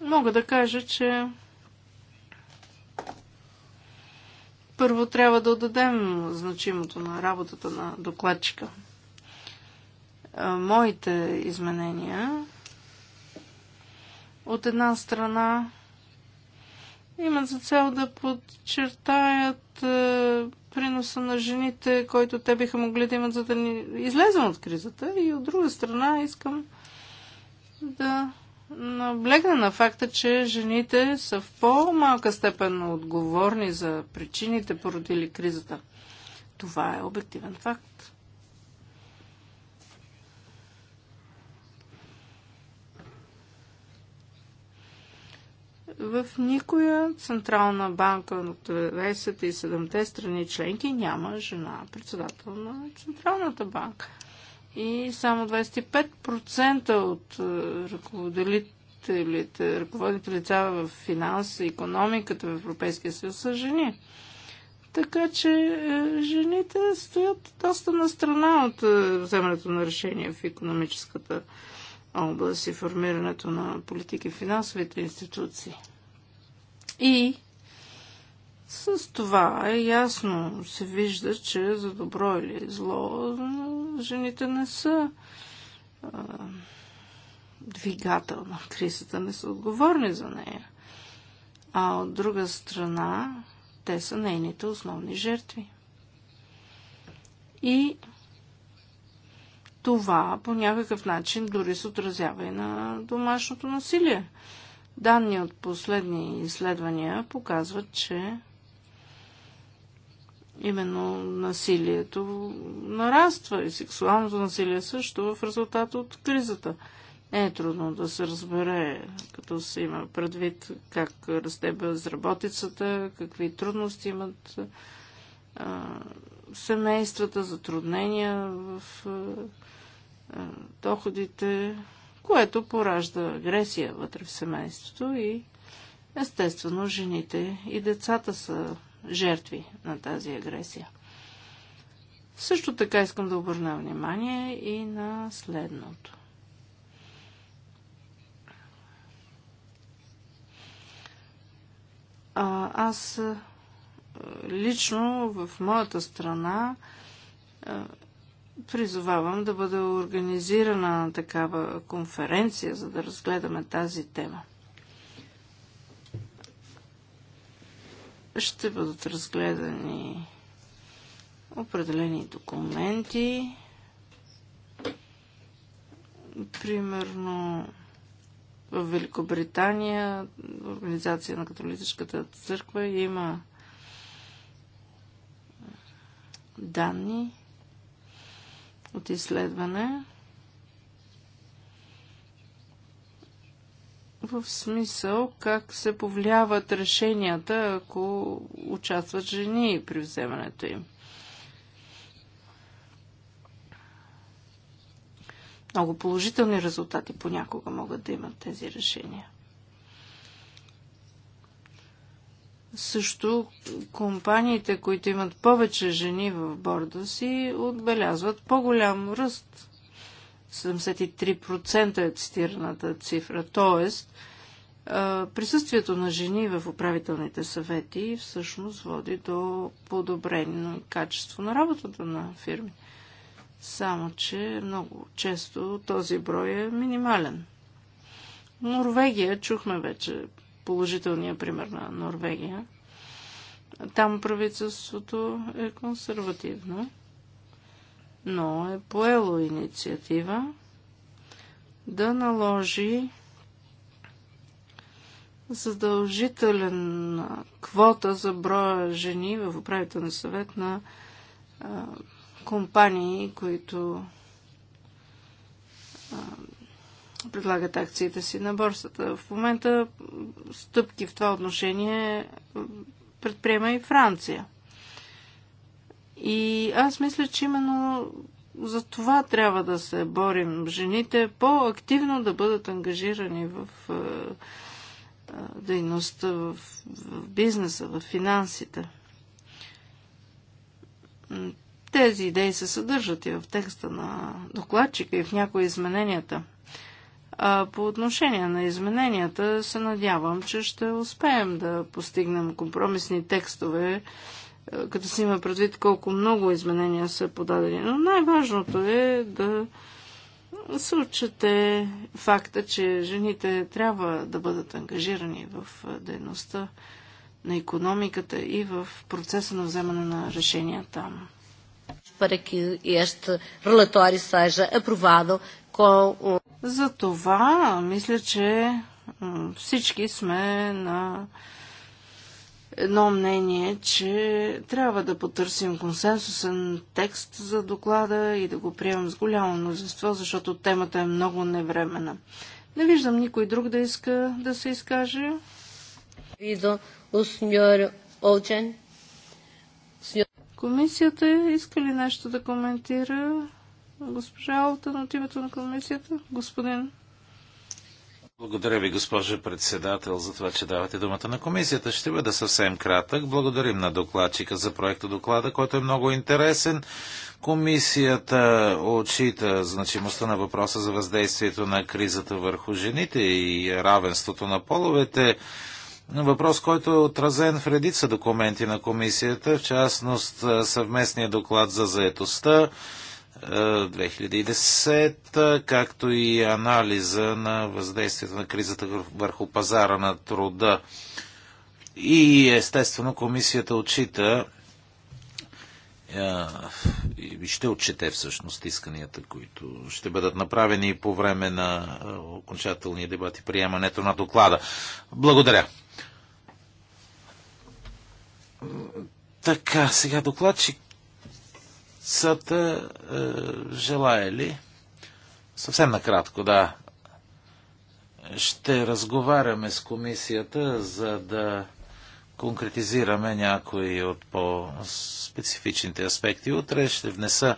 мога да кажа, че първо трябва да отдадем значимото на работата на докладчика. Моите изменения от една страна имат за цел да подчертаят приноса на жените, който те биха могли да имат, за да ни излезем от кризата. И от друга страна искам да наблегна на факта, че жените са в по-малка степен отговорни за причините, породили кризата. Това е обективен факт. В никоя централна банка от 27-те страни членки няма жена председател на Централната банка и само 25% от е, ръководителите, ръководните лица в финанси, и економиката в Европейския съюз са жени. Така че е, жените стоят доста на страна от е, вземането на решения в економическата област и формирането на политики в финансовите институции. И с това ясно се вижда, че за добро или зло жените не са а, двигател на кризата, не са отговорни за нея. А от друга страна, те са нейните основни жертви. И това по някакъв начин дори се отразява и на домашното насилие. Данни от последни изследвания показват, че именно насилието нараства и сексуалното насилие също в резултат от кризата. Не е трудно да се разбере, като се има предвид как расте безработицата, какви трудности имат а, семействата, затруднения в а, доходите, което поражда агресия вътре в семейството и естествено жените и децата са жертви на тази агресия. Също така искам да обърна внимание и на следното. А, аз лично в моята страна призовавам да бъде организирана такава конференция, за да разгледаме тази тема. ще бъдат разгледани определени документи, примерно в Великобритания, Организация на католическата църква има данни от изследване. в смисъл как се повлияват решенията, ако участват жени при вземането им. Много положителни резултати понякога могат да имат тези решения. Също компаниите, които имат повече жени в борда си, отбелязват по-голям ръст 73% е цитираната цифра. Тоест, присъствието на жени в управителните съвети всъщност води до подобрено качество на работата на фирми. Само, че много често този брой е минимален. Норвегия, чухме вече положителния пример на Норвегия. Там правителството е консервативно но е поело инициатива да наложи задължителен квота за броя жени в управителния съвет на а, компании, които а, предлагат акциите си на борсата. В момента стъпки в това отношение предприема и Франция – и аз мисля, че именно за това трябва да се борим. Жените по-активно да бъдат ангажирани в дейността, в, в бизнеса, в финансите. Тези идеи се съдържат и в текста на докладчика и в някои измененията. А по отношение на измененията се надявам, че ще успеем да постигнем компромисни текстове, е, като си има предвид колко много изменения са подадени. Но най-важното е да се отчете факта, че жените трябва да бъдат ангажирани в е, дейността на економиката и в процеса на вземане на решения там. За това мисля, че всички сме на едно мнение, че трябва да потърсим консенсусен текст за доклада и да го приемем с голямо мнозинство, защото темата е много невремена. Не виждам никой друг да иска да се изкаже. Видо, Олчен. Комисията иска ли нещо да коментира? Госпожа Алтан от името на комисията? Господин благодаря ви, госпожа председател, за това, че давате думата на комисията. Ще бъда съвсем кратък. Благодарим на докладчика за проекта доклада, който е много интересен. Комисията отчита значимостта на въпроса за въздействието на кризата върху жените и равенството на половете. Въпрос, който е отразен в редица документи на комисията, в частност съвместния доклад за заетостта, 2010, както и анализа на въздействието на кризата върху пазара на труда. И естествено комисията отчита и ще отчете всъщност исканията, които ще бъдат направени по време на окончателния дебат и приемането на доклада. Благодаря. Така, сега докладчик Съда е, желая ли? Съвсем накратко, да. Ще разговаряме с комисията, за да конкретизираме някои от по-специфичните аспекти. Утре ще внеса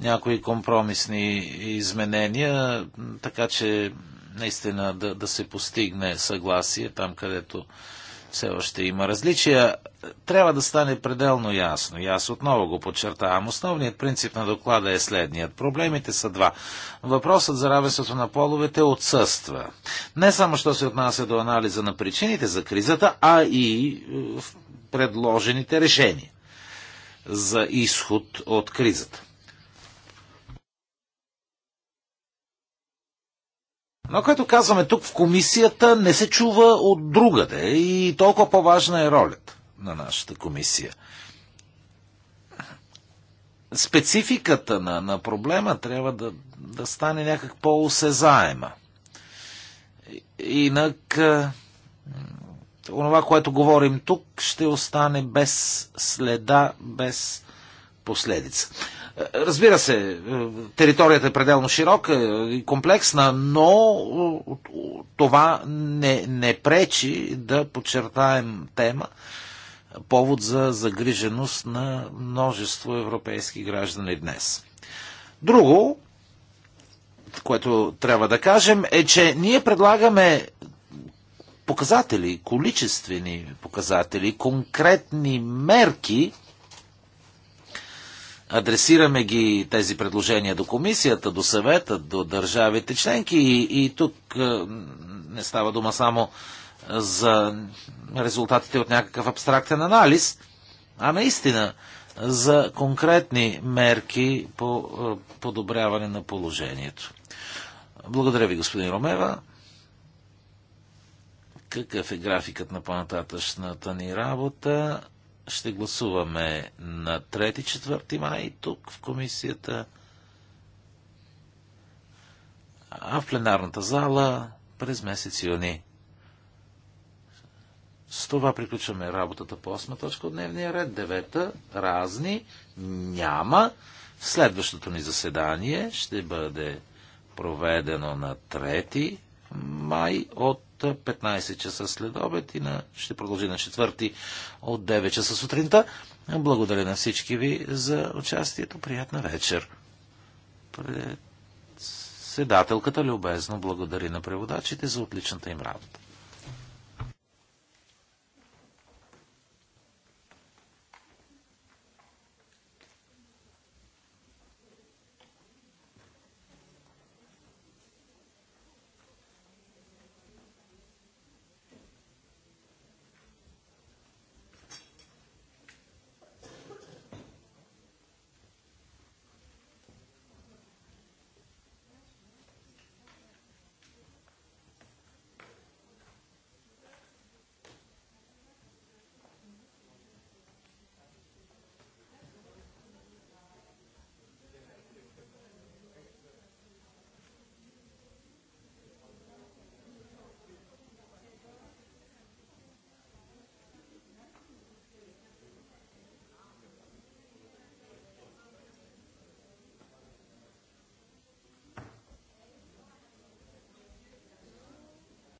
някои компромисни изменения, така че наистина да, да се постигне съгласие там, където все още има различия, трябва да стане пределно ясно. И аз отново го подчертавам. Основният принцип на доклада е следният. Проблемите са два. Въпросът за равенството на половете отсъства. Не само, що се отнася до анализа на причините за кризата, а и е, в предложените решения за изход от кризата. Но което казваме тук в комисията не се чува от другаде и толкова по-важна е ролята на нашата комисия. Спецификата на, на проблема трябва да, да стане някак по-осезаема. Инак, онова, което говорим тук, ще остане без следа, без последица. Разбира се, територията е пределно широка и комплексна, но това не, не пречи да подчертаем тема, повод за загриженост на множество европейски граждани днес. Друго, което трябва да кажем, е, че ние предлагаме показатели, количествени показатели, конкретни мерки, адресираме ги тези предложения до комисията, до съвета, до държавите членки и, и тук е, не става дума само е, за резултатите от някакъв абстрактен анализ, а наистина за конкретни мерки по е, подобряване на положението. Благодаря ви, господин Ромева. Какъв е графикът на понататъчната ни работа? ще гласуваме на 3-4 май тук в комисията, а в пленарната зала през месец юни. С това приключваме работата по 8 точка от дневния ред. 9 разни няма. Следващото ни заседание ще бъде проведено на 3 май от 15 часа след обед и на... ще продължи на 4 от 9 часа сутринта. Благодаря на всички ви за участието. Приятна вечер. Седателката любезно благодари на преводачите за отличната им работа.